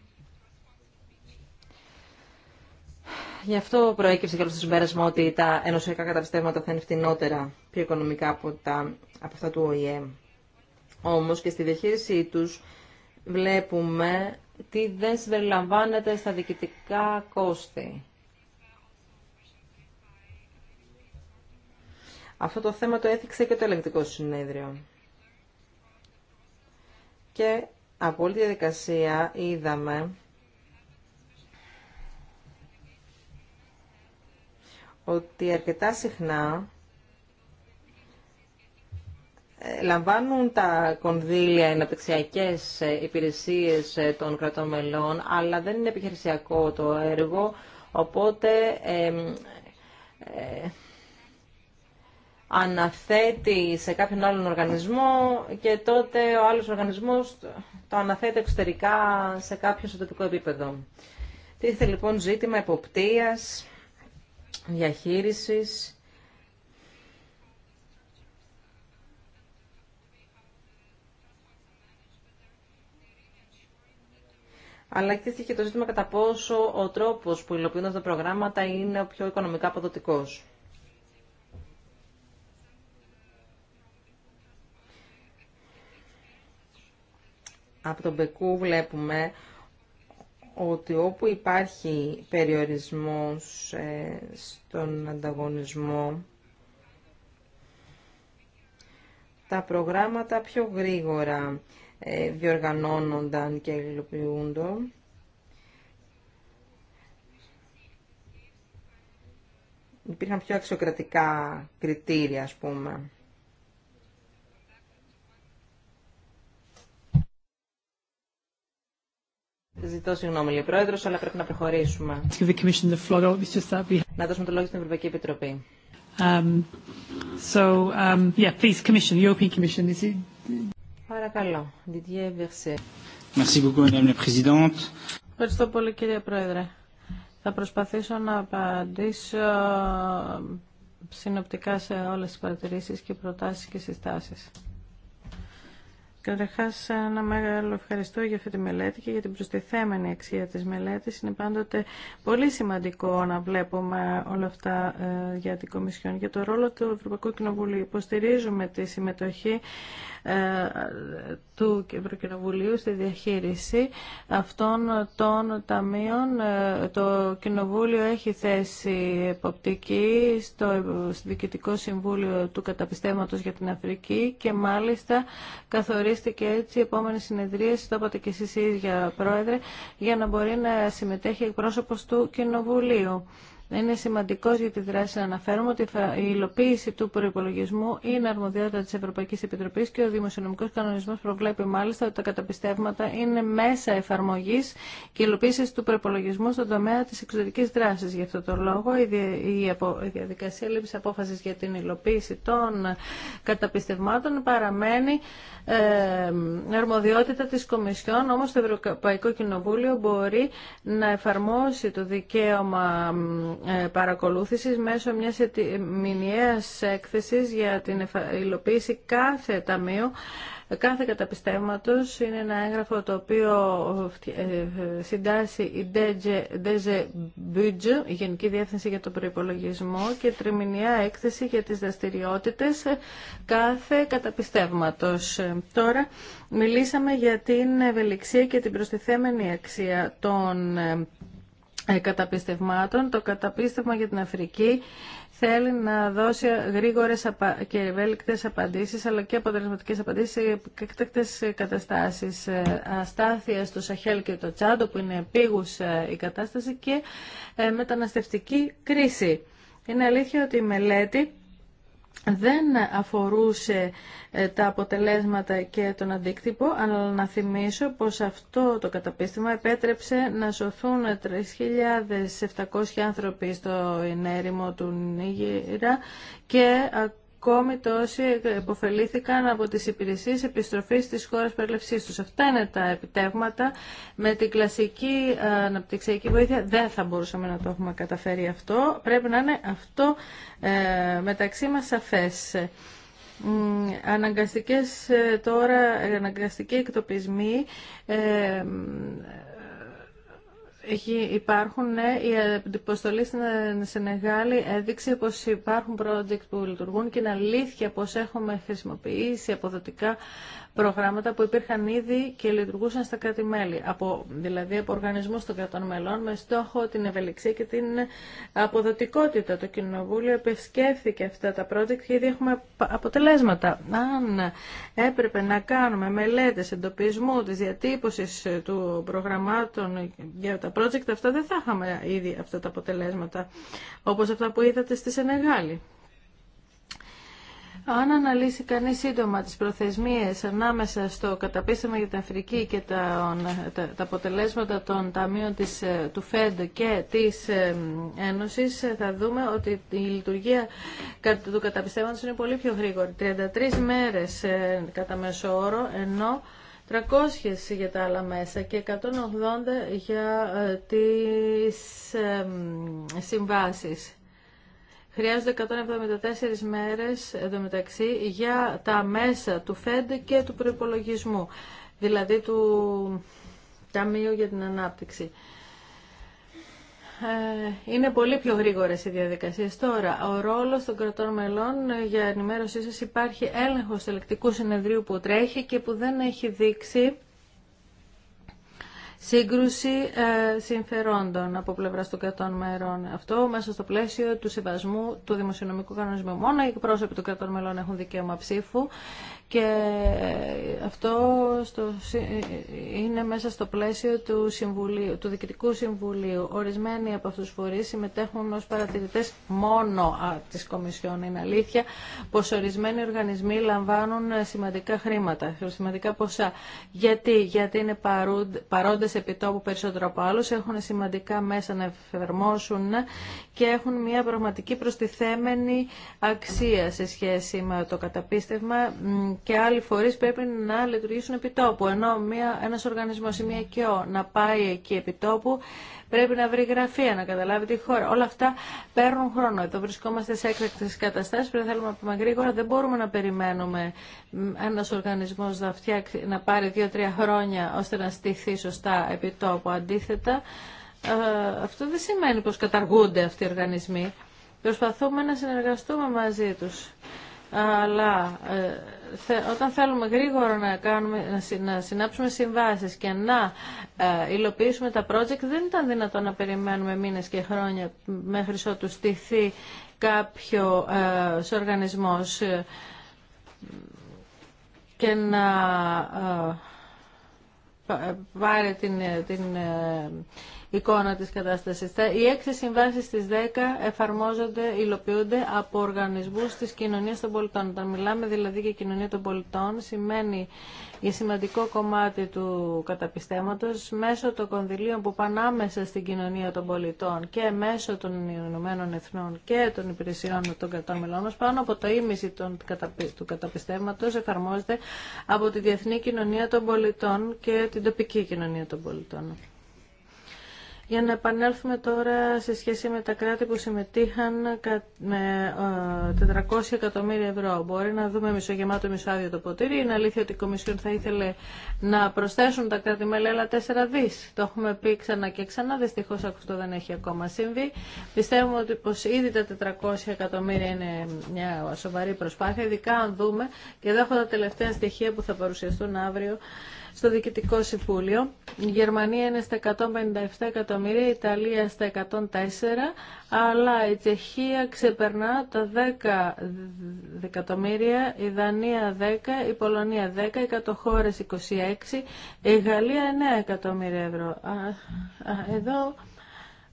Γι' αυτό προέκυψε και όλο το συμπέρασμα ότι τα ενωσιακά καταπιστεύματα θα είναι φτηνότερα, πιο οικονομικά από, τα, από αυτά του ΟΗΕ. Όμως και στη διαχείρισή τους βλέπουμε τι δεν συμπεριλαμβάνεται στα διοικητικά κόστη. Αυτό το θέμα το έθιξε και το ελεγκτικό συνέδριο. Και από όλη τη διαδικασία είδαμε ότι αρκετά συχνά ε, λαμβάνουν τα κονδύλια εναπτυξιακέ ε, υπηρεσίε ε, των κρατών μελών, αλλά δεν είναι επιχειρησιακό το έργο, οπότε αναθέτει σε κάποιον άλλον οργανισμό και τότε ο άλλος οργανισμός το αναθέτει εξωτερικά σε κάποιο στο επίπεδο. Τι λοιπόν ζήτημα εποπτείας, διαχείρισης, αλλά και το ζήτημα κατά πόσο ο τρόπος που υλοποιούνται αυτά τα προγράμματα είναι ο πιο οικονομικά αποδοτικός. Από τον Μπεκού βλέπουμε ότι όπου υπάρχει περιορισμός ε, στον ανταγωνισμό, τα προγράμματα πιο γρήγορα ε, διοργανώνονταν και υλοποιούντο. Υπήρχαν πιο αξιοκρατικά κριτήρια, ας πούμε. Ζητώ συγγνώμη, λέει πρόεδρος, αλλά πρέπει να προχωρήσουμε. Να δώσουμε το λόγο στην Ευρωπαϊκή Επιτροπή. Um, um yeah, please, Commission, European Commission, is Παρακαλώ, Ευχαριστώ πολύ, κύριε Πρόεδρε. Θα προσπαθήσω να απαντήσω ε, συνοπτικά σε όλες τις παρατηρήσεις και προτάσεις και συστάσεις. Καταρχά, ένα μεγάλο ευχαριστώ για αυτή τη μελέτη και για την προστιθέμενη αξία της μελέτης. Είναι πάντοτε πολύ σημαντικό να βλέπουμε όλα αυτά ε, για την Κομισιόν. Για το ρόλο του Ευρωπαϊκού Κοινοβουλίου υποστηρίζουμε τη συμμετοχή ε, του Ευρωκοινοβουλίου στη διαχείριση αυτών των ταμείων. Ε, το Κοινοβούλιο έχει θέση εποπτική στο Διοικητικό Συμβούλιο του Καταπιστέματος για την Αφρική και μάλιστα καθορίζει και έτσι η επόμενη συνεδρίαση, το είπατε και εσείς ίδια πρόεδρε, για να μπορεί να συμμετέχει εκπρόσωπος του Κοινοβουλίου είναι σημαντικό για τη δράση να αναφέρουμε ότι η υλοποίηση του προπολογισμού είναι αρμοδιότητα τη Ευρωπαϊκή Επιτροπή και ο δημοσιονομικό κανονισμό προβλέπει μάλιστα ότι τα καταπιστεύματα είναι μέσα εφαρμογή και υλοποίηση του προπολογισμού στον τομέα τη εξωτερική δράση. Γι' αυτό το λόγο η διαδικασία λήψη απόφαση για την υλοποίηση των καταπιστευμάτων παραμένει αρμοδιότητα τη Κομισιόν, όμω το Ευρωπαϊκό Κοινοβούλιο μπορεί να εφαρμόσει το δικαίωμα ε, παρακολούθησης μέσω μιας μηνιαίας έκθεσης για την υλοποίηση κάθε ταμείου Κάθε καταπιστεύματος είναι ένα έγγραφο το οποίο ε, συντάσσει η δεζε, Budge, η Γενική Διεύθυνση για τον Προϋπολογισμό και τριμηνιαία έκθεση για τις δραστηριότητες κάθε καταπιστεύματος. Τώρα μιλήσαμε για την ευελιξία και την προστιθέμενη αξία των ε, ε, καταπιστευμάτων. Το καταπίστευμα για την Αφρική θέλει να δώσει γρήγορες και ευέλικτες απαντήσεις, αλλά και αποτελεσματικές απαντήσεις σε εκτακτές καταστάσεις. Ε, αστάθεια στο Σαχέλ και το Τσάντο, που είναι πήγου η κατάσταση, και ε, μεταναστευτική κρίση. Είναι αλήθεια ότι η μελέτη δεν αφορούσε ε, τα αποτελέσματα και τον αντίκτυπο, αλλά να θυμίσω πως αυτό το καταπίστημα επέτρεψε να σωθούν 3.700 άνθρωποι στο ενέρημο του Νίγηρα και ακόμη τόσοι υποφελήθηκαν από τις υπηρεσίες επιστροφής της χώρας περιληψής τους. Αυτά είναι τα επιτεύγματα. Με την κλασική ε, αναπτυξιακή βοήθεια δεν θα μπορούσαμε να το έχουμε καταφέρει αυτό. Πρέπει να είναι αυτό ε, μεταξύ μας σαφές. Αναγκαστικές ε, τώρα, αναγκαστικοί εκτοπισμοί Υπάρχουν, ναι, η αποστολή στην ε, Σενεγάλη έδειξε πως υπάρχουν project που λειτουργούν και είναι αλήθεια πως έχουμε χρησιμοποιήσει αποδοτικά προγράμματα που υπήρχαν ήδη και λειτουργούσαν στα κράτη-μέλη, από, δηλαδή από οργανισμού των κρατών μελών με στόχο την ευελιξία και την αποδοτικότητα. Το Κοινοβούλιο επισκέφθηκε αυτά τα project και ήδη έχουμε αποτελέσματα. Αν έπρεπε να κάνουμε μελέτες εντοπισμού τη διατύπωση του προγραμμάτων για τα project αυτά, δεν θα είχαμε ήδη αυτά τα αποτελέσματα, όπω αυτά που είδατε στη Σενεγάλη. Αν αναλύσει κανείς σύντομα τις προθεσμίες ανάμεσα στο καταπίστευμα για την Αφρική και τα, τα, αποτελέσματα των ταμείων της, ε, του ΦΕΔ και της ε, Ένωσης, ε, θα δούμε ότι η λειτουργία του καταπιστεύματος είναι πολύ πιο γρήγορη. 33 μέρες κατά μέσο όρο, ενώ 300 για τα άλλα μέσα και 180 για τις συμβάσεις. Χρειάζονται 174 μέρες μεταξύ για τα μέσα του ΦΕΔ και του προϋπολογισμού, δηλαδή του Ταμείου για την Ανάπτυξη. Ε, είναι πολύ πιο γρήγορες οι διαδικασίες. Τώρα, ο ρόλος των κρατών μελών για ενημέρωσή σας υπάρχει έλεγχος ελεκτικού συνεδρίου που τρέχει και που δεν έχει δείξει σύγκρουση ε, συμφερόντων από πλευρά των κρατών μερών. Αυτό μέσα στο πλαίσιο του συμβασμού του δημοσιονομικού κανονισμού. Μόνο οι εκπρόσωποι των κρατών μελών έχουν δικαίωμα ψήφου και αυτό στο, είναι μέσα στο πλαίσιο του, συμβουλίου, του Διοικητικού Συμβουλίου. Ορισμένοι από αυτούς τους φορείς συμμετέχουν ως παρατηρητές μόνο της Κομισιόν. Είναι αλήθεια πως ορισμένοι οργανισμοί λαμβάνουν ε, σημαντικά χρήματα, σημαντικά ποσά. Γιατί, Γιατί είναι παρόντες τόπου περισσότερο από άλλους, έχουν σημαντικά μέσα να εφερμόσουν και έχουν μια πραγματική προστιθέμενη αξία σε σχέση με το καταπίστευμα και άλλοι φορεί πρέπει να λειτουργήσουν επιτόπου. Ενώ ένα οργανισμό ή μια ΚΕΟ να πάει εκεί επιτόπου πρέπει να βρει γραφεία, να καταλάβει τη χώρα. Όλα αυτά παίρνουν χρόνο. Εδώ βρισκόμαστε σε έκτακτε καταστάσει που δεν θέλουμε να πούμε γρήγορα. Δεν μπορούμε να περιμένουμε ένα οργανισμό να, φτιάξει, να πάρει δύο-τρία χρόνια ώστε να στηθεί σωστά επιτόπου. Αντίθετα, ε, αυτό δεν σημαίνει πω καταργούνται αυτοί οι οργανισμοί. Προσπαθούμε να συνεργαστούμε μαζί τους αλλά ε, όταν θέλουμε γρήγορα να, κάνουμε, να συνάψουμε συμβάσεις και να ε, υλοποιήσουμε τα project δεν ήταν δυνατόν να περιμένουμε μήνες και χρόνια μέχρι ότου στηθεί κάποιο ε, οργανισμός ε, και να πάρει την εικόνα της κατάστασης. Οι έξι συμβάσεις στις 10 εφαρμόζονται, υλοποιούνται από οργανισμούς της κοινωνίας των πολιτών. Όταν μιλάμε δηλαδή για κοινωνία των πολιτών, σημαίνει για σημαντικό κομμάτι του καταπιστέματος μέσω των κονδυλίων που πάνε άμεσα στην κοινωνία των πολιτών και μέσω των Ηνωμένων Εθνών και των υπηρεσιών των κρατών μελών μας, πάνω από το ίμιση του καταπιστέματος εφαρμόζεται από τη Διεθνή Κοινωνία των Πολιτών και την τοπική κοινωνία των πολιτών. Για να επανέλθουμε τώρα σε σχέση με τα κράτη που συμμετείχαν με 400 ε, εκατομμύρια ευρώ. Μπορεί να δούμε μισογεμάτο μισάδιο το ποτήρι. Είναι αλήθεια ότι η Κομισιόν θα ήθελε να προσθέσουν τα κράτη μέλη άλλα 4 δι. Το έχουμε πει ξανά και ξανά. δυστυχώ αυτό δεν έχει ακόμα συμβεί. Πιστεύουμε ότι πως ήδη τα 400 εκατομμύρια είναι μια σοβαρή προσπάθεια. Ειδικά αν δούμε και εδώ έχω τα τελευταία στοιχεία που θα παρουσιαστούν αύριο στο Διοικητικό Συμβούλιο. Η Γερμανία είναι στα 157 εκατομμύρια, η Ιταλία στα 104, αλλά η Τσεχία ξεπερνά τα 10 εκατομμύρια, η Δανία 10, η Πολωνία 10, οι κατοχώρε 26, η Γαλλία 9 εκατομμύρια ευρώ. Εδώ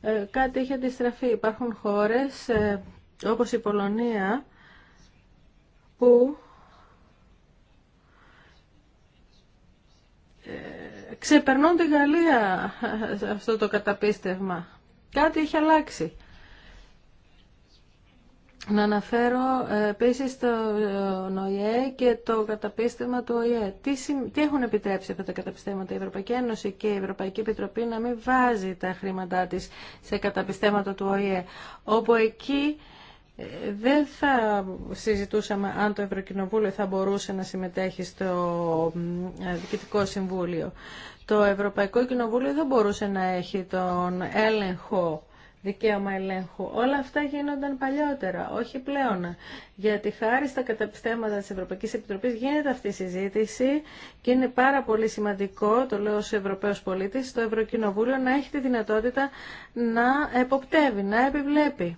ε, κάτι έχει αντιστραφεί. Υπάρχουν χώρες ε, όπως η Πολωνία που Ε, ξεπερνούν τη Γαλλία αυτό το καταπίστευμα. Κάτι έχει αλλάξει. Να αναφέρω ε, επίση το ε, ΝΟΙΕ και το καταπίστευμα του ΟΗΕ. Τι, έχουν επιτρέψει αυτά τα καταπιστεύματα η Ευρωπαϊκή Ένωση και η Ευρωπαϊκή Επιτροπή να μην βάζει τα χρήματά της σε καταπιστεύματα του ΟΗΕ, όπου εκεί δεν θα συζητούσαμε αν το Ευρωκοινοβούλιο θα μπορούσε να συμμετέχει στο Διοικητικό Συμβούλιο. Το Ευρωπαϊκό Κοινοβούλιο δεν μπορούσε να έχει τον έλεγχο δικαίωμα ελέγχου. Όλα αυτά γίνονταν παλιότερα, όχι πλέον. Γιατί χάρη στα καταπιστέματα της Ευρωπαϊκής Επιτροπής γίνεται αυτή η συζήτηση και είναι πάρα πολύ σημαντικό, το λέω ως Ευρωπαίος πολίτης, το Ευρωκοινοβούλιο να έχει τη δυνατότητα να εποπτεύει, να επιβλέπει.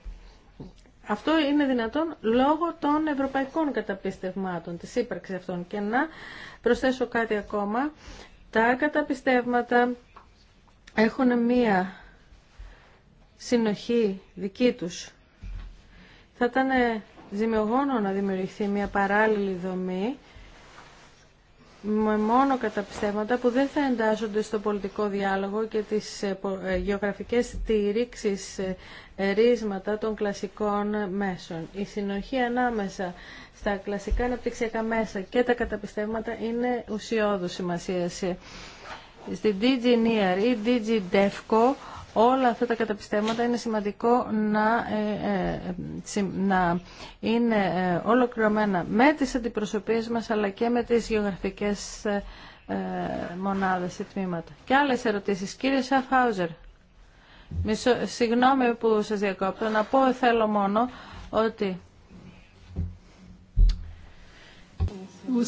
Αυτό είναι δυνατόν λόγω των ευρωπαϊκών καταπιστευμάτων, της ύπαρξης αυτών. Και να προσθέσω κάτι ακόμα. Τα καταπιστεύματα έχουν μία συνοχή δική τους. Θα ήταν ζημιογόνο να δημιουργηθεί μία παράλληλη δομή με μόνο καταπιστεύματα που δεν θα εντάσσονται στο πολιτικό διάλογο και τις ε, ε, γεωγραφικές στηρίξεις ε, ρίσματα των κλασικών μέσων. Η συνοχή ανάμεσα στα κλασικά αναπτυξιακά μέσα και τα καταπιστεύματα είναι ουσιώδου σημασία. Στην DG ή DG όλα αυτά τα καταπιστέματα είναι σημαντικό να, ε, ε, να είναι ε, ολοκληρωμένα με τις αντιπροσωπείες μας αλλά και με τις γεωγραφικές μονάδες ή τμήματα. Και άλλες ερωτήσεις. Κύριε Σαφχάουζερ, συγγνώμη που σας διακόπτω, να πω θέλω μόνο ότι...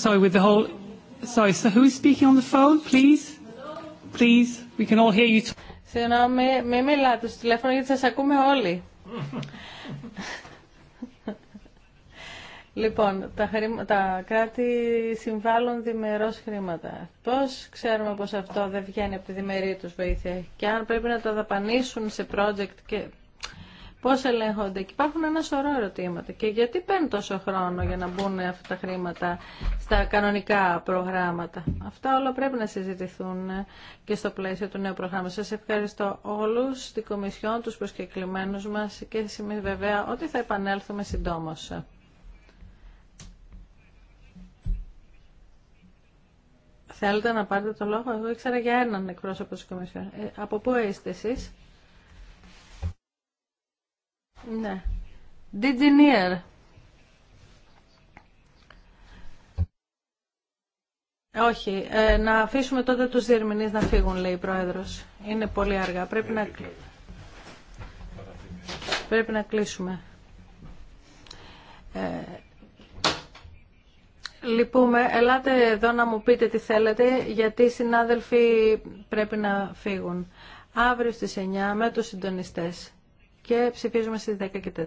Sorry, with the whole... Sorry, so who's speaking on the phone, please? Please, we can all hear you. Συγγνώμη, μη μιλάτε στο τηλέφωνο γιατί σας ακούμε όλοι. Λοιπόν, τα, χρήμα, τα κράτη συμβάλλουν διμερώς χρήματα. Πώς ξέρουμε πως αυτό δεν βγαίνει από τη διμερή τους βοήθεια και αν πρέπει να τα δαπανίσουν σε project και Πώ ελέγχονται. Και υπάρχουν ένα σωρό ερωτήματα. Και γιατί παίρνει τόσο χρόνο για να μπουν αυτά τα χρήματα στα κανονικά προγράμματα. Αυτά όλα πρέπει να συζητηθούν και στο πλαίσιο του νέου προγράμματος. Σα ευχαριστώ όλους, την Κομισιόν, τους προσκεκλημένους μα και σημαίνει βεβαία ότι θα επανέλθουμε συντόμω. Θέλετε να πάρετε το λόγο. Εγώ ήξερα για έναν εκπρόσωπο τη Κομισιόν. Ε, από πού είστε εσείς? Ναι. near? Όχι, ε, να αφήσουμε τότε τους διερμηνείς να φύγουν, λέει η Πρόεδρος. Είναι πολύ αργά, πρέπει να, πρέπει να κλείσουμε. Ε, λυπούμε, ελάτε εδώ να μου πείτε τι θέλετε, γιατί οι συνάδελφοι πρέπει να φύγουν. Αύριο στις 9 με τους συντονιστές και ψηφίζουμε στις 10 και 4.